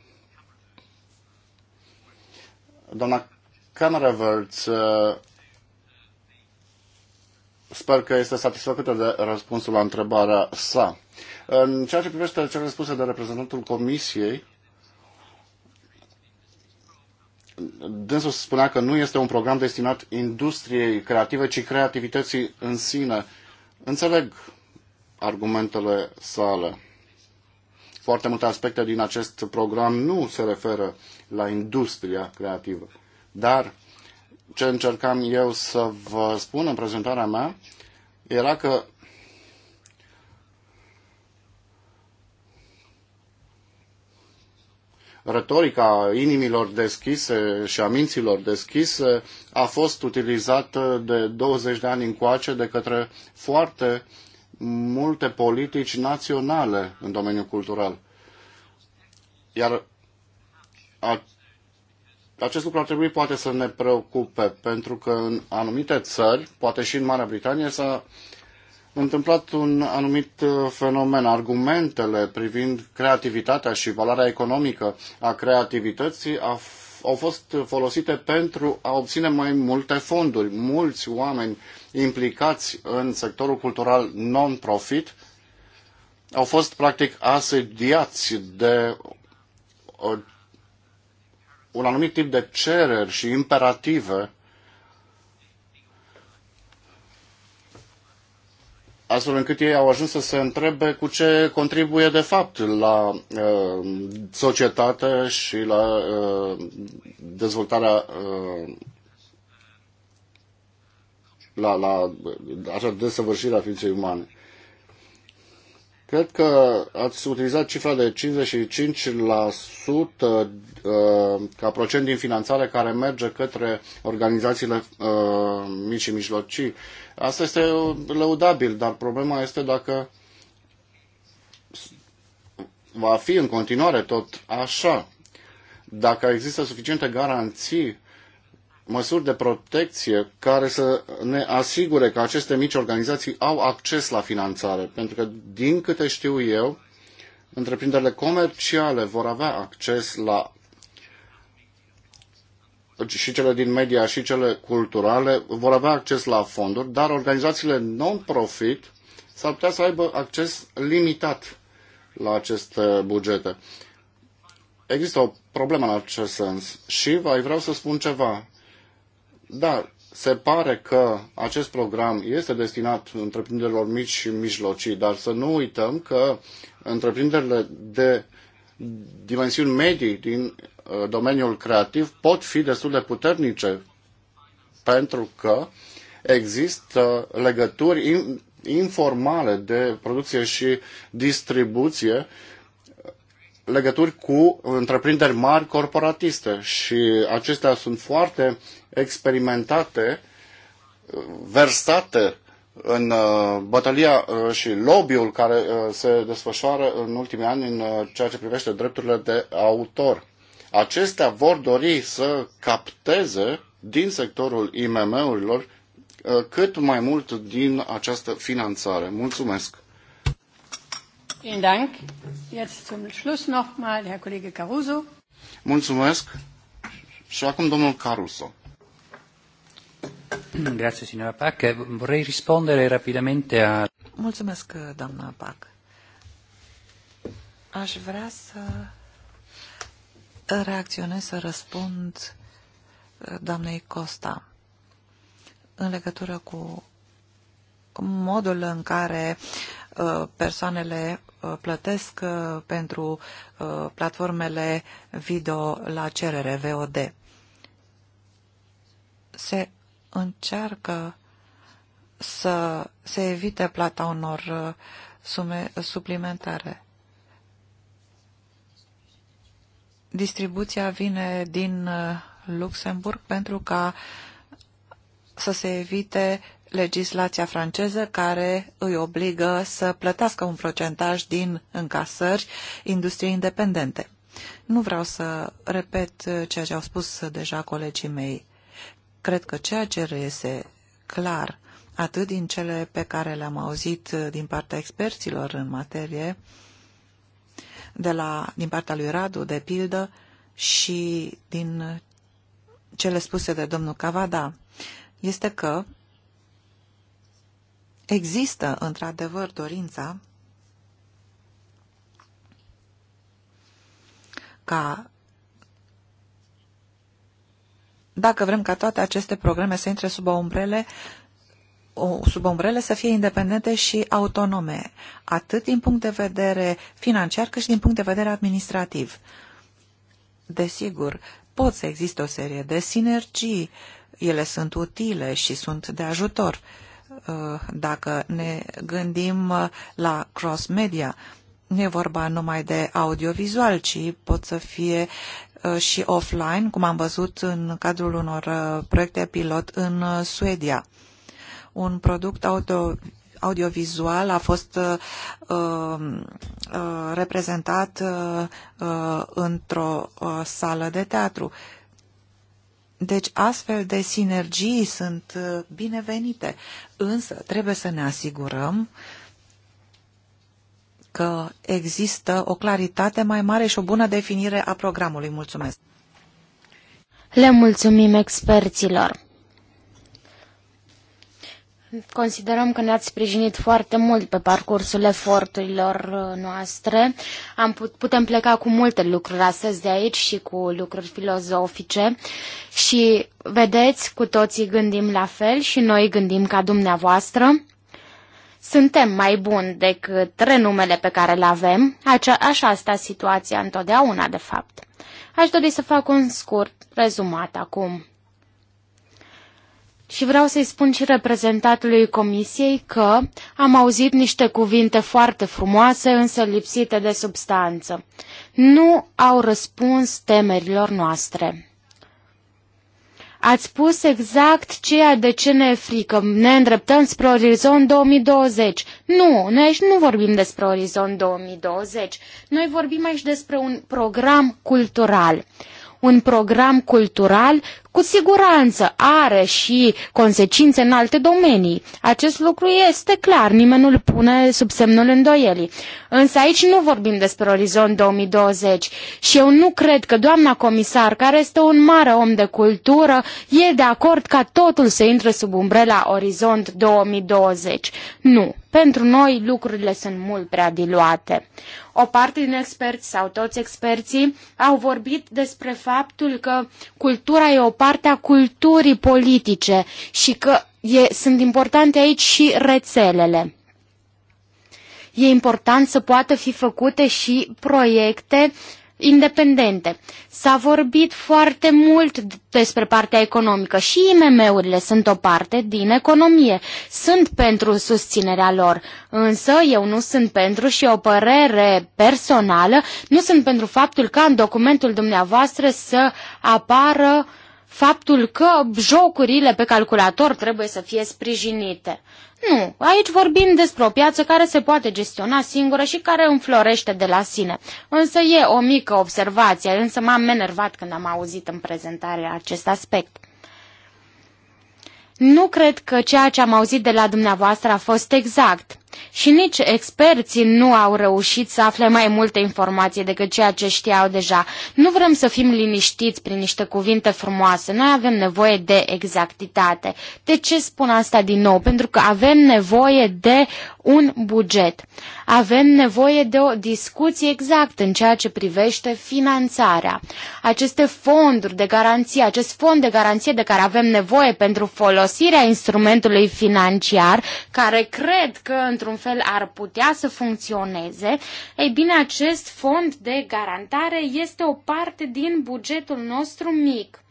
Doamna Cameravert, uh, sper că este satisfăcută de răspunsul la întrebarea sa. În ceea ce privește cele spuse de reprezentantul Comisiei, dânsul spunea că nu este un program destinat industriei creative, ci creativității în sine. Înțeleg argumentele sale. Foarte multe aspecte din acest program nu se referă la industria creativă. Dar ce încercam eu să vă spun în prezentarea mea era că retorica inimilor deschise și a minților deschise a fost utilizată de 20 de ani încoace de către foarte multe politici naționale în domeniul cultural. Iar a, acest lucru ar trebui poate să ne preocupe, pentru că în anumite țări, poate și în Marea Britanie, s-a uh, întâmplat un anumit uh, fenomen. Argumentele privind creativitatea și valoarea economică a creativității a au fost folosite pentru a obține mai multe fonduri. Mulți oameni implicați în sectorul cultural non-profit au fost practic asediați de uh, un anumit tip de cereri și imperative astfel încât ei au ajuns să se întrebe cu ce contribuie de fapt la uh, societate și la uh, dezvoltarea uh, la, la așa, desăvârșirea ființei umane. Cred că ați utilizat cifra de 55% uh, ca procent din finanțare care merge către organizațiile uh, mici și mijlocii. Asta este uh, lăudabil, dar problema este dacă va fi în continuare tot așa. Dacă există suficiente garanții măsuri de protecție care să ne asigure că aceste mici organizații au acces la finanțare, pentru că, din câte știu eu, întreprinderile comerciale vor avea acces la și cele din media și cele culturale vor avea acces la fonduri, dar organizațiile non-profit s-ar putea să aibă acces limitat la aceste bugete. Există o problemă în acest sens și vreau să spun ceva. Da, se pare că acest program este destinat întreprinderilor mici și mijlocii, dar să nu uităm că întreprinderile de dimensiuni medii din uh, domeniul creativ pot fi destul de puternice pentru că există legături informale de producție și distribuție legături cu întreprinderi mari corporatiste și acestea sunt foarte experimentate, versate în uh, bătălia uh, și lobby-ul care uh, se desfășoară în ultimii ani în ceea ce privește drepturile de autor. Acestea vor dori să capteze din sectorul IMM-urilor cât mai mult din această finanțare. Mulțumesc! Vielen Dank. Jetzt zum Schluss Herr Kollege Caruso. Mulțumesc. Și acum domnul Caruso. Grazie, signora Vorrei rispondere rapidamente a... Mulțumesc, doamna Pac. Aș vrea să reacționez, să răspund uh, doamnei Costa în legătură cu modul în care Uh, persoanele uh, plătesc uh, pentru platformele video la cerere, VOD. Se încearcă să se evite plata unor sume suplimentare. Distribuția vine din Luxemburg pentru ca să se evite legislația franceză care îi obligă să plătească un procentaj din încasări industriei independente. Nu vreau să repet ceea ce au spus deja colegii mei. Cred că ceea ce reiese clar, atât din cele pe care le-am auzit din partea experților în materie, de la, din partea lui Radu, de pildă, și din cele spuse de domnul Cavada, este că Există, într-adevăr, dorința ca dacă vrem ca toate aceste programe să intre sub umbrele, sub umbrele să fie independente și autonome, atât din punct de vedere financiar, cât și din punct de vedere administrativ. Desigur, pot să existe o serie de sinergii, ele sunt utile și sunt de ajutor, uh, Uh, dacă ne gândim uh, la cross-media, nu e vorba numai de audiovizual, ci pot să fie uh, și offline, cum am văzut în cadrul unor proiecte pilot în Suedia. Un product audio, audiovizual a fost uh, uh, reprezentat uh, într-o sală de teatru deci astfel de sinergii sunt uh, binevenite, însă trebuie să ne asigurăm că există o claritate mai mare și o bună definire a programului. Mulțumesc! Le mulțumim experților! Considerăm că ne-ați sprijinit foarte mult pe parcursul eforturilor uh, noastre. Am put, putem pleca cu multe lucruri astăzi de aici și cu lucruri filozofice și vedeți, cu toții gândim la fel și noi gândim ca dumneavoastră. Suntem mai buni decât renumele pe care le avem, Acea, așa asta situația întotdeauna, de fapt. Aș dori să fac un scurt rezumat acum. Și vreau să-i spun și reprezentatului comisiei că am auzit niște cuvinte foarte frumoase, însă lipsite de substanță. Nu au răspuns temerilor noastre. Ați spus exact ceea de ce ne e frică. Ne îndreptăm spre orizont 2020. Nu, noi aici nu vorbim despre orizont 2020. Noi vorbim aici despre un program cultural un program cultural, cu siguranță are și consecințe în alte domenii. Acest lucru este clar, nimeni nu-l pune sub semnul îndoielii. Însă aici nu vorbim despre orizont 2020 și eu nu cred că doamna comisar, care este un mare om de cultură, e de acord ca totul să intre sub umbrela orizont 2020. Nu. Pentru noi lucrurile sunt mult prea diluate. O parte din experți sau toți experții au vorbit despre faptul că cultura e o parte a culturii politice și că e, sunt importante aici și rețelele. E important să poată fi făcute și proiecte uh, independente. S-a vorbit foarte mult despre partea economică și IMM-urile sunt o parte din economie. Sunt pentru susținerea lor, însă eu nu sunt pentru și o părere personală, nu sunt pentru faptul ca în documentul dumneavoastră să apară uh, faptul că jocurile pe calculator trebuie să fie sprijinite. Nu, aici vorbim despre o piață care se poate gestiona singură și care înflorește de la sine. Însă e o mică observație, însă m-am enervat când am auzit în prezentare acest aspect. Nu cred că ceea ce am auzit de la dumneavoastră a fost exact și nici experții nu au reușit să afle mai multe informații decât ceea ce știau deja. Nu vrem să fim liniștiți prin niște cuvinte frumoase, noi avem nevoie de exactitate. De ce spun asta din nou? Pentru că avem nevoie de un buget. Avem nevoie de o discuție exactă în ceea ce privește finanțarea. Aceste fonduri de garanție, acest fond de garanție de care avem nevoie pentru folosirea instrumentului financiar, care cred că într-un fel ar putea să funcționeze, ei bine, acest fond de garantare este o parte din bugetul nostru mic.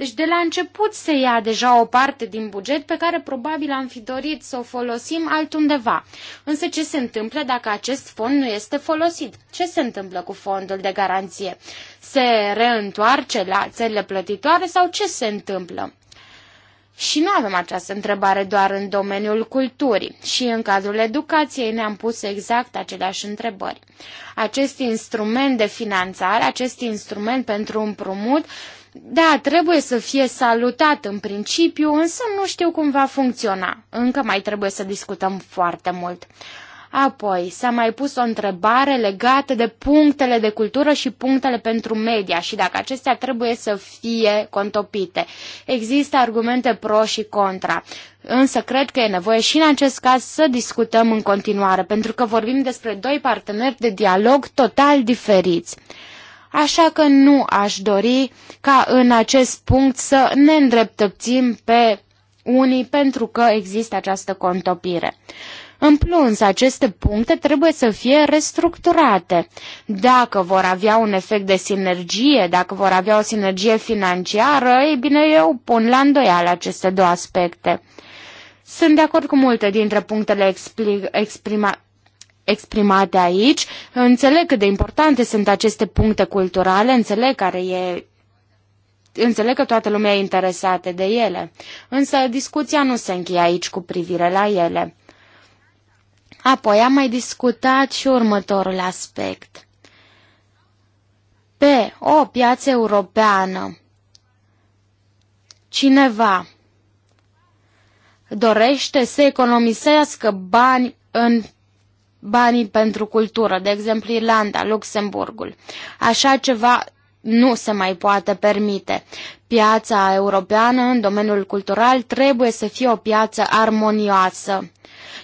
Deci de la început se ia deja o parte din buget pe care probabil am fi dorit să o folosim altundeva. Însă ce se întâmplă dacă acest fond nu este folosit? Ce se întâmplă cu fondul de garanție? Se reîntoarce la țările plătitoare sau ce se întâmplă? Și nu avem această întrebare doar în domeniul culturii. Și în cadrul educației ne-am pus exact aceleași întrebări. Acest instrument de finanțare, acest instrument pentru împrumut, da, trebuie să fie salutat în principiu, însă nu știu cum va funcționa. Încă mai trebuie să discutăm foarte mult. Apoi, s-a mai pus o întrebare legată de punctele de cultură și punctele pentru media și dacă acestea trebuie să fie contopite. Există argumente pro și contra, însă cred că e nevoie și în acest caz să discutăm în continuare, pentru că vorbim despre doi parteneri de dialog total diferiți așa că nu aș dori ca în acest punct să ne îndreptățim pe unii pentru că există această contopire. În plus, aceste puncte trebuie să fie restructurate. Dacă vor avea un efect de sinergie, dacă vor avea o sinergie financiară, ei bine, eu pun la îndoială aceste două aspecte. Sunt de acord cu multe dintre punctele exprima, exprimate aici. Înțeleg cât de importante sunt aceste puncte culturale, înțeleg care e Înțeleg că toată lumea e interesată de ele, însă discuția nu se încheie aici cu privire la ele. Apoi am mai discutat și următorul aspect. Pe o piață europeană, cineva dorește să economisească bani în banii pentru cultură, de exemplu Irlanda, Luxemburgul. Așa ceva nu se mai poate permite. Piața europeană în domeniul cultural trebuie să fie o piață armonioasă.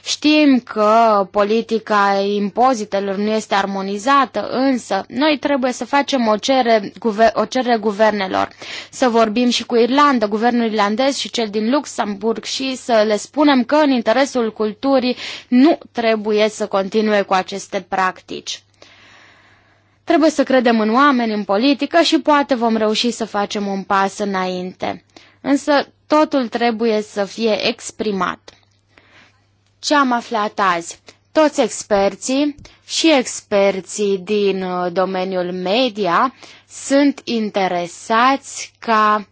Știm că politica impozitelor nu este armonizată, însă noi trebuie să facem o cerere, o cere guvernelor, să vorbim și cu Irlanda, guvernul irlandez și cel din Luxemburg și să le spunem că în interesul culturii nu trebuie să continue cu aceste practici. Trebuie să credem în oameni, în politică și poate vom reuși să facem un pas înainte. Însă totul trebuie să fie exprimat. Ce am aflat azi? Toți experții și experții din uh, domeniul media sunt interesați ca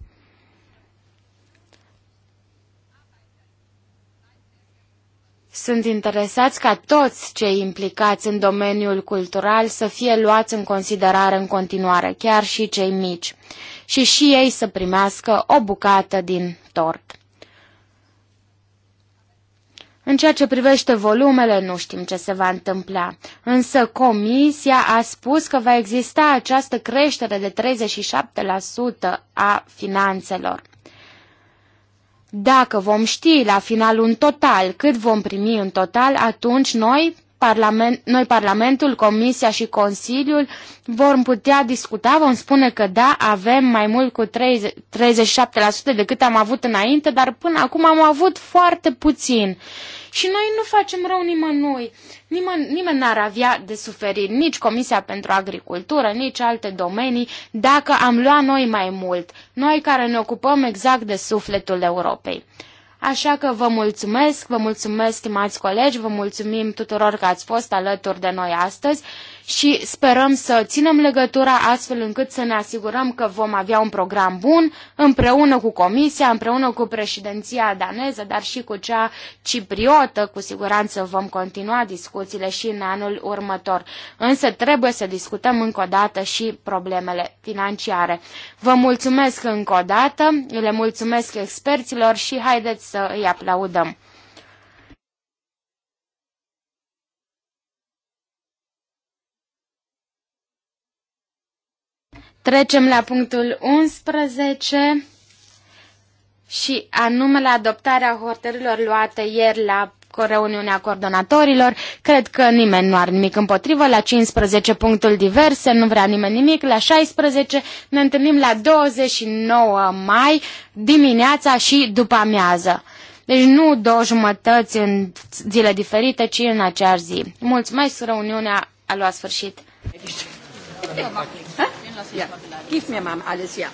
Sunt interesați ca toți cei implicați în domeniul cultural să fie luați în considerare în continuare, chiar și cei mici, și și ei să primească o bucată din tort. În ceea ce privește volumele, nu știm ce se va întâmpla, însă Comisia a spus că va exista această creștere de 37% a finanțelor. Dacă vom ști la final un total cât vom primi în total, atunci noi Parlament, noi, Parlamentul, Comisia și Consiliul vom putea discuta, vom spune că da, avem mai mult cu 30, 37% decât am avut înainte, dar până acum am avut foarte puțin. Și noi nu facem rău nimănui. Nimeni, nimeni n-ar avea de suferit, nici Comisia pentru Agricultură, nici alte domenii, dacă am luat noi mai mult, noi care ne ocupăm exact de sufletul Europei. Așa că vă mulțumesc, vă mulțumesc, stimați colegi, vă mulțumim tuturor că ați fost alături de noi astăzi și sperăm să ținem legătura astfel încât să ne asigurăm că vom avea un program bun împreună cu Comisia, împreună cu președinția daneză, dar și cu cea cipriotă. Cu siguranță vom continua discuțiile și în anul următor. Însă trebuie să discutăm încă o dată și problemele financiare. Vă mulțumesc încă o dată, le mulțumesc experților și haideți să îi aplaudăm. Trecem la punctul 11 și anume la adoptarea hotărârilor luate ieri la reuniunea coordonatorilor. Cred că nimeni nu are nimic împotrivă. La 15 punctul diverse, nu vrea nimeni nimic. La 16 ne întâlnim la 29 mai dimineața și după amiază. Deci nu două jumătăți în zile diferite, ci în aceeași zi. Mulțumesc, reuniunea a luat sfârșit. Yeah. Give me, ma'am, alles, ja.